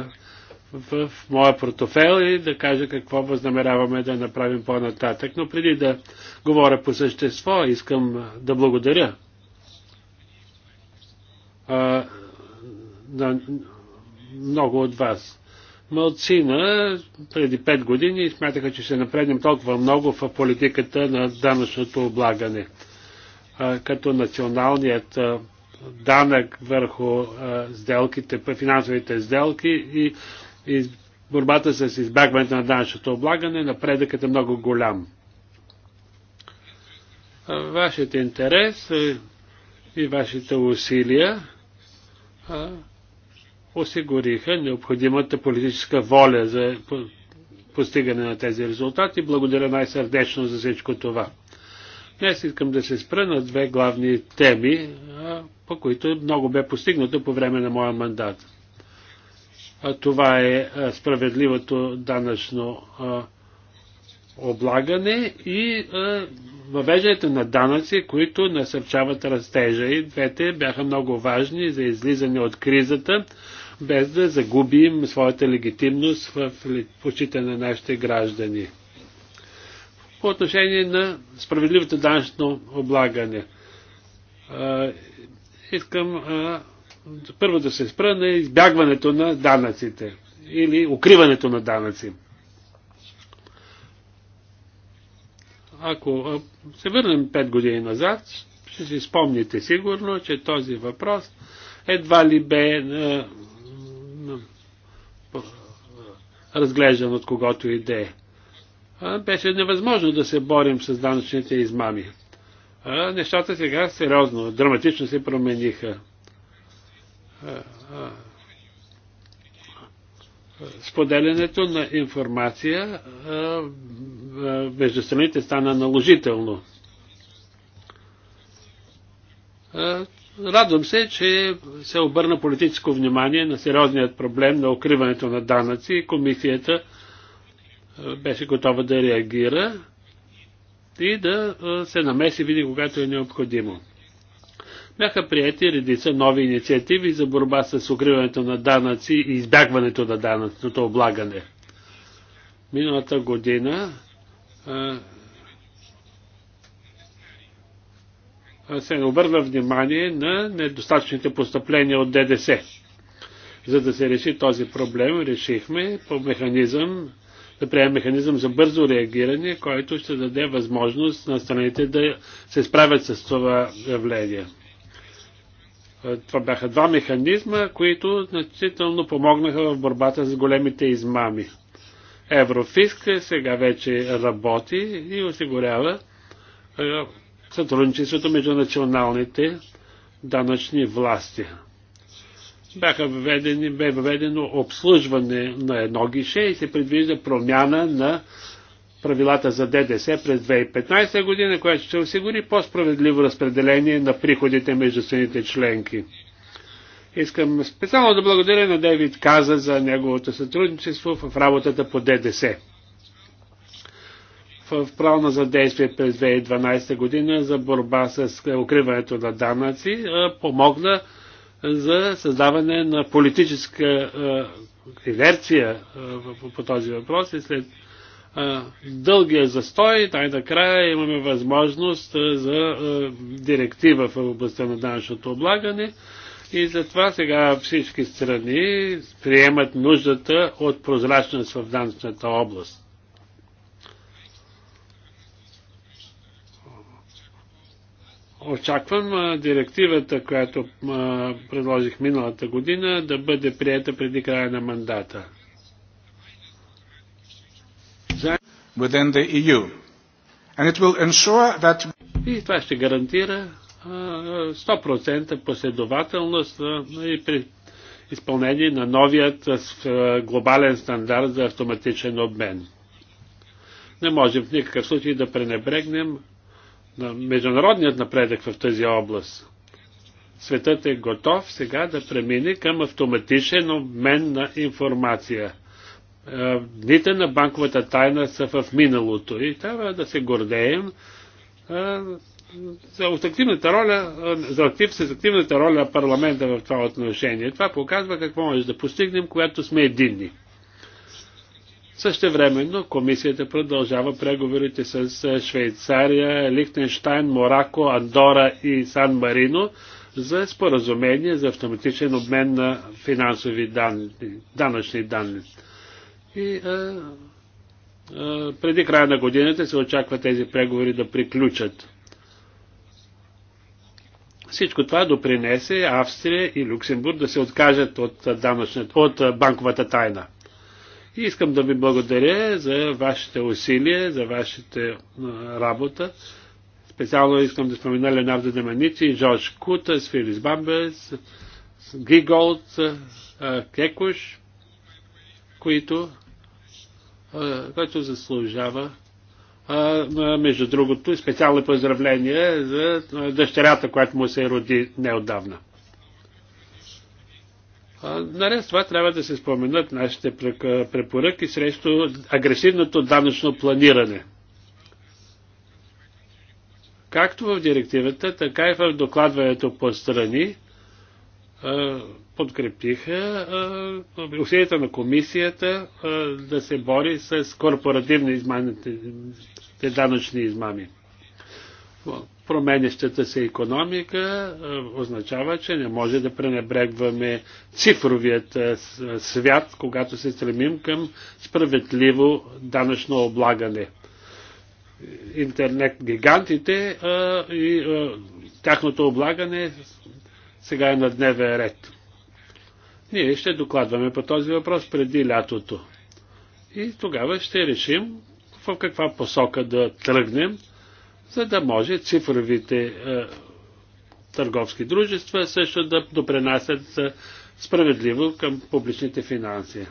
в моя портофел и да кажа какво възнамеряваме да направим по-нататък. Но преди да говоря по същество, искам да благодаря а, на много от вас. Малцина преди 5 години смятаха, че ще напреднем толкова много в политиката на данъчното облагане. А, като националният а, данък върху а, сделките, финансовите сделки и из, борбата с избягването на данъчното облагане, напредъкът е много голям. Вашият интерес и вашите усилия осигуриха необходимата политическа воля за постигане на тези резултати. Благодаря най-сърдечно за всичко това. Днес искам да се спра на две главни теми, по които много бе постигнато по време на моя мандат. Това е, е справедливото данъчно облагане и въвеждането на данъци, които насърчават растежа. И двете бяха много важни за излизане от кризата, без да загубим своята легитимност в очите на нашите граждани. По отношение на справедливото данъчно облагане, искам първо да се спра на избягването на данъците или укриването на данъци. Ако се върнем 5 години назад, ще си спомните сигурно, че този въпрос едва ли бе разглеждан от когото иде, Беше невъзможно да се борим с данъчните измами. А нещата сега сериозно, драматично се промениха споделянето на информация между страните стана наложително. Радвам се, че се обърна политическо внимание на сериозният проблем на укриването на данъци и комисията беше готова да реагира и да се намеси винаги, когато е необходимо бяха прияти редица нови инициативи за борба с укриването на данъци и избягването на данъчното облагане. Миналата година а, се обърна внимание на недостатъчните постъпления от ДДС. За да се реши този проблем, решихме по механизъм, да приемем механизъм за бързо реагиране, който ще даде възможност на страните да се справят с това явление. Е, това бяха два механизма, които значително помогнаха в борбата с големите измами. Еврофиск сега вече работи и осигурява е, сътрудничеството между националните данъчни власти. Бяха въведени, бе въведено обслужване на едно гише и се предвижда промяна на правилата за ДДС през 2015 година, която ще осигури по-справедливо разпределение на приходите между страните членки. Искам специално да благодаря на Дейвид Каза за неговото сътрудничество в работата по ДДС. В правна за действие през 2012 година за борба с укриването на данъци помогна за създаване на политическа инерция по този въпрос и след дългия застой, най-накрая имаме възможност за директива в областта на данъчното облагане и затова сега всички страни приемат нуждата от прозрачност в данъчната област. Очаквам директивата, която предложих миналата година, да бъде приета преди края на мандата. within the EU. And it will ensure that... И това ще гарантира 100% последователност и при изпълнение на новият глобален стандарт за автоматичен обмен. Не можем в никакъв случай да пренебрегнем на международният напредък в тази област. Светът е готов сега да премине към автоматичен обмен на информация. Е, дните на банковата тайна са в миналото и трябва да се гордеем е, за активната роля, е, за актив, с активната роля на парламента в това отношение. Това показва какво може да постигнем, когато сме единни. Същевременно комисията продължава преговорите с Швейцария, Лихтенштайн, Морако, Андора и Сан Марино за споразумение за автоматичен обмен на финансови данни, данъчни данни. И а, а, преди края на годината се очаква тези преговори да приключат. Всичко това допринесе Австрия и Люксембург да се откажат от, от банковата тайна. И искам да ви благодаря за вашите усилия, за вашите работа. Специално искам да спомена Ленардо деманици, Жорж Кута, Филис Бамбес, Гиголд, Кекуш, които който заслужава между другото, специални поздравления за дъщерята, която му се роди неодавна. Наред с това трябва да се споменат нашите препоръки срещу агресивното данъчно планиране. Както в директивата, така и в докладването по страни, е, подкрепиха е, усилията на комисията е, да се бори с корпоративни измамите, данъчни измами. Променящата се економика означава, че не може да пренебрегваме цифровият свят, когато се стремим към справедливо данъчно облагане. Интернет гигантите и тяхното облагане сега е на дневен ред. Ние ще докладваме по този въпрос преди лятото. И тогава ще решим в каква посока да тръгнем, за да може цифровите е, търговски дружества също да допренасят справедливо към публичните финанси.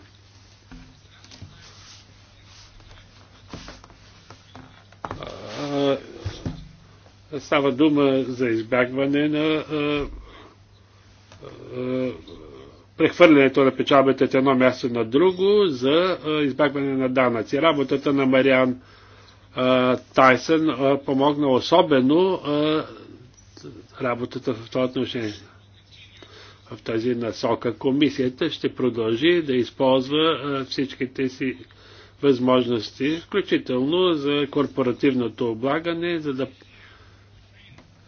Става дума за избягване на е, е, прехвърлянето на печалбите от едно място на друго за е, избягване на данъци. Работата на Мариан е, Тайсън помогна особено работата в това отношение. В тази насока комисията ще продължи да използва всичките си възможности, включително за корпоративното облагане, за да,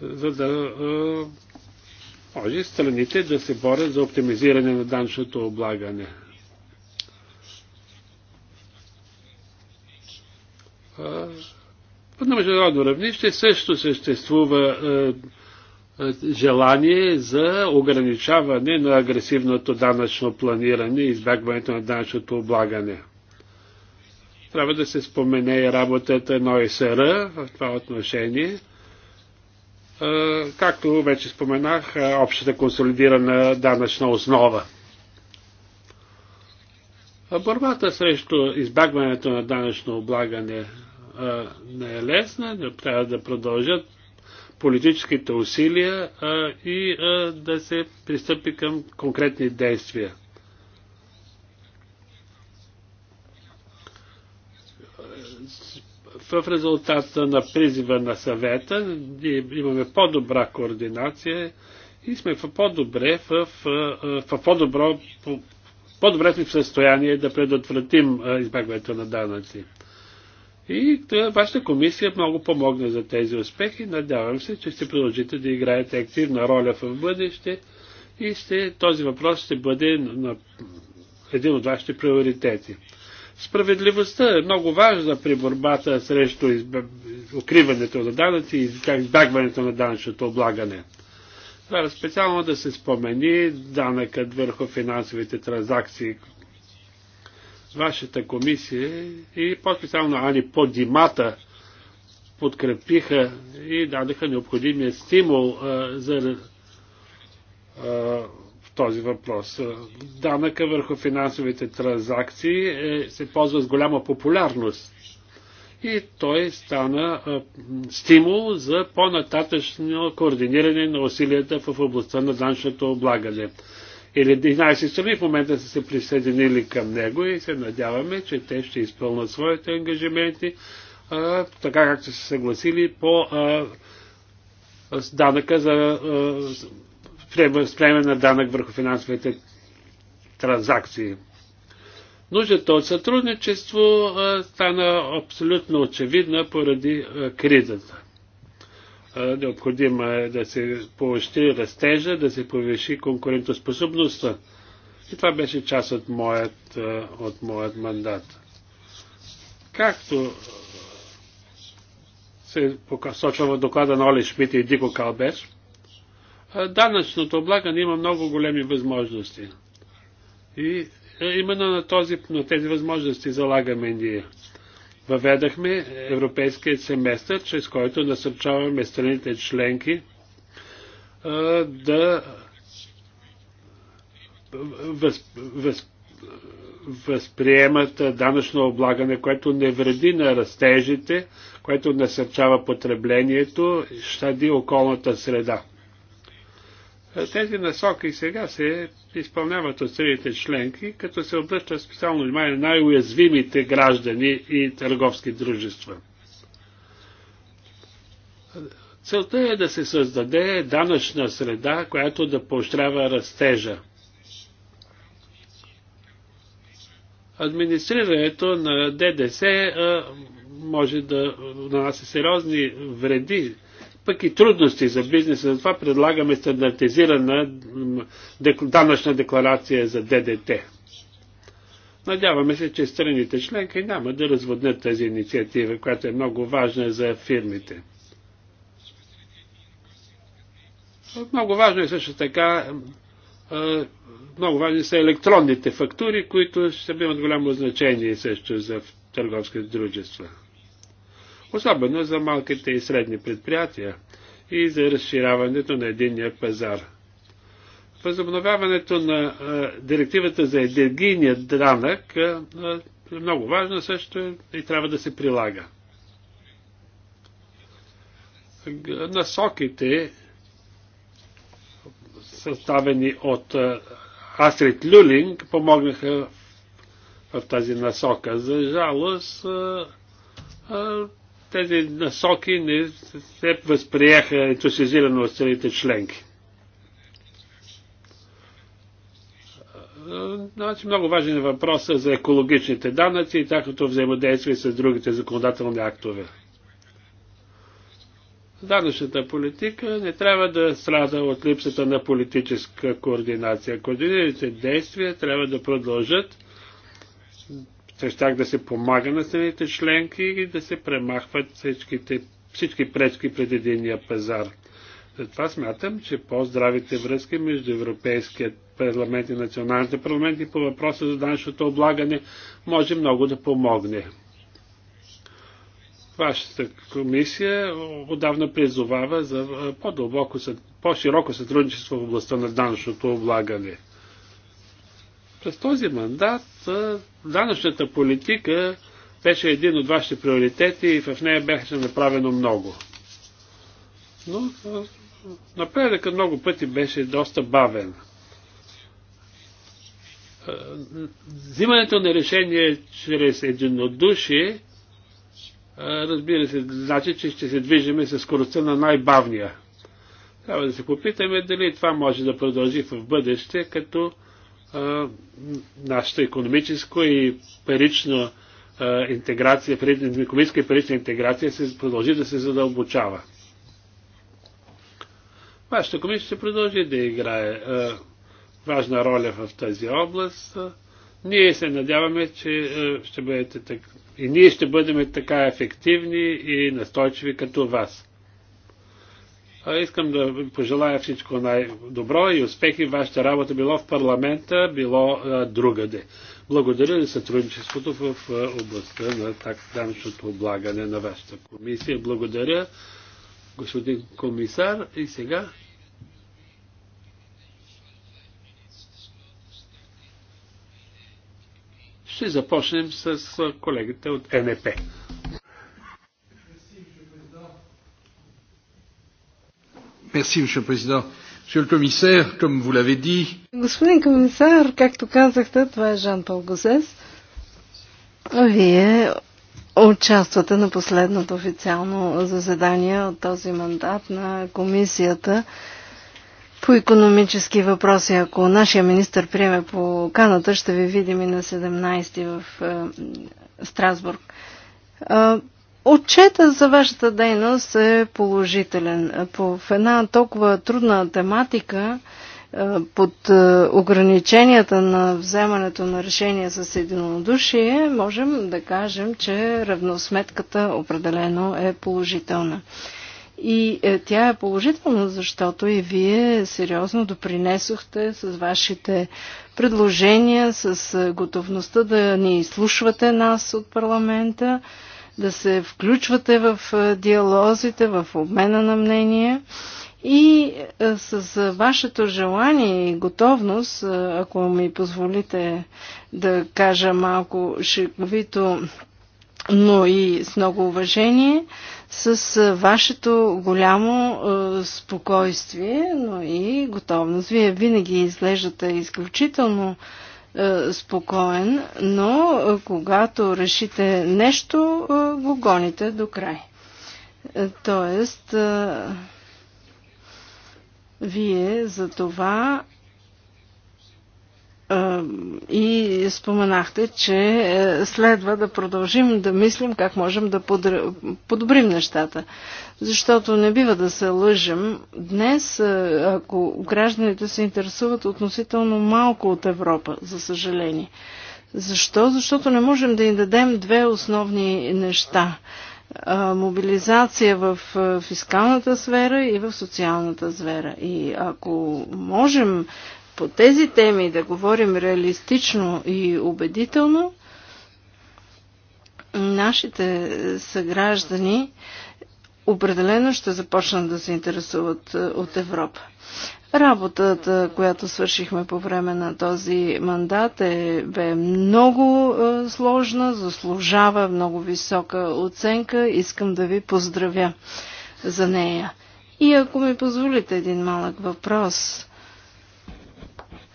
за да може страните да се борят за оптимизиране на данчното облагане. На международно равнище също съществува желание за ограничаване на агресивното данъчно планиране и избягването на данъчното облагане. Трябва да се спомене и работата на ОСР в това отношение – както вече споменах, общата консолидирана данъчна основа. Борбата срещу избягването на данъчно облагане не е лесна, Не трябва да продължат политическите усилия и да се пристъпи към конкретни действия. в резултат на призива на съвета ние имаме по-добра координация и сме в по-добре в, в, в по-добро по-добре сме в състояние да предотвратим избягването на данъци. И вашата комисия много помогна за тези успехи. Надявам се, че ще продължите да играете активна роля в бъдеще и ще, този въпрос ще бъде на един от вашите приоритети. Справедливостта е много важна при борбата срещу изб... укриването на данъци и избягването на данъчното облагане. е специално да се спомени данъкът върху финансовите транзакции. Вашата комисия и по-специално Ани Подимата подкрепиха и дадаха необходимия стимул а, за а, този въпрос. Данъка върху финансовите транзакции е, се ползва с голяма популярност и той стана е, стимул за по-нататъчно координиране на усилията в областта на данъчното облагане. Или 11 страни в момента са се присъединили към него и се надяваме, че те ще изпълнат своите ангажименти, а, е, така както са съгласили по а, е, с данъка за приема на данък върху финансовите транзакции. Нуждата от сътрудничество стана абсолютно очевидна поради кризата. Необходимо е да се повиши растежа, да се повиши конкурентоспособността. И това беше част от моят, от моят мандат. Както се посочва в доклада на Оли Шмидт и Дико Калбеш, е, данъчното облагане има много големи възможности. И е, именно на, този, на тези възможности залагаме ние. Въведахме европейският семестър, чрез който насърчаваме страните членки е, да въз, въз, възприемат данъчно облагане, което не вреди на растежите, което насърчава потреблението, щади околната среда. Тези насоки сега се изпълняват от страните членки, като се обръща специално внимание на най-уязвимите граждани и търговски дружества. Целта е да се създаде данъчна среда, която да поощрява растежа. Администрирането на ДДС може да нанася сериозни вреди пък и трудности за бизнеса. Затова предлагаме стандартизирана данъчна декларация за ДДТ. Надяваме се, че страните членки няма да разводнят тази инициатива, която е много важна за фирмите. Много важно е също така, много важни са електронните фактури, които ще имат голямо значение също за търговски дружества особено за малките и средни предприятия и за разширяването на единния пазар. Възобновяването на а, директивата за енергийния данък а, а, е много важно също и трябва да се прилага. Насоките, съставени от Астрид Люлинг, помогнаха в, в тази насока. За жалост, тези насоки не се възприеха ентусиазирано от страните членки. Значи много важен е въпросът за екологичните данъци и тяхното взаимодействие с другите законодателни актове. Данъчната политика не трябва да страда от липсата на политическа координация. Координираните действия трябва да продължат чрез тях да се помага на страните членки и да се премахват всичките, всички пречки пред единия пазар. Затова смятам, че по-здравите връзки между Европейският парламент и националните парламенти по въпроса за данъчното облагане може много да помогне. Вашата комисия отдавна призовава за по-дълбоко, по-широко сътрудничество в областта на данъчното облагане. През този мандат данъчната политика беше един от вашите приоритети и в нея беше направено много. Но напредъкът много пъти беше доста бавен. Взимането на решение чрез единодушие, разбира се, значи, че ще се движиме с скоростта на най-бавния. Трябва да се попитаме дали това може да продължи в бъдеще, като нашата економическо и парична интеграция, економическа и парична интеграция се продължи да се задълбочава. Вашата комисия ще продължи да играе важна роля в тази област. Ние се надяваме, че ще бъдете така. И ние ще бъдем така ефективни и настойчиви като вас. Искам да ви пожелая всичко най-добро и успехи в вашата работа, било в парламента, било другаде. Благодаря за сътрудничеството в областта на данъчното облагане на вашата комисия. Благодаря, господин комисар. И сега ще започнем с колегите от НП. monsieur le président. Monsieur le commissaire, comme vous l'avez dit... Господин комисар, както казахте, това е Жан-Пол Гозес. Вие участвате на последното официално заседание от този мандат на комисията по економически въпроси. Ако нашия министр приеме по каната, ще ви видим и на 17 в е, Страсбург. Отчета за вашата дейност е положителен. По, в една толкова трудна тематика, е, под е, ограниченията на вземането на решения с единодушие, можем да кажем, че равносметката определено е положителна. И е, тя е положителна, защото и вие сериозно допринесохте с вашите предложения, с готовността да ни изслушвате нас от парламента да се включвате в диалозите, в обмена на мнения и с вашето желание и готовност, ако ми позволите да кажа малко шиковито, но и с много уважение, с вашето голямо е, спокойствие, но и готовност. Вие винаги изглеждате изключително е, спокоен, но е, когато решите нещо, е, го гоните до край. Тоест, вие за това и споменахте, че е, следва да продължим да мислим как можем да подобрим нещата. Защото не бива да се лъжим. Днес, е, ако гражданите се интересуват относително малко от Европа, за съжаление. Защо? Защото не можем да им дадем две основни неща. Мобилизация в е, фискалната сфера и в социалната сфера. И ако можем по тези теми да говорим реалистично и убедително, нашите съграждани определено ще започнат да се интересуват е, от Европа. Работата, която свършихме по време на този мандат е, бе много е, сложна, заслужава много висока оценка. Искам да ви поздравя за нея. И ако ми позволите един малък въпрос.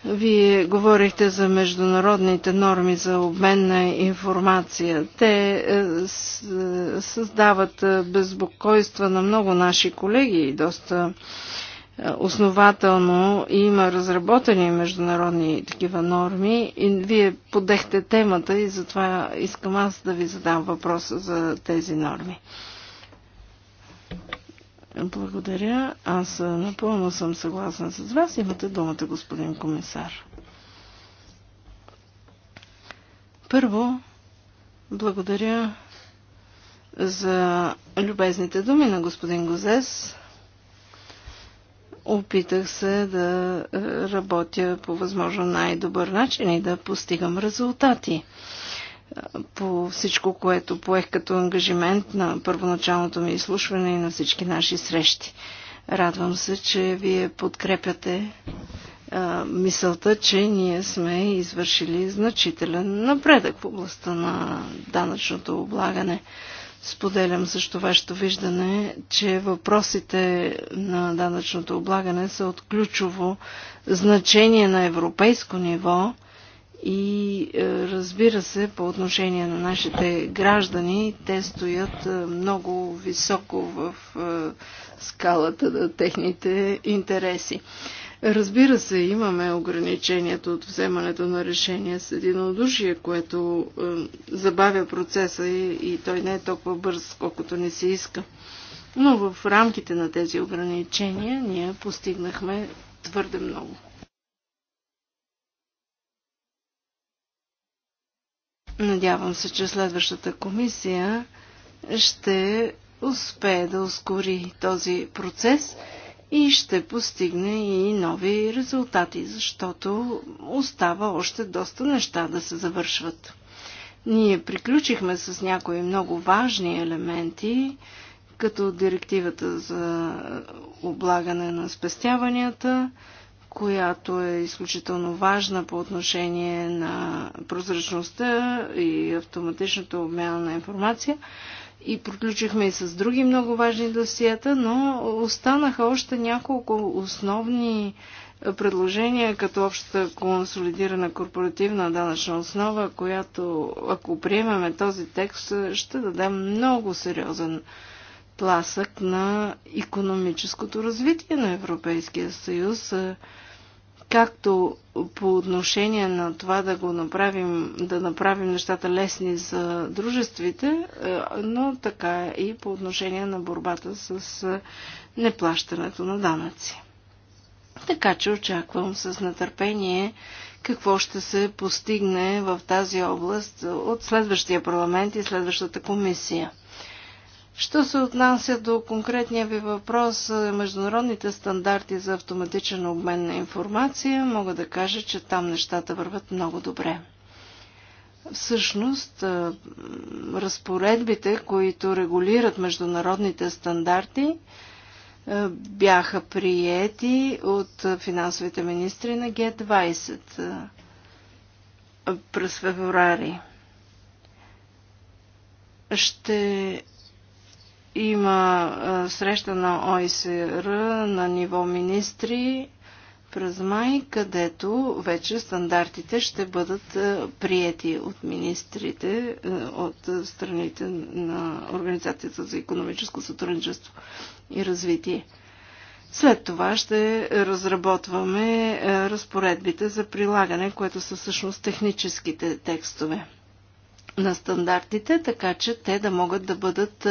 Вие говорихте за международните норми за обмен на информация. Те е, е, създават е, безпокойства на много наши колеги и доста основателно има разработени международни такива норми. И вие подехте темата и затова искам аз да ви задам въпроса за тези норми. Благодаря. Аз е, напълно съм съгласен с вас. Имате думата, господин комисар. Първо, благодаря за любезните думи на господин Гозес. Опитах се да е, работя по възможно най-добър начин и да постигам резултати по всичко, което поех като ангажимент на първоначалното ми изслушване и на всички наши срещи. Радвам се, че вие подкрепяте а, мисълта, че ние сме извършили значителен напредък в областта на данъчното облагане. Споделям също вашето виждане, че въпросите на данъчното облагане са от ключово значение на европейско ниво – и е, разбира се, по отношение на нашите граждани, те стоят е, много високо в е, скалата на техните интереси. Разбира се, имаме ограничението от вземането на решение с единодушие, което е, забавя процеса и, и той не е толкова бърз, колкото не се иска. Но в рамките на тези ограничения ние постигнахме твърде много. Надявам се, че следващата комисия ще успее да ускори този процес и ще постигне и нови резултати, защото остава още доста неща да се завършват. Ние приключихме с някои много важни елементи, като директивата за облагане на спестяванията, която е изключително важна по отношение на прозрачността и автоматичната обмяна на информация. И приключихме и с други много важни досиета, но останаха още няколко основни предложения, като общата консолидирана корпоративна данъчна основа, която, ако приемаме този текст, ще даде много сериозен тласък на економическото развитие на Европейския съюз както по отношение на това да го направим, да направим нещата лесни за дружествите, е, но така е и по отношение на борбата с е, неплащането на данъци. Така че очаквам с нетърпение какво ще се постигне в тази област от следващия парламент и следващата комисия. Що се отнася до конкретния ви въпрос за международните стандарти за автоматичен обмен на информация, мога да кажа, че там нещата върват много добре. Всъщност, разпоредбите, които регулират международните стандарти, бяха приети от финансовите министри на Г-20 през февруари. Ще има среща на ОИСР на ниво министри през май, където вече стандартите ще бъдат приети от министрите от страните на Организацията за економическо сътрудничество и развитие. След това ще разработваме разпоредбите за прилагане, което са всъщност техническите текстове на стандартите, така че те да могат да бъдат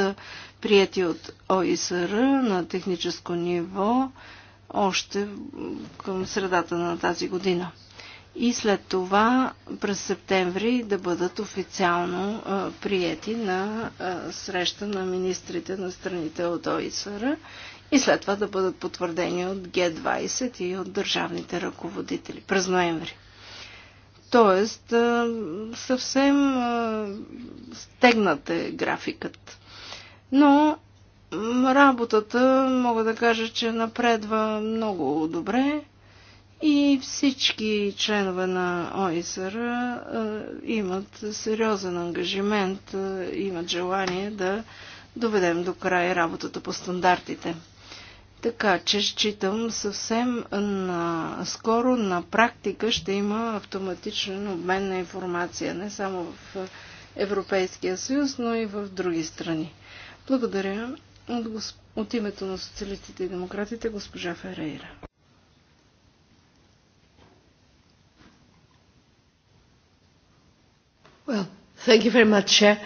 прияти от ОИСР на техническо ниво още към средата на тази година. И след това през септември да бъдат официално а, приети на а, среща на министрите на страните от ОИСР и след това да бъдат потвърдени от Г-20 и от държавните ръководители през ноември. Тоест, съвсем стегнат е графикът. Но работата, мога да кажа, че напредва много добре и всички членове на ОИСР имат сериозен ангажимент, имат желание да доведем до край работата по стандартите. Така че считам съвсем на, скоро на практика ще има автоматичен обмен на информация, не само в Европейския съюз, но и в други страни. Благодаря от, гос... от името на социалистите и демократите госпожа Ферейра. Well, thank you very much, Chair.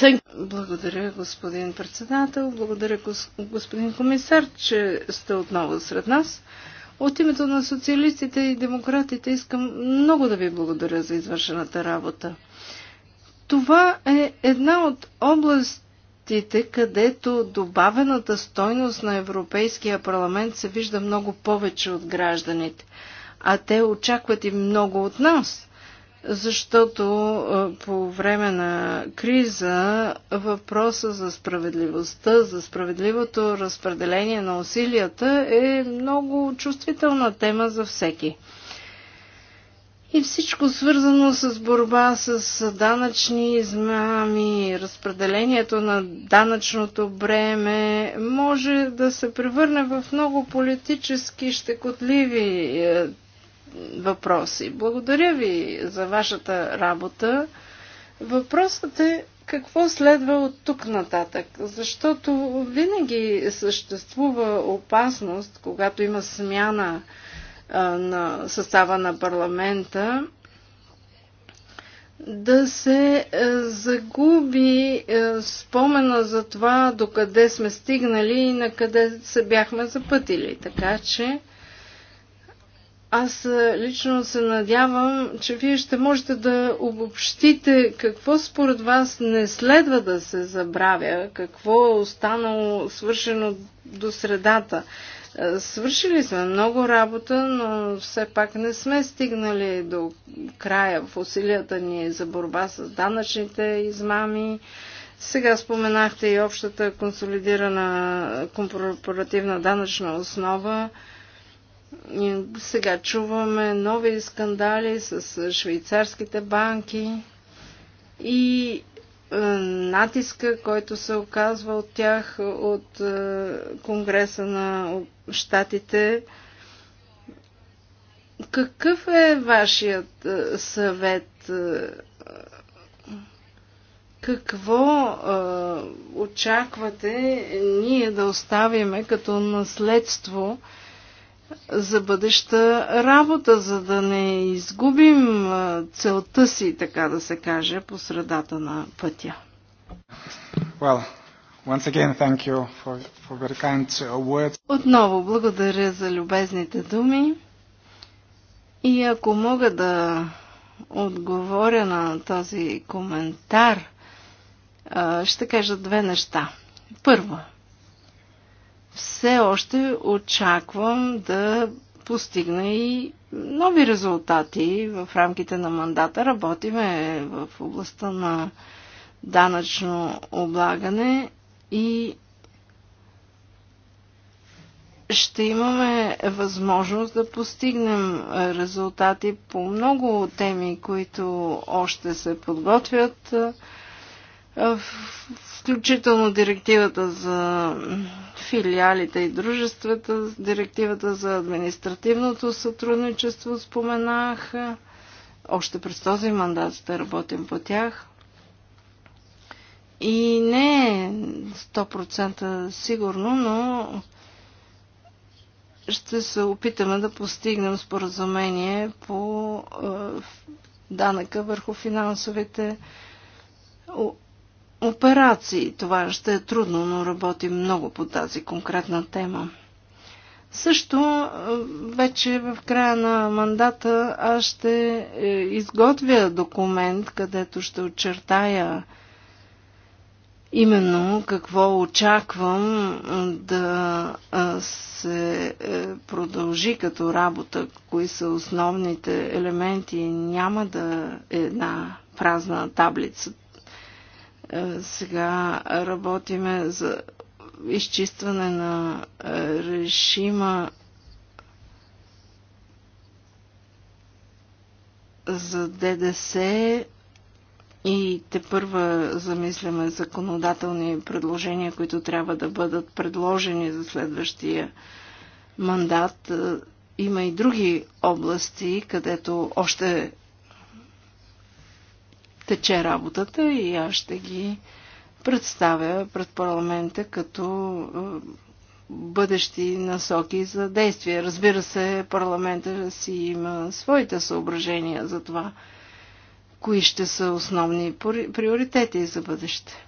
Thank благодаря, господин председател. Благодаря, господин комисар, че сте отново сред нас. От името на социалистите и демократите искам много да ви благодаря за извършената работа. Това е една от областите, където добавената стойност на Европейския парламент се вижда много повече от гражданите, а те очакват и много от нас защото по време на криза въпроса за справедливостта, за справедливото разпределение на усилията е много чувствителна тема за всеки. И всичко свързано с борба с данъчни измами, разпределението на данъчното бреме, може да се превърне в много политически щекотливи е, въпроси. Благодаря ви за вашата работа. Въпросът е какво следва от тук нататък, защото винаги съществува опасност, когато има смяна на състава на парламента, да се е, загуби е, спомена за това докъде сме стигнали и на къде се бяхме запътили. Така че аз лично се надявам, че вие ще можете да обобщите какво според вас не следва да се забравя, какво е останало свършено до средата. Свършили сме много работа, но все пак не сме стигнали до края в усилията ни е за борба с данъчните измами. Сега споменахте и общата консолидирана корпоративна данъчна основа. Сега чуваме нови скандали с швейцарските банки и е, натиска, който се оказва от тях от е, Конгреса на Штатите. Какъв е вашият е, съвет? Какво очаквате ние да оставиме като наследство? за бъдеща работа, за да не изгубим целта си, така да се каже, по средата на пътя. Well, once again, thank you for, for very kind uh, words. Отново благодаря за любезните думи. И ако мога да отговоря на този коментар, ще кажа две неща. Първо, все още очаквам да постигна и нови резултати в рамките на мандата. Работиме в областта на данъчно облагане и ще имаме възможност да постигнем резултати по много теми, които още се подготвят включително директивата за филиалите и дружествата, директивата за административното сътрудничество споменах. Още през този мандат ще работим по тях. И не е 100% сигурно, но ще се опитаме да постигнем споразумение по данъка върху финансовите операции. Това ще е трудно, но работи много по тази конкретна тема. Също вече в края на мандата аз ще е, изготвя документ, където ще очертая именно какво очаквам да се е, продължи като работа, кои са основните елементи. Няма да е една празна таблица. Е, сега работиме за изчистване на е, режима за ДДС и те първа замисляме законодателни предложения, които трябва да бъдат предложени за следващия мандат. Е, има и други области, където още тече работата и аз ще ги представя пред парламента като е, бъдещи насоки за действие. Разбира се, парламента си има своите съображения за това, кои ще са основни приоритети за бъдеще.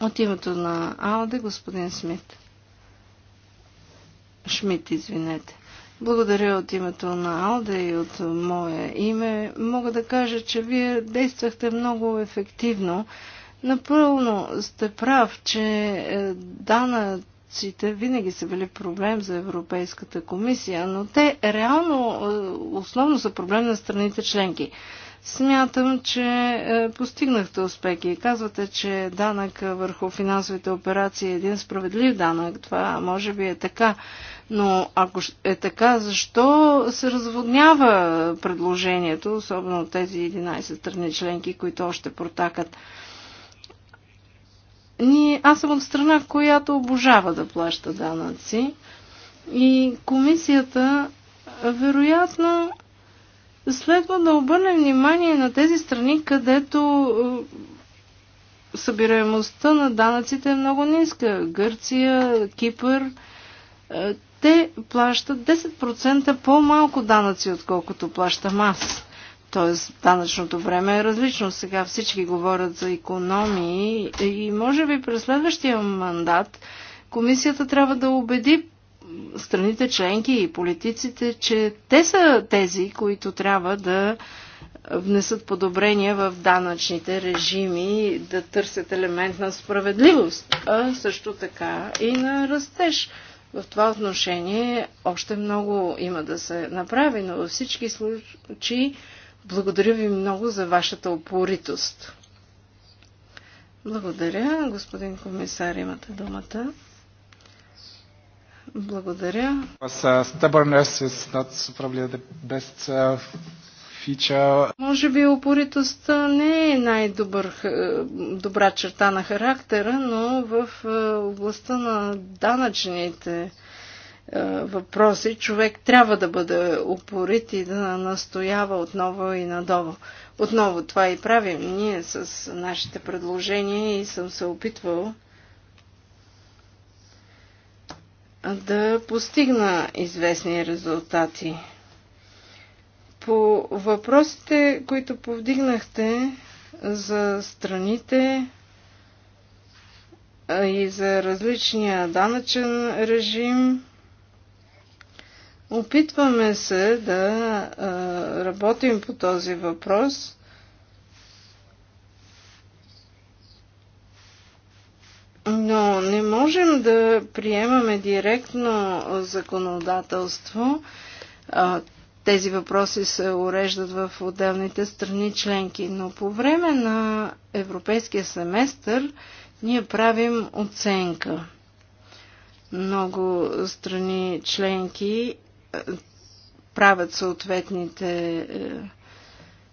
От името на Алде, господин Смит. Шмидт, извинете. Благодаря от името на Алда и от мое име. Мога да кажа, че вие действахте много ефективно. Напълно сте прав, че е, данъците винаги са били проблем за Европейската комисия, но те реално е, основно са проблем на страните членки. Смятам, че е, постигнахте успехи. Казвате, че данък върху финансовите операции е един справедлив данък. Това може би е така. Но ако е така, защо се разводнява предложението, особено тези 11 страни членки, които още протакат? Ние, аз съм от страна, която обожава да плаща данъци и комисията вероятно следва да обърне внимание на тези страни, където е, събираемостта на данъците е много ниска. Гърция, Кипър, е, те плащат 10% по-малко данъци, отколкото плащам аз. Тоест, данъчното време е различно. Сега всички говорят за економии и може би през следващия мандат комисията трябва да убеди страните членки и политиците, че те са тези, които трябва да внесат подобрения в данъчните режими, да търсят елемент на справедливост, а също така и на растеж. В това отношение още много има да се направи, но във всички случаи благодаря ви много за вашата опоритост. Благодаря, господин комисар, имате думата. Благодаря фича. Може би опоритостта не е най-добър, е, добра черта на характера, но в е, областта на данъчните е, въпроси, човек трябва да бъде упорит и да настоява отново и надолу. Отново това и правим ние с нашите предложения и съм се опитвал да постигна известни резултати. По въпросите, които повдигнахте за страните и за различния данъчен режим, опитваме се да работим по този въпрос – Но не можем да приемаме директно законодателство тези въпроси се уреждат в отделните страни членки. Но по време на европейския семестър ние правим оценка. Много страни членки е, правят съответните е,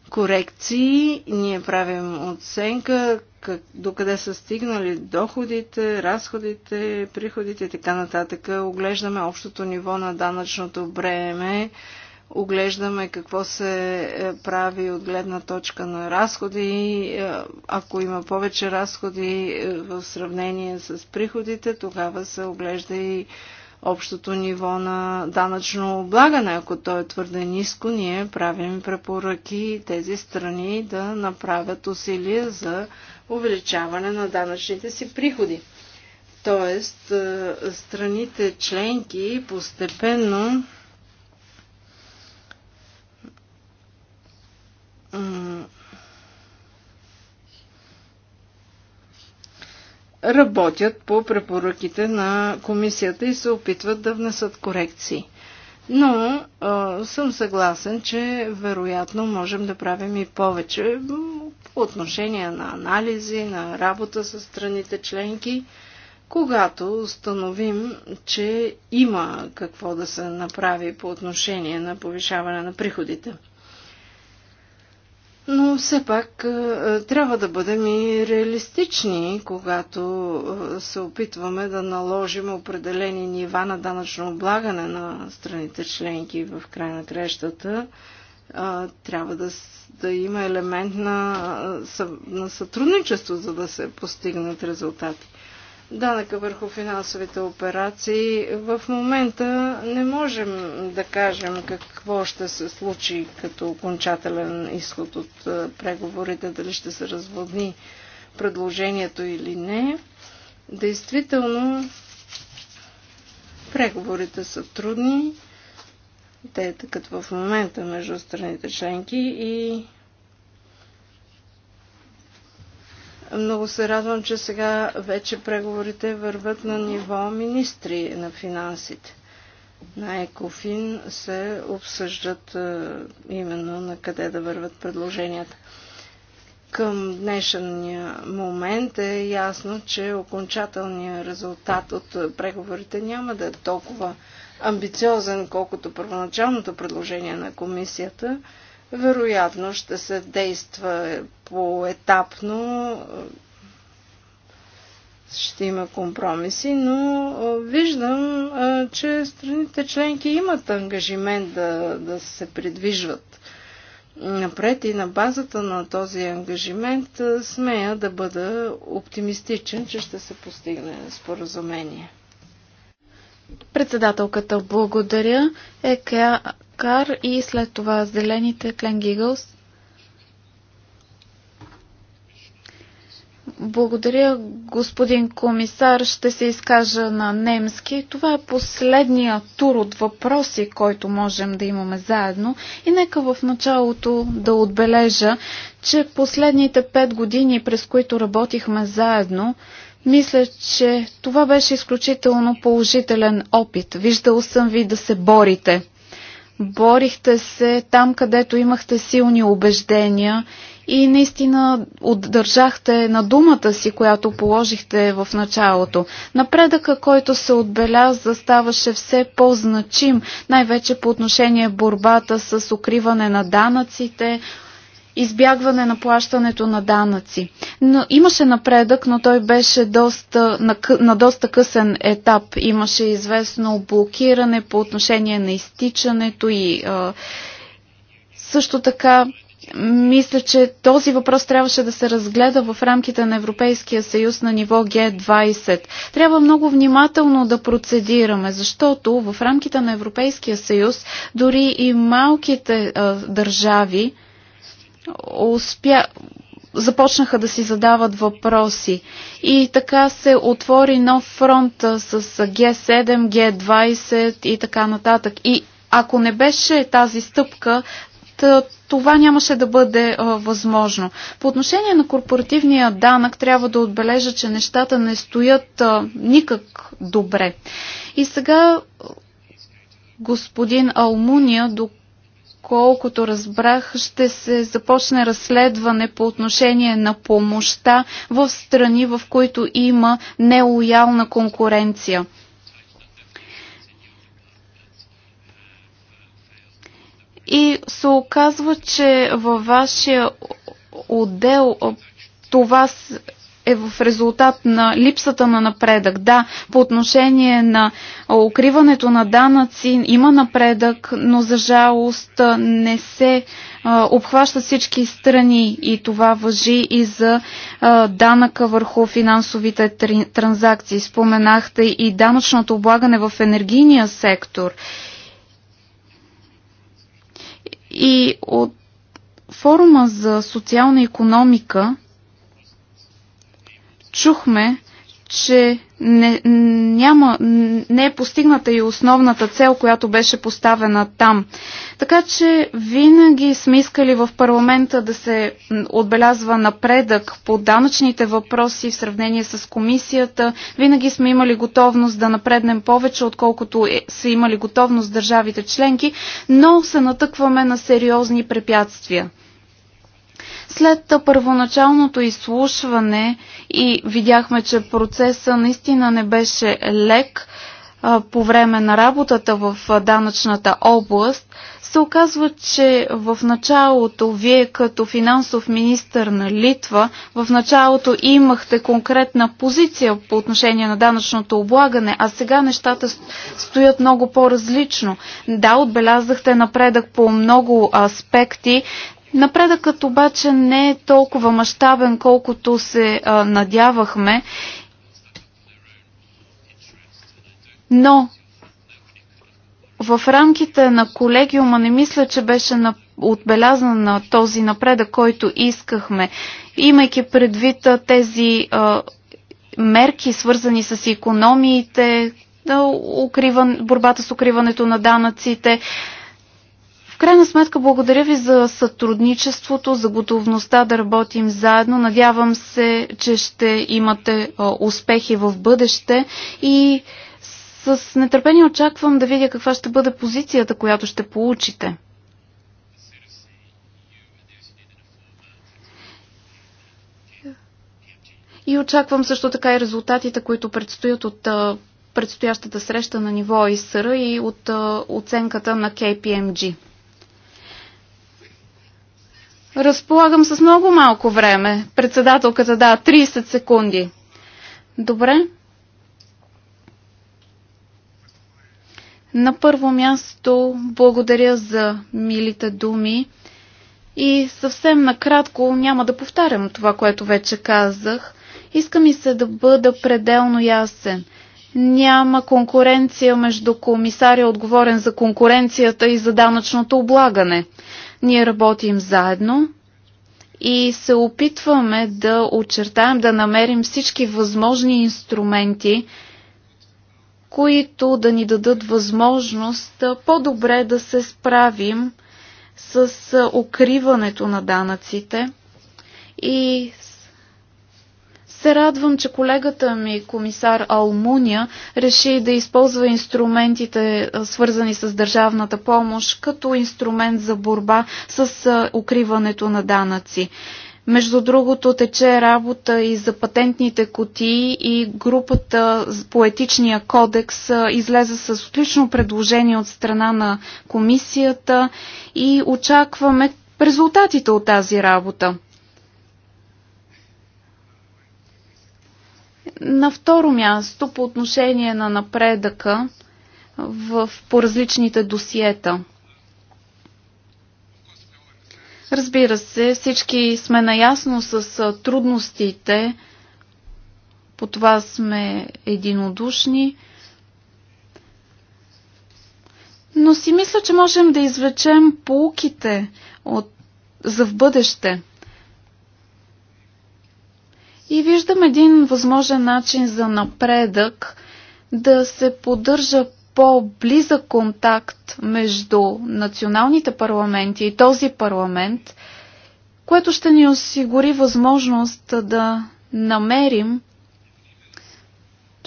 корекции, ние правим оценка как, докъде са стигнали доходите, разходите, приходите и така нататък. Оглеждаме общото ниво на данъчното бреме, оглеждаме какво се е, прави от гледна точка на разходи. Е, ако има повече разходи е, в сравнение с приходите, тогава се оглежда и общото ниво на данъчно облагане. Ако то е твърде ниско, ние правим препоръки тези страни да направят усилия за увеличаване на данъчните си приходи. Тоест, страните членки постепенно работят по препоръките на комисията и се опитват да внесат корекции. Но а, съм съгласен, че вероятно можем да правим и повече по отношение на анализи, на работа с страните членки, когато установим, че има какво да се направи по отношение на повишаване на приходите. Но все пак е, е, трябва да бъдем и реалистични, когато е, се опитваме да наложим определени нива на данъчно облагане на страните членки в край на крещата. Трябва да, да има елемент на, на сътрудничество, за да се постигнат резултати данъка върху финансовите операции. В момента не можем да кажем какво ще се случи като окончателен изход от преговорите, дали ще се разводни предложението или не. Действително, преговорите са трудни. Те е такът в момента между страните членки и Много се радвам, че сега вече преговорите върват на ниво министри на финансите. На Екофин се обсъждат е, именно на къде да върват предложенията. Към днешния момент е ясно, че окончателният резултат от преговорите няма да е толкова амбициозен, колкото първоначалното предложение на комисията – вероятно ще се действа поетапно, ще има компромиси, но виждам, че страните членки имат ангажимент да, да се придвижват напред и на базата на този ангажимент смея да бъда оптимистичен, че ще се постигне споразумение. Председателката благодаря. ЕКА Макар и след това зелените Клен Гигълс. Благодаря, господин комисар. Ще се изкажа на немски. Това е последния тур от въпроси, който можем да имаме заедно. И нека в началото да отбележа, че последните пет години, през които работихме заедно, мисля, че това беше изключително положителен опит. Виждал съм ви да се борите. Борихте се там, където имахте силни убеждения и наистина отдържахте на думата си, която положихте в началото. Напредъка, който се отбеляза, ставаше все по-значим, най-вече по отношение борбата с укриване на данъците, избягване на плащането на данъци. Но имаше напредък, но той беше доста, на, на доста късен етап. Имаше известно блокиране по отношение на изтичането и а, също така мисля, че този въпрос трябваше да се разгледа в рамките на Европейския съюз на ниво Г20. Трябва много внимателно да процедираме, защото в рамките на Европейския съюз дори и малките а, държави, успя... започнаха да си задават въпроси. И така се отвори нов фронт с Г7, Г20 и така нататък. И ако не беше тази стъпка, това нямаше да бъде а, възможно. По отношение на корпоративния данък трябва да отбележа, че нещата не стоят а, никак добре. И сега господин Алмуния, доколкото разбрах, ще се започне разследване по отношение на помощта в страни, в които има нелоялна конкуренция. И се оказва, че във вашия отдел това е в резултат на липсата на напредък. Да, по отношение на укриването на данъци има напредък, но за жалост не се а, обхваща всички страни и това въжи и за а, данъка върху финансовите транзакции. Споменахте и данъчното облагане в енергийния сектор. И от форума за социална економика чухме, че не, няма, не е постигната и основната цел, която беше поставена там. Така че винаги сме искали в парламента да се отбелязва напредък по данъчните въпроси в сравнение с комисията. Винаги сме имали готовност да напреднем повече, отколкото е, са имали готовност държавите членки, но се натъкваме на сериозни препятствия. След първоначалното изслушване и видяхме, че процеса наистина не беше лек по време на работата в данъчната област, се оказва, че в началото вие като финансов министр на Литва, в началото имахте конкретна позиция по отношение на данъчното облагане, а сега нещата стоят много по-различно. Да, отбелязахте напредък по много аспекти, Напредъкът обаче не е толкова мащабен, колкото се а, надявахме. Но в рамките на колегиума не мисля, че беше на, отбелязан на този напредък, който искахме. Имайки предвид тези а, мерки, свързани с економиите, да, укриван, борбата с укриването на данъците, крайна сметка благодаря ви за сътрудничеството, за готовността да работим заедно. Надявам се, че ще имате успехи в бъдеще и с нетърпение очаквам да видя каква ще бъде позицията, която ще получите. И очаквам също така и резултатите, които предстоят от предстоящата среща на ниво ИСР и от оценката на KPMG. Разполагам с много малко време. Председателката, да, 30 секунди. Добре. На първо място благодаря за милите думи и съвсем накратко няма да повтарям това, което вече казах. Иска ми се да бъда пределно ясен. Няма конкуренция между комисаря отговорен за конкуренцията и за данъчното облагане. Ние работим заедно и се опитваме да очертаем, да намерим всички възможни инструменти, които да ни дадат възможност по-добре да се справим с укриването на данъците и се радвам, че колегата ми, комисар Алмуния, реши да използва инструментите, свързани с държавната помощ, като инструмент за борба с укриването на данъци. Между другото, тече работа и за патентните котии и групата по етичния кодекс излезе с отлично предложение от страна на комисията и очакваме резултатите от тази работа. На второ място, по отношение на напредъка в, по различните досиета. Разбира се, всички сме наясно с трудностите, по това сме единодушни. Но си мисля, че можем да извлечем полуките от, за в бъдеще. И виждам един възможен начин за напредък да се поддържа по-близък контакт между националните парламенти и този парламент, което ще ни осигури възможност да намерим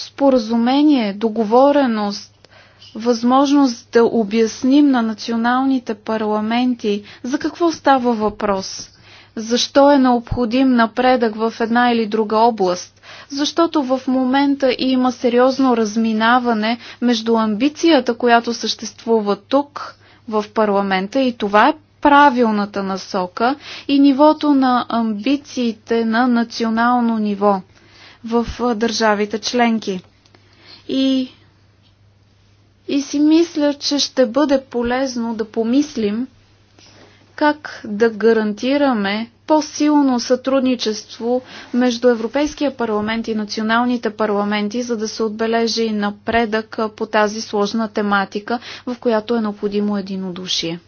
споразумение, договореност, възможност да обясним на националните парламенти за какво става въпрос защо е необходим напредък в една или друга област. Защото в момента има сериозно разминаване между амбицията, която съществува тук в парламента и това е правилната насока и нивото на амбициите на национално ниво в държавите членки. И, и си мисля, че ще бъде полезно да помислим как да гарантираме по-силно сътрудничество между Европейския парламент и националните парламенти, за да се отбележи напредък по тази сложна тематика, в която е необходимо единодушие.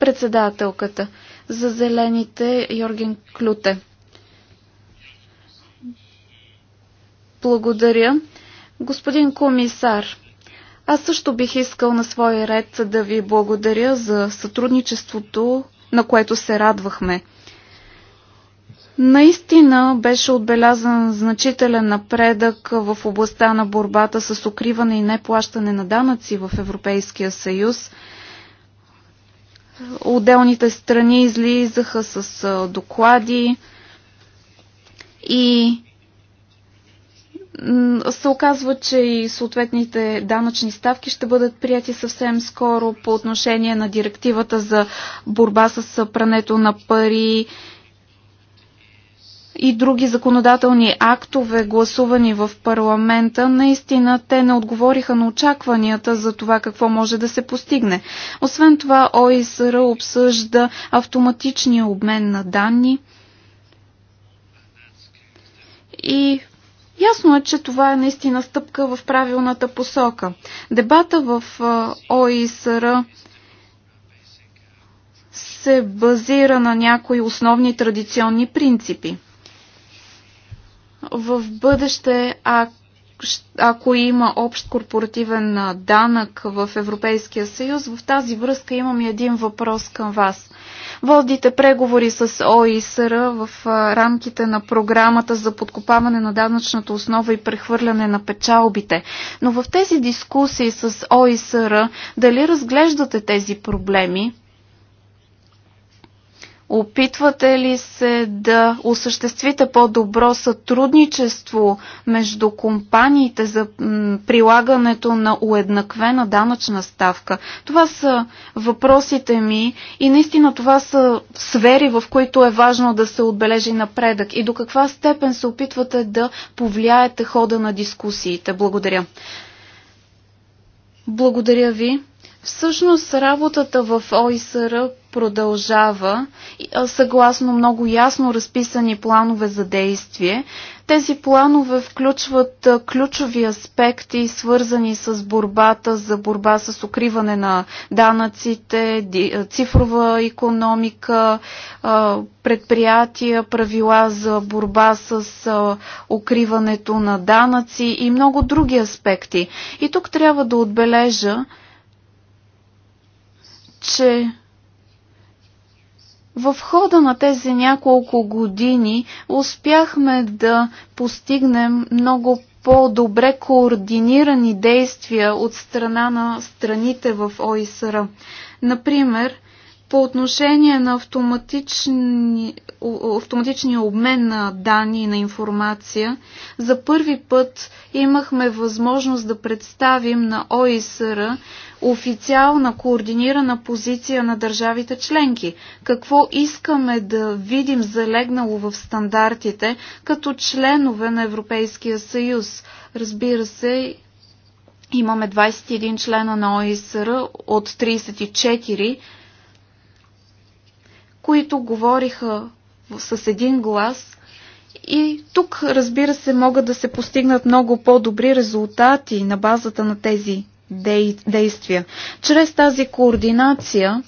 Председателката за зелените Йорген Клюте. Благодаря. Господин комисар, аз също бих искал на своя ред да ви благодаря за сътрудничеството, на което се радвахме. Наистина беше отбелязан значителен напредък в областта на борбата с укриване и неплащане на данъци в Европейския съюз. Отделните страни излизаха с доклади и се оказва, че и съответните данъчни ставки ще бъдат прияти съвсем скоро по отношение на директивата за борба с прането на пари и други законодателни актове, гласувани в парламента, наистина те не отговориха на очакванията за това какво може да се постигне. Освен това, ОИСР обсъжда автоматичния обмен на данни и Ясно е, че това е наистина стъпка в правилната посока. Дебата в ОИСР се базира на някои основни традиционни принципи. В бъдеще, ако има общ корпоративен данък в Европейския съюз, в тази връзка имам един въпрос към вас. Водите преговори с ОИСР в рамките на програмата за подкопаване на данъчната основа и прехвърляне на печалбите. Но в тези дискусии с ОИСР дали разглеждате тези проблеми? Опитвате ли се да осъществите по-добро сътрудничество между компаниите за прилагането на уеднаквена данъчна ставка? Това са въпросите ми и наистина това са сфери, в които е важно да се отбележи напредък и до каква степен се опитвате да повлияете хода на дискусиите. Благодаря. Благодаря ви. Всъщност работата в ОИСР продължава съгласно много ясно разписани планове за действие. Тези планове включват ключови аспекти, свързани с борбата за борба с укриване на данъците, цифрова економика, предприятия, правила за борба с укриването на данъци и много други аспекти. И тук трябва да отбележа, че в хода на тези няколко години успяхме да постигнем много по-добре координирани действия от страна на страните в ОИСР. Например, по отношение на автоматични, автоматичния обмен на данни и на информация, за първи път имахме възможност да представим на ОИСР официална координирана позиция на държавите членки. Какво искаме да видим залегнало в стандартите като членове на Европейския съюз? Разбира се, имаме 21 члена на ОИСР от 34 които говориха с един глас. И тук, разбира се, могат да се постигнат много по-добри резултати на базата на тези действия. Чрез тази координация,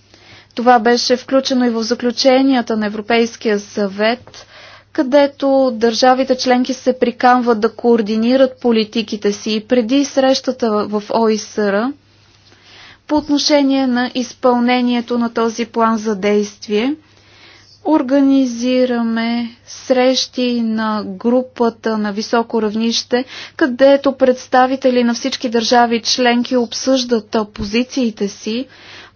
това беше включено и в заключенията на Европейския съвет, където държавите членки се приканват да координират политиките си и преди срещата в ОИСР по отношение на изпълнението на този план за действие – организираме срещи на групата на високо равнище, където представители на всички държави членки обсъждат позициите си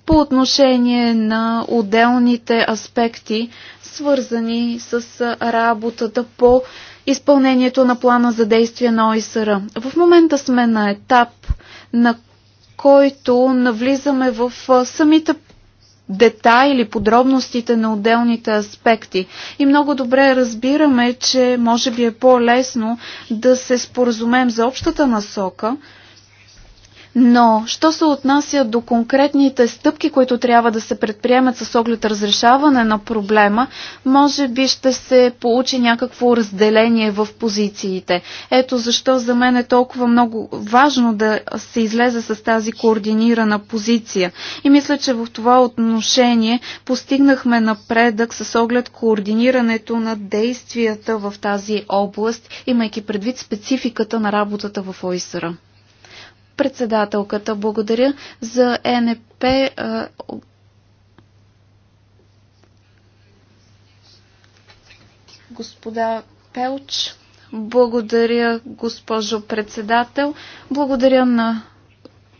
по отношение на отделните аспекти, свързани с работата по изпълнението на плана за действие на ОИСР. В момента сме на етап, на който навлизаме в самите детайли, подробностите на отделните аспекти. И много добре разбираме, че може би е по-лесно да се споразумеем за общата насока, но, що се отнася до конкретните стъпки, които трябва да се предприемат с оглед разрешаване на проблема, може би ще се получи някакво разделение в позициите. Ето защо за мен е толкова много важно да се излезе с тази координирана позиция. И мисля, че в това отношение постигнахме напредък с оглед координирането на действията в тази област, имайки предвид спецификата на работата в ОИСРА. Председателката, благодаря за ЕНП. Господа Пелч, благодаря, госпожо председател. Благодаря на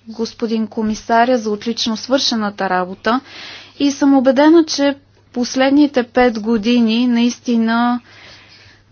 господин комисаря за отлично свършената работа и съм убедена, че последните пет години наистина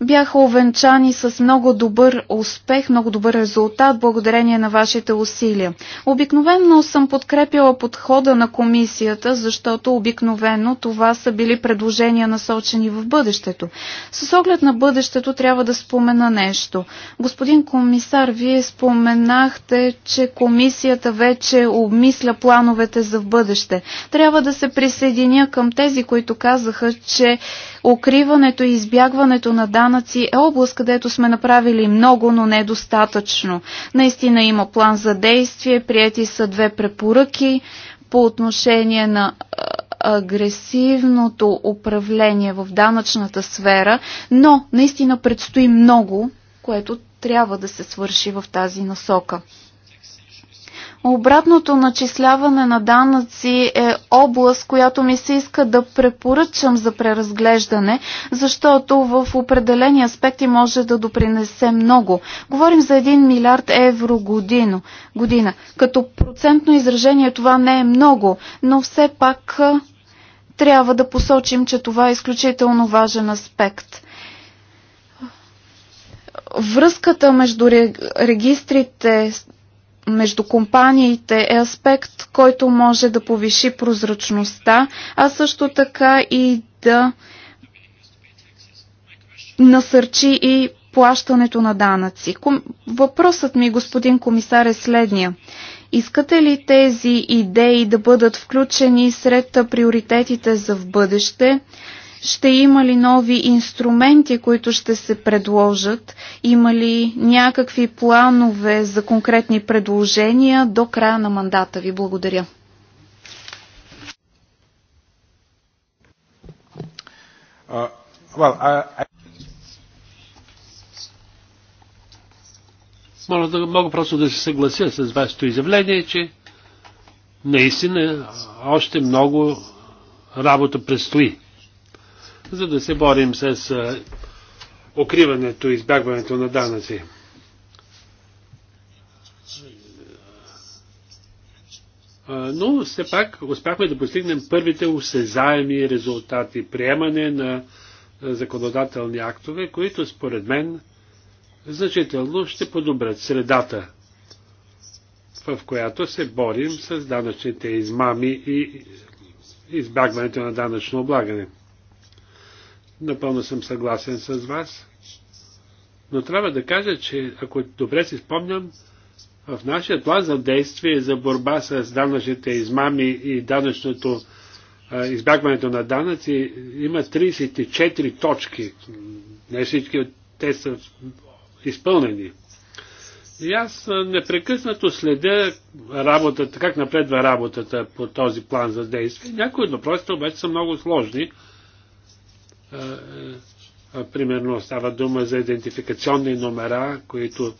бяха овенчани с много добър успех, много добър резултат, благодарение на вашите усилия. Обикновенно съм подкрепила подхода на комисията, защото обикновено това са били предложения насочени в бъдещето. С оглед на бъдещето трябва да спомена нещо. Господин комисар, вие споменахте, че комисията вече обмисля плановете за в бъдеще. Трябва да се присъединя към тези, които казаха, че Укриването и избягването на данъци е област, където сме направили много, но недостатъчно. Наистина има план за действие, прияти са две препоръки по отношение на агресивното управление в данъчната сфера, но наистина предстои много, което трябва да се свърши в тази насока. Обратното начисляване на данъци е област, която ми се иска да препоръчам за преразглеждане, защото в определени аспекти може да допринесе много. Говорим за 1 милиард евро годино, година. Като процентно изражение това не е много, но все пак трябва да посочим, че това е изключително важен аспект връзката между регистрите между компаниите е аспект, който може да повиши прозрачността, а също така и да насърчи и плащането на данъци. Въпросът ми, господин комисар, е следния. Искате ли тези идеи да бъдат включени сред приоритетите за в бъдеще, ще има ли нови инструменти, които ще се предложат? Има ли някакви планове за конкретни предложения до края на мандата ви? Благодаря. Uh, well, I, I... Мога, да, мога просто да се съглася с вашето изявление, че наистина още много работа предстои за да се борим с укриването и избягването на данъци. Но все пак успяхме да постигнем първите осезаеми резултати. Приемане на законодателни актове, които според мен значително ще подобрят средата, в която се борим с данъчните измами и избягването на данъчно облагане. Напълно съм съгласен с вас. Но трябва да кажа, че ако добре си спомням, в нашия план за действие за борба с данъчните измами и данъчното избягването на данъци има 34 точки. Не всички от те са изпълнени. И аз непрекъснато следя работата, как напредва работата по този план за действие. Някои от въпросите обаче са много сложни, Примерно става дума за идентификационни номера, които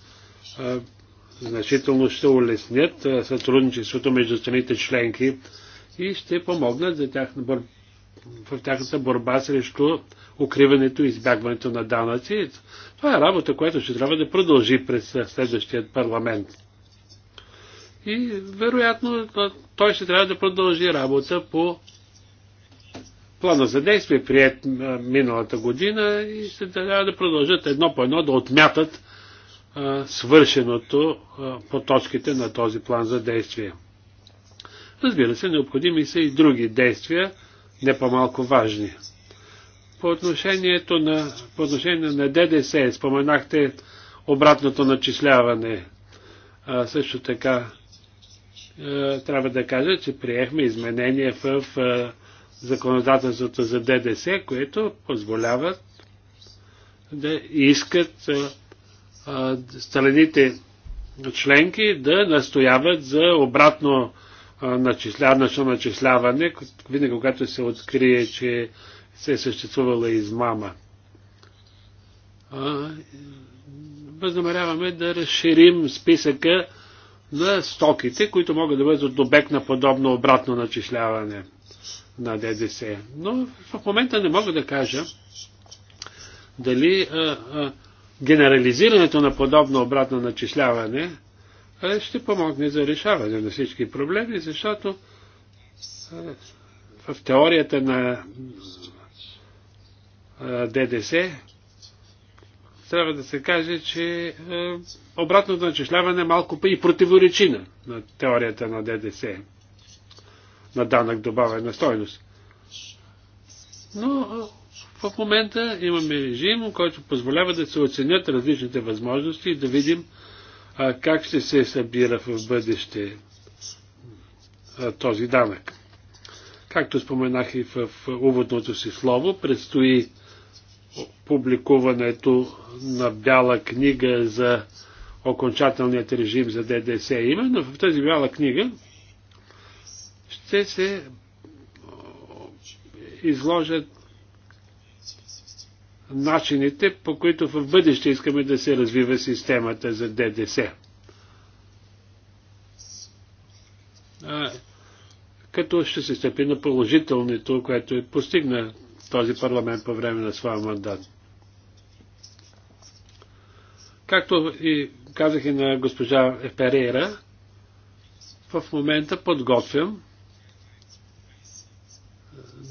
значително ще улеснят сътрудничеството между страните членки и ще помогнат за тях, в тяхната борба срещу укриването и избягването на данъци. Това е работа, която ще трябва да продължи през следващия парламент. И вероятно той ще трябва да продължи работа по Плана за действие, прият миналата година и ще трябва да продължат едно по едно да отмятат а, свършеното а, по точките на този план за действие. Разбира се, необходими са и други действия, не по-малко важни. По, отношението на, по отношение на ДДС, споменахте обратното начисляване. А, също така а, трябва да кажа, че приехме изменение в а, законодателството за ДДС, което позволяват да искат страните членки да настояват за обратно начисляване, начисляване, винаги когато се открие, че се е съществувала измама. Възнамеряваме да разширим списъка на стоките, които могат да бъдат обект на подобно обратно начисляване на ДДС. Но в момента не мога да кажа дали а, а, генерализирането на подобно обратно начисляване а, ще помогне за решаване на всички проблеми, защото а, в теорията на а, ДДС трябва да се каже, че обратното начисляване е малко и противоречина на теорията на ДДС на данък добавена стойност. Но в момента имаме режим, който позволява да се оценят различните възможности и да видим а, как ще се събира в бъдеще а, този данък. Както споменах и в уводното си слово, предстои публикуването на бяла книга за окончателният режим за ДДС. Именно в тази бяла книга те се изложат начините, по които в бъдеще искаме да се развива системата за ДДС. като ще се стъпи на положителното, което е постигна този парламент по време на своя мандат. Както и казах и на госпожа Перейра, в момента подготвям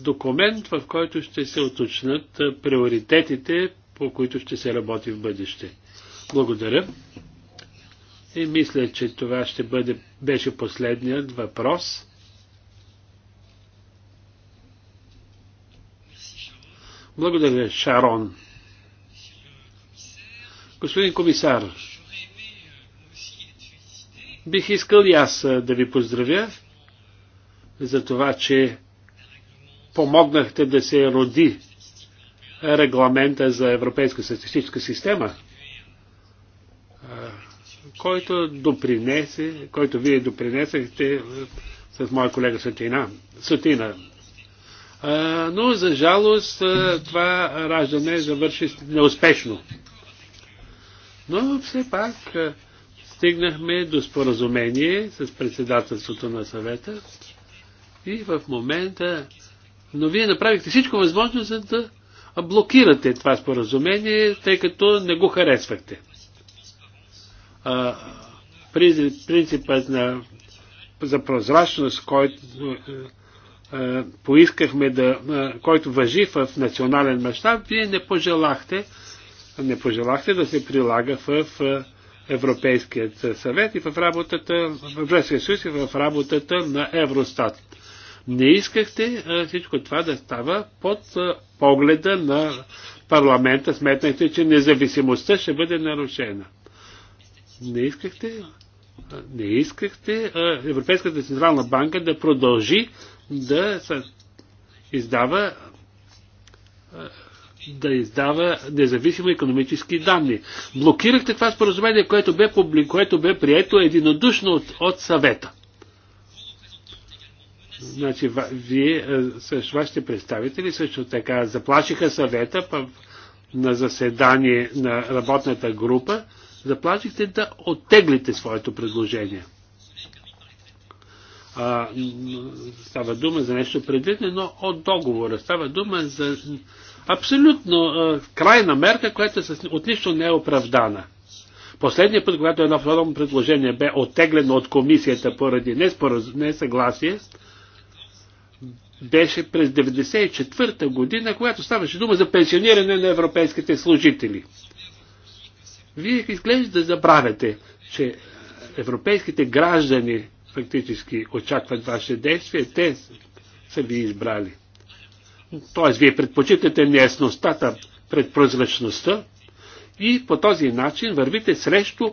документ, в който ще се уточнат приоритетите, по които ще се работи в бъдеще. Благодаря. И мисля, че това ще бъде, беше последният въпрос. Благодаря, Шарон. Господин комисар, бих искал и аз да ви поздравя за това, че помогнахте да се роди регламента за Европейска статистическа система, който допринесе, който вие допринесахте с моя колега Сатина. Сатина. Но за жалост това раждане завърши неуспешно. Но все пак стигнахме до споразумение с председателството на съвета и в момента но вие направихте всичко възможно, за да блокирате това споразумение, тъй като не го харесвахте. А, принципът на, за прозрачност, който а, поискахме да, а, който въжи в национален мащаб, вие не пожелахте, не пожелахте да се прилага в, в Европейският съвет и в работата, в Европейския съюз и в работата на Евростат. Не искахте всичко това да става под погледа на парламента. Сметнахте, че независимостта ще бъде нарушена. Не искахте, не искахте Европейската централна банка да продължи да издава да издава независими економически данни. Блокирахте това споразумение, което бе, публи, което бе прието единодушно от, от съвета. Значи, вие, е, също, вашите представители също така заплашиха съвета на заседание на работната група, заплашихте да оттеглите своето предложение. А, става дума за нещо предвидно, но от договора. Става дума за абсолютно а, е, крайна мерка, която е с, нищо не е оправдана. Последният път, когато едно подобно предложение бе оттеглено от комисията поради несъгласие, не беше през 1994 година, когато ставаше дума за пенсиониране на европейските служители. Вие изглежда да забравяте, че европейските граждани фактически очакват ваше действие, те са ви избрали. Тоест, вие предпочитате неяснотата пред прозрачността и по този начин вървите срещу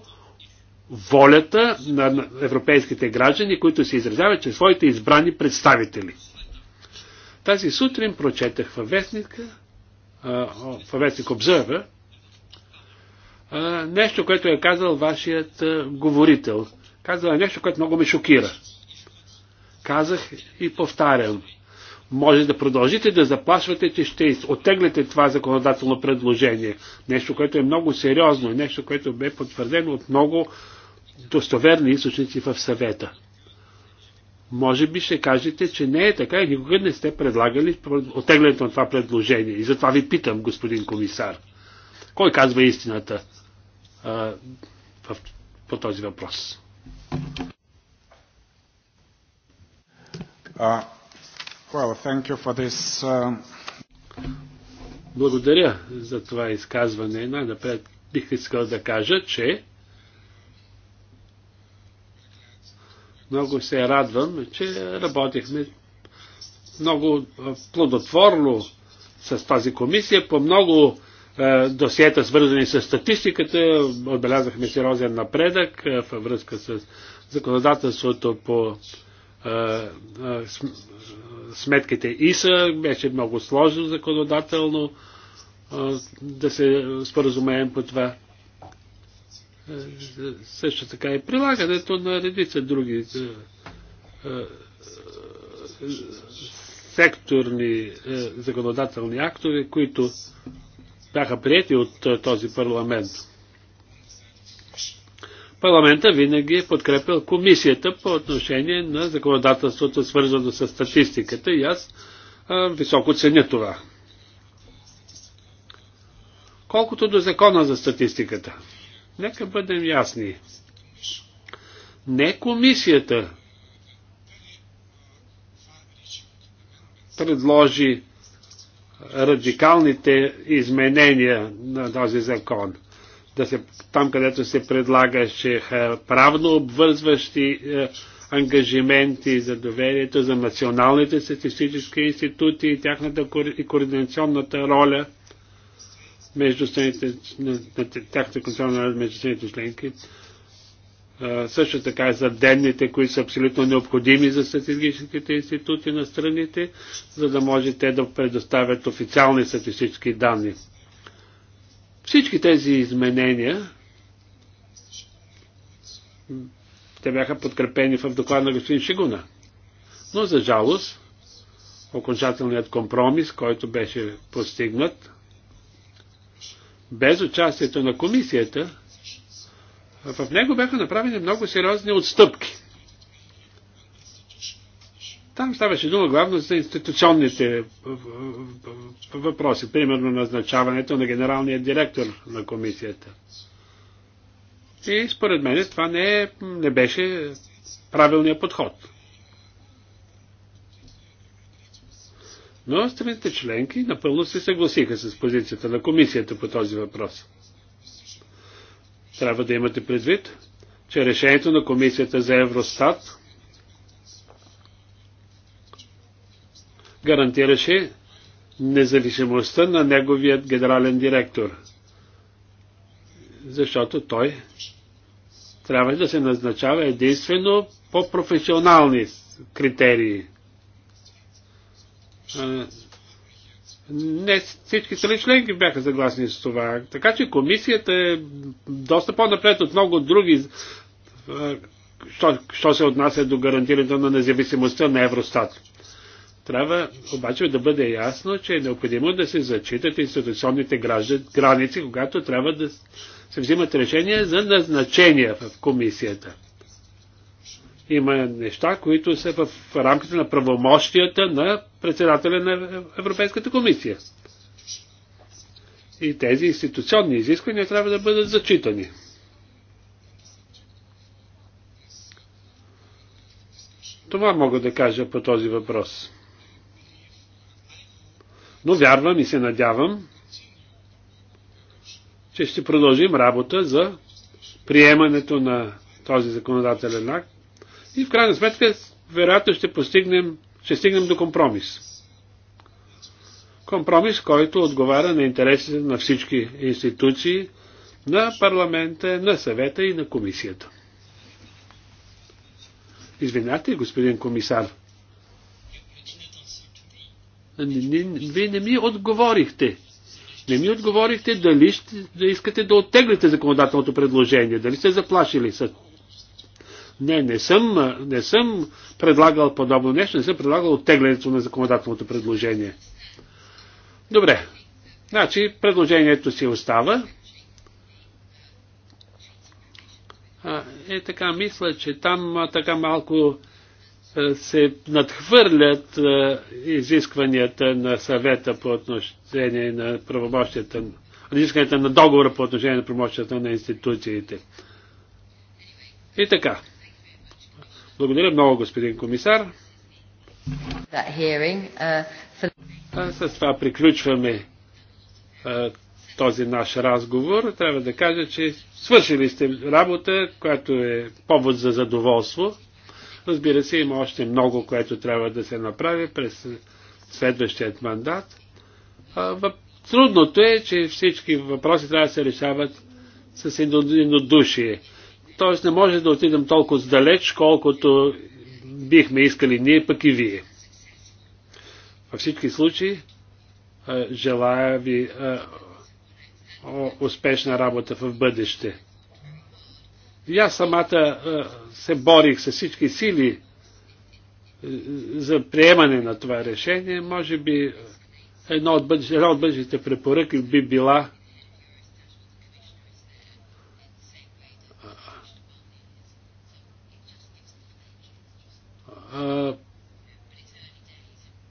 волята на европейските граждани, които се изразяват чрез своите избрани представители. Тази сутрин прочетах във вестника, във вестник Обзърва, нещо, което е казал вашият говорител. Казал е нещо, което много ме шокира. Казах и повтарям. Може да продължите да заплашвате, че ще оттеглите това законодателно предложение. Нещо, което е много сериозно, нещо, което бе потвърдено от много достоверни източници в съвета. Може би ще кажете, че не е така и никога не сте предлагали отеглянето на това предложение. И затова ви питам, господин комисар, кой казва истината а, в, по този въпрос? Uh, well, thank you for this, uh... Благодаря за това изказване. Най-напред бих искал да кажа, че Много се радвам, че работихме много плодотворно с тази комисия по много досиета, свързани с статистиката. Отбелязахме сериозен напредък във връзка с законодателството по сметките ИСА. Беше много сложно законодателно да се споразумеем по това също така и прилагането на редица други е, е, секторни е, законодателни актове, които бяха прияти от този парламент. Парламента винаги е подкрепил комисията по отношение на законодателството, свързано с статистиката и аз високо ценя това. Колкото до закона за статистиката – Нека бъдем ясни. Не комисията предложи радикалните изменения на този закон. Да се, там, където се предлагаше е, правно обвързващи е, ангажименти за доверието за националните статистически институти и тяхната и координационната роля – между страните, тяхната контролна между страните членки. Също така за денните, които са абсолютно необходими за статистическите институти на страните, за да може те да предоставят официални статистически данни. Всички тези изменения те бяха подкрепени в доклад на господин Шигуна. Но за жалост, окончателният компромис, който беше постигнат, без участието на комисията, в него бяха направени много сериозни отстъпки. Там ставаше дума главно за институционните въпроси, примерно назначаването на генералния директор на комисията. И според мен това не, е, не беше правилният подход. Но страните членки напълно се съгласиха с позицията на комисията по този въпрос. Трябва да имате предвид, че решението на комисията за Евростат гарантираше независимостта на неговият генерален директор, защото той трябва да се назначава единствено по професионални критерии – не всички страни членки бяха съгласни с това. Така че комисията е доста по-напред от много други, що, се отнася до гарантирането на независимостта на Евростат. Трябва обаче да бъде ясно, че е необходимо да се зачитат институционните граници, когато трябва да се взимат решения за назначения в комисията. Има неща, които са в рамките на правомощията на председателя на Европейската комисия. И тези институционни изисквания трябва да бъдат зачитани. Това мога да кажа по този въпрос. Но вярвам и се надявам, че ще продължим работа за приемането на този законодателен акт и в крайна сметка, вероятно ще постигнем, ще стигнем до компромис. Компромис, който отговаря на интересите на всички институции, на парламента, на съвета и на комисията. Извинявайте, господин комисар. Вие не ми отговорихте. Не ми отговорихте дали ще, да искате да оттеглите законодателното предложение, дали сте заплашили с не, не съм, не съм предлагал подобно нещо, не съм предлагал оттеглянето на законодателното предложение. Добре. Значи, предложението си остава. А, е така, мисля, че там а, така малко а, се надхвърлят а, изискванията на съвета по отношение на правомощията, изискванията на договора по отношение на правомощията на институциите. И така. Благодаря много, господин комисар. Uh, с това приключваме този наш разговор. Трябва да кажа, че свършили сте работа, която е повод за задоволство. Разбира се, има още много, което трябва да се направи през следващият мандат. Трудното е, че всички въпроси трябва да се решават с единодушие. Т.е. не може да отидем толкова далеч, колкото бихме искали ние, пък и вие. Във всички случаи, желая ви успешна работа в бъдеще. И аз самата се борих с всички сили за приемане на това решение. Може би едно от една от бъдещите препоръки би била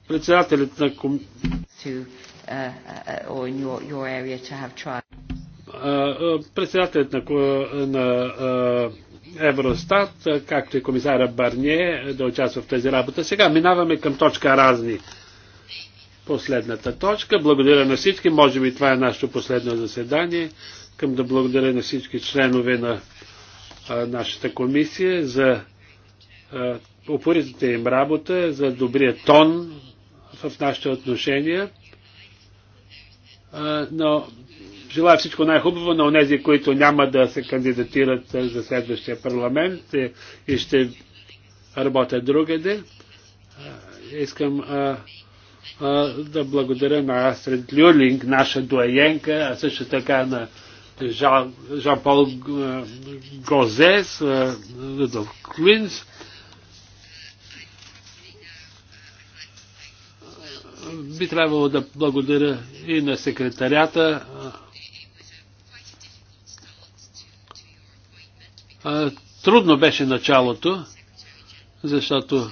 Председателят на ком... Председателят на, на Евростат, както и комисара Барние, да участва в тази работа. Сега минаваме към точка разни. Последната точка. Благодаря на всички. Може би това е нашето последно заседание. Към да благодаря на всички членове на а, нашата комисия за упоритата им работа, за добрия тон, в нашите отношения. Но желая всичко най-хубаво на тези, които няма да се кандидатират за следващия парламент и ще работят другаде. Искам да благодаря на Астрид Люлинг, наша дуаенка, а също така на Жан-Пол Жан Гозес, Людов Клинс, би трябвало да благодаря и на секретарята. Трудно беше началото, защото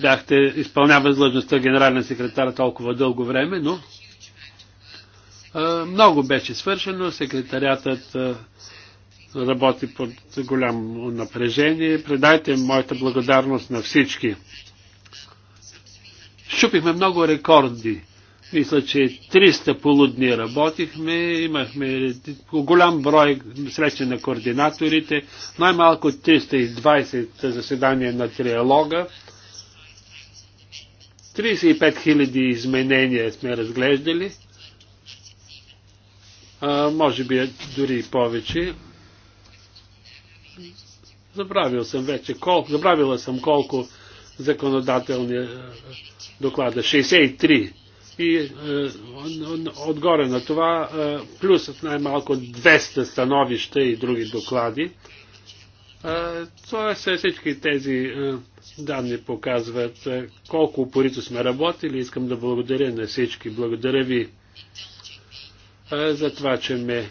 бяхте изпълнявали длъжността генерален секретар толкова дълго време, но много беше свършено. Секретариатът работи под голямо напрежение. Предайте моята благодарност на всички щупихме много рекорди. Мисля, че 300 полудни работихме, имахме голям брой срещи на координаторите, най-малко 320 заседания на триалога, 35 000 изменения сме разглеждали, а, може би е дори и повече. Забравил съм вече колко, забравила съм колко законодателния е, доклада. 63. И е, отгоре на това, е, плюс най-малко 200 становища и други доклади. са всички тези данни показват колко упорито сме работили. Искам да благодаря на всички. Благодаря ви за това, че ме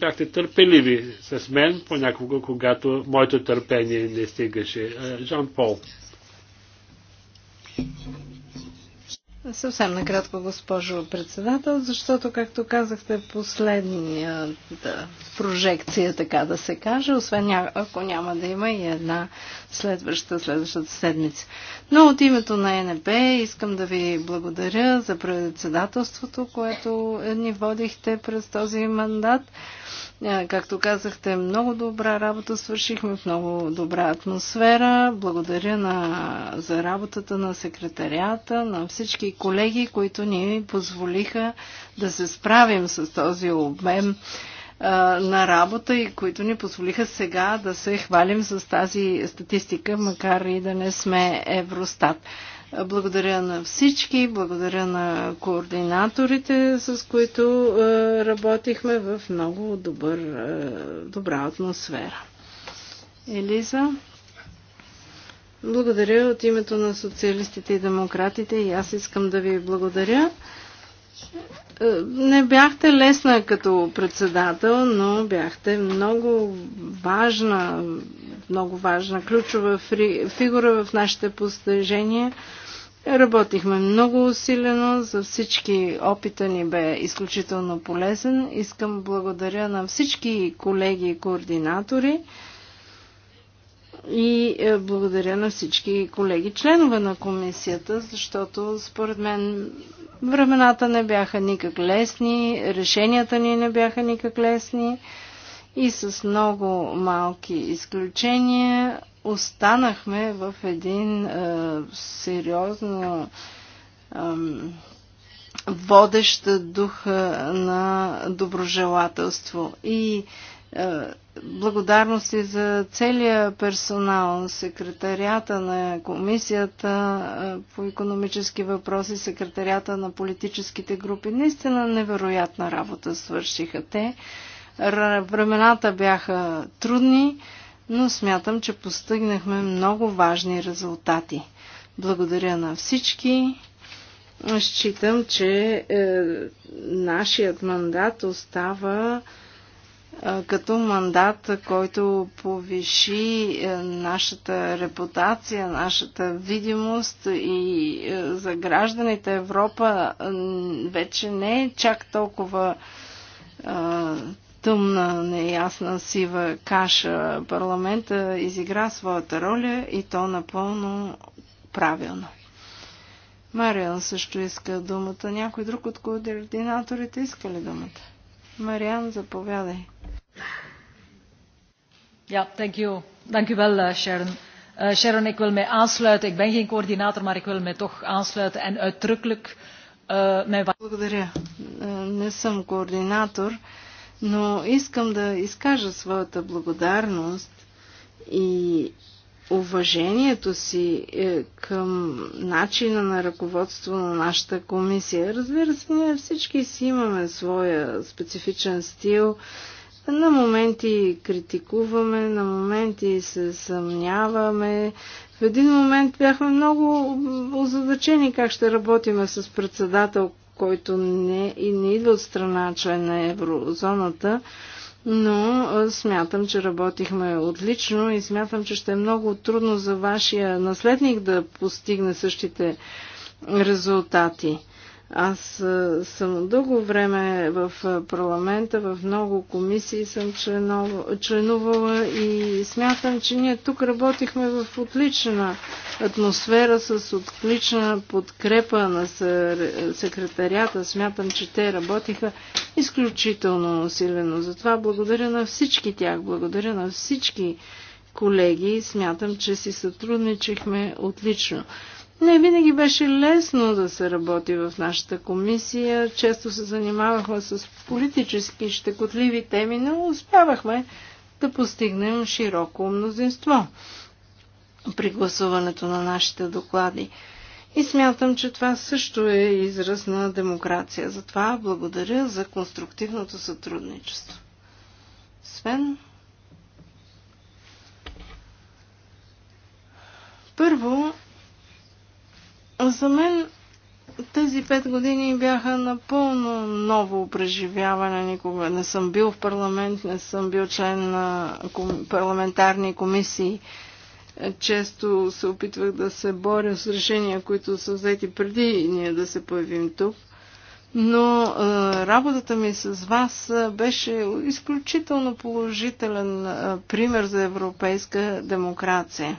бяхте търпеливи с мен, понякога, когато моето търпение не стигаше. Жан Пол. Съвсем накратко, госпожо председател, защото, както казахте, последния да, прожекция, така да се каже, освен ня... ако няма да има и една следваща, следващата седмица. Но от името на НП искам да ви благодаря за председателството, което ни водихте през този мандат. Е, както казахте, много добра работа свършихме в много добра атмосфера. Благодаря на, за работата на секретарията, на всички колеги, които ни позволиха да се справим с този обем а, е, на работа и които ни позволиха сега да се хвалим с тази статистика, макар и да не сме Евростат. Благодаря на всички, благодаря на координаторите, с които е, работихме в много добър, е, добра атмосфера. Елиза, благодаря от името на социалистите и демократите и аз искам да ви благодаря. Е, не бяхте лесна като председател, но бяхте много важна, много важна ключова фигура в нашите постижения. Работихме много усилено, за всички опита ни бе изключително полезен. Искам благодаря на всички колеги и координатори и е, благодаря на всички колеги членове на комисията, защото според мен времената не бяха никак лесни, решенията ни не бяха никак лесни и с много малки изключения останахме в един а, е, сериозно а, водещ дух е, на доброжелателство и а, е, благодарности за целия персонал, секретарията на комисията по економически въпроси, секретарията на политическите групи. Наистина невероятна работа свършиха те. Времената бяха трудни, но смятам, че постигнахме много важни резултати. Благодаря на всички. Считам, че е, нашият мандат остава е, като мандат, който повиши е, нашата репутация, нашата видимост и е, за гражданите Европа вече не е чак толкова тъмна, неясна, сива каша. Парламента изигра своята роля и то напълно правилно. Мариан също иска думата. Някой друг от координаторите иска ли думата? Мариан, заповядай. Ja, dank u. Dank u wel, eh, Sharon. Uh, Sharon, ik wil mij aansluiten. Ik ben geen coördinator, maar ik wil mij toch aansluiten en uitdrukkelijk uh, mijn... Благодаря. Е, не съм координатор, но искам да изкажа своята благодарност и уважението си е, към начина на ръководство на нашата комисия. Разбира се, ние всички си имаме своя специфичен стил. На моменти критикуваме, на моменти се съмняваме. В един момент бяхме много озадачени как ще работиме с председател, който не, и не идва от страна член на еврозоната, но смятам, че работихме отлично и смятам, че ще е много трудно за вашия наследник да постигне същите резултати. Аз е, съм дълго време в е, парламента, в много комисии съм членувала и смятам, че ние тук работихме в отлична атмосфера с отлична подкрепа на секретарията. Смятам, че те работиха изключително усилено. Затова благодаря на всички тях, благодаря на всички колеги. Смятам, че си сътрудничихме отлично. Не винаги беше лесно да се работи в нашата комисия. Често се занимавахме с политически щекотливи теми, но успявахме да постигнем широко мнозинство при гласуването на нашите доклади. И смятам, че това също е израз на демокрация. Затова благодаря за конструктивното сътрудничество. Свен? Първо, за мен тези пет години бяха напълно ново преживяване. Никога не съм бил в парламент, не съм бил член на парламентарни комисии. Често се опитвах да се боря с решения, които са взети преди ние да се появим тук. Но е, работата ми с вас беше изключително положителен е, пример за европейска демокрация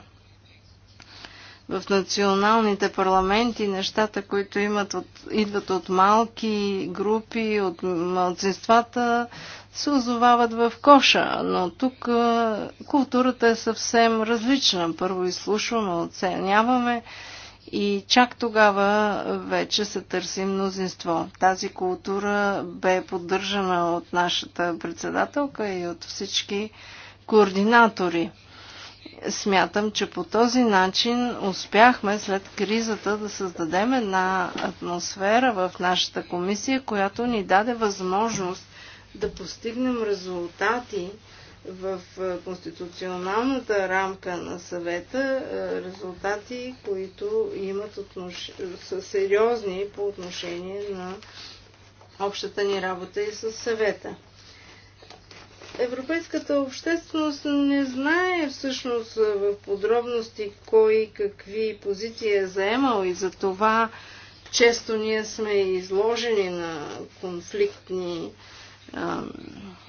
в националните парламенти нещата, които имат от, идват от малки групи, от малцинствата, се озовават в коша. Но тук а, културата е съвсем различна. Първо изслушваме, оценяваме и чак тогава вече се търси мнозинство. Тази култура бе поддържана от нашата председателка и от всички координатори. Смятам, че по този начин успяхме след кризата да създадем една атмосфера в нашата комисия, която ни даде възможност да постигнем резултати в конституционалната рамка на съвета, резултати, които имат отнош... са сериозни по отношение на общата ни работа и с съвета европейската общественост не знае всъщност в подробности кой какви позиции е заемал и за това често ние сме изложени на конфликтни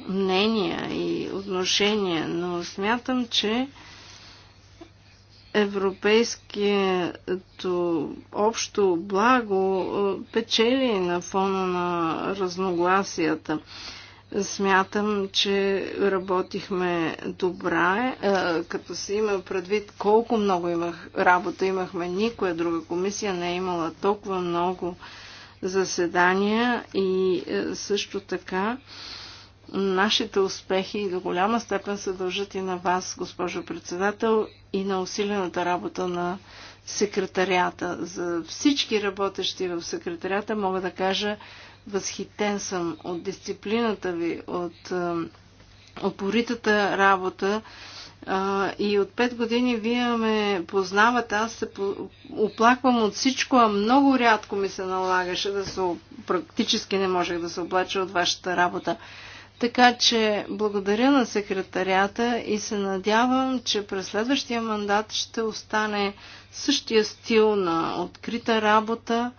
мнения и отношения, но смятам, че европейското общо благо печели на фона на разногласията. Смятам, че работихме добре, е, като се има предвид колко много имах, работа имахме. Никоя друга комисия не е имала толкова много заседания и е, също така нашите успехи до голяма степен се дължат и на вас, госпожо председател, и на усилената работа на секретарията. За всички работещи в секретарията мога да кажа Възхитен съм от дисциплината ви, от опоритата е, работа. Е, и от пет години вие ме познавате, аз се оплаквам от всичко, а много рядко ми се налагаше да се, практически не можех да се облача от вашата работа. Така че благодаря на секретарията и се надявам, че през следващия мандат ще остане същия стил на открита работа,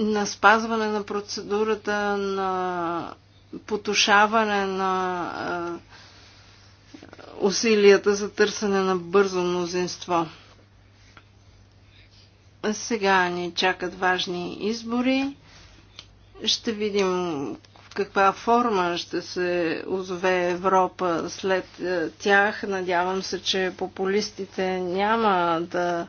на спазване на процедурата, на потушаване на е, усилията за търсене на бързо мнозинство. Сега ни чакат важни избори. Ще видим в каква форма ще се озове Европа след е, тях. Надявам се, че популистите няма да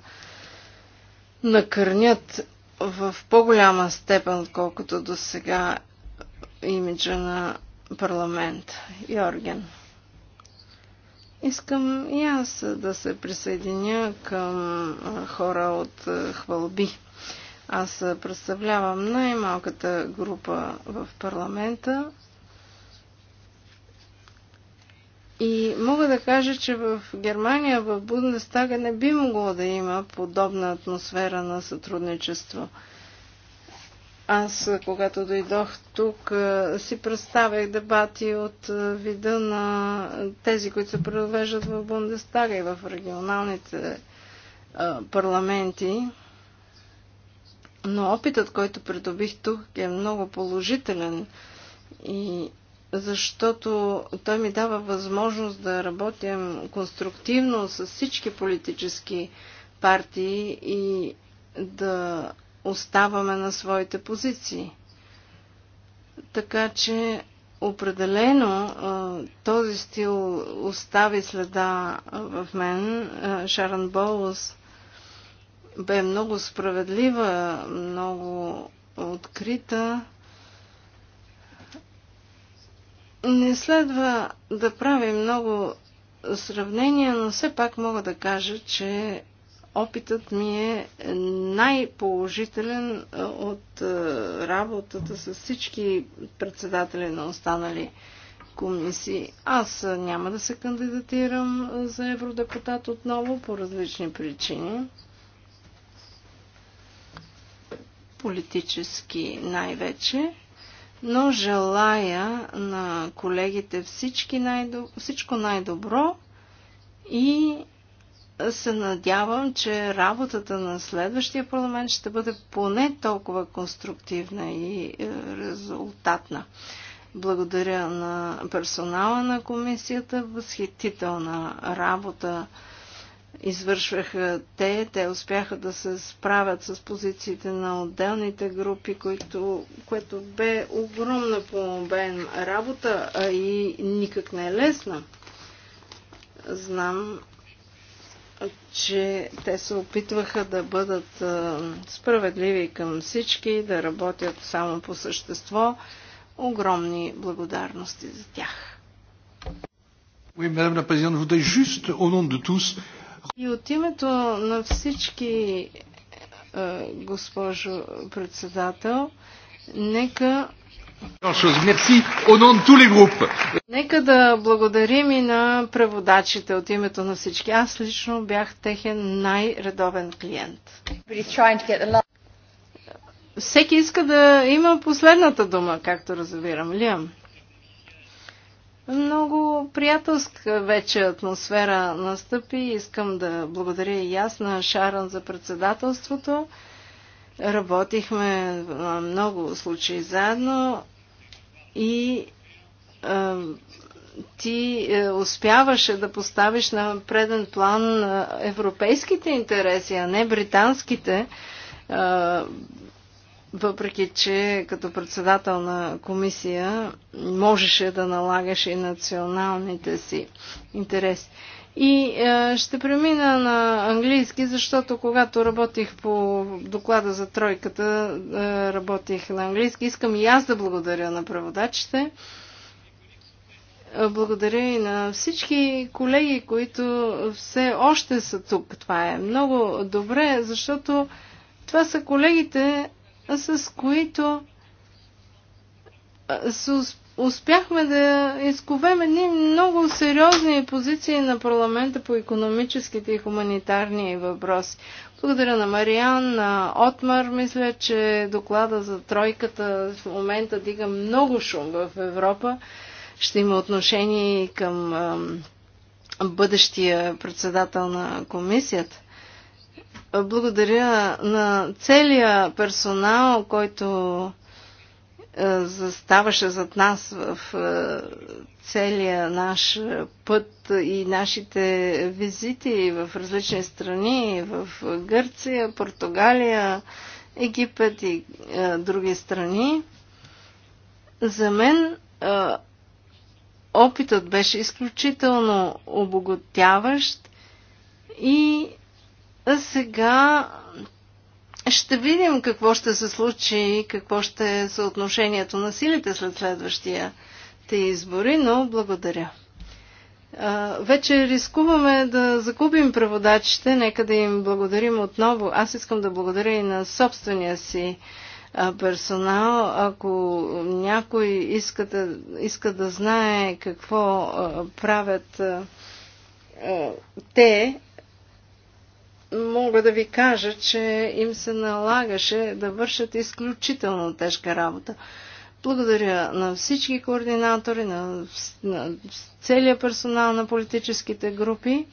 накърнят в по-голяма степен, отколкото до сега имиджа на парламент. Йорген. Искам и аз да се присъединя към хора от хвалби. Аз представлявам най-малката група в парламента И мога да кажа, че в Германия, в Бундестага не би могло да има подобна атмосфера на сътрудничество. Аз, когато дойдох тук, си представях дебати от вида на тези, които се провеждат в Бундестага и в регионалните парламенти. Но опитът, който придобих тук, е много положителен. И защото той ми дава възможност да работим конструктивно с всички политически партии и да оставаме на своите позиции. Така че определено този стил остави следа в мен. Шаран Болос бе много справедлива, много открита не следва да прави много сравнения, но все пак мога да кажа, че опитът ми е най-положителен от работата с всички председатели на останали комисии. Аз няма да се кандидатирам за евродепутат отново по различни причини. Политически най-вече но желая на колегите всички най всичко най-добро и се надявам, че работата на следващия парламент ще бъде поне толкова конструктивна и е, резултатна. Благодаря на персонала на комисията, възхитителна работа извършваха те. Те успяха да се справят с позициите на отделните групи, които, което бе огромна по обем работа а и никак не е лесна. Знам, че те се опитваха да бъдат справедливи към всички, да работят само по същество. Огромни благодарности за тях. Oui, Madame la Présidente, je voudrais juste, au nom de tous, и от името на всички, е, госпожо председател, нека Нека да благодарим и на преводачите от името на всички. Аз лично бях техен най-редовен клиент. Всеки иска да има последната дума, както разбирам. Лиам. Много приятелска вече атмосфера настъпи. Искам да благодаря и аз на Шаран за председателството. Работихме на много случаи заедно и а, ти е, успяваше да поставиш на преден план европейските интереси, а не британските въпреки че като председател на комисия можеше да налагаш и националните си интереси. И е, ще премина на английски, защото когато работих по доклада за тройката, е, работих на английски. Искам и аз да благодаря на преводачите. Е, благодаря и на всички колеги, които все още са тук. Това е много добре, защото това са колегите, с които успяхме да изковем едни много сериозни позиции на парламента по економическите и хуманитарни въпроси. Благодаря на Мариан, на Отмар. Мисля, че доклада за тройката в момента дига много шум в Европа. Ще има отношение и към бъдещия председател на комисията. Благодаря на целия персонал, който е, заставаше зад нас в е, целия наш път и нашите визити в различни страни, в Гърция, Португалия, Египет и е, други страни. За мен е, опитът беше изключително обогатяващ и а Сега ще видим какво ще се случи и какво ще е съотношението на силите след следващия те избори, но благодаря. Вече рискуваме да загубим преводачите, нека да им благодарим отново. Аз искам да благодаря и на собствения си персонал. Ако някой иска да, иска да знае какво правят те, мога да ви кажа, че им се налагаше да вършат изключително тежка работа. Благодаря на всички координатори, на, на целия персонал на политическите групи.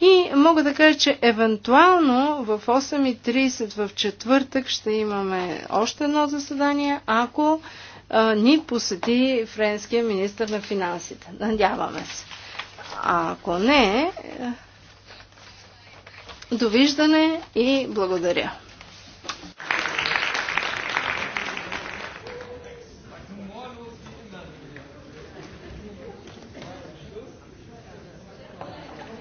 И мога да кажа, че евентуално в 8.30 в четвъртък ще имаме още едно заседание, ако а, ни посети френския министр на финансите. Надяваме се. А ако не, Довиждане и благодаря.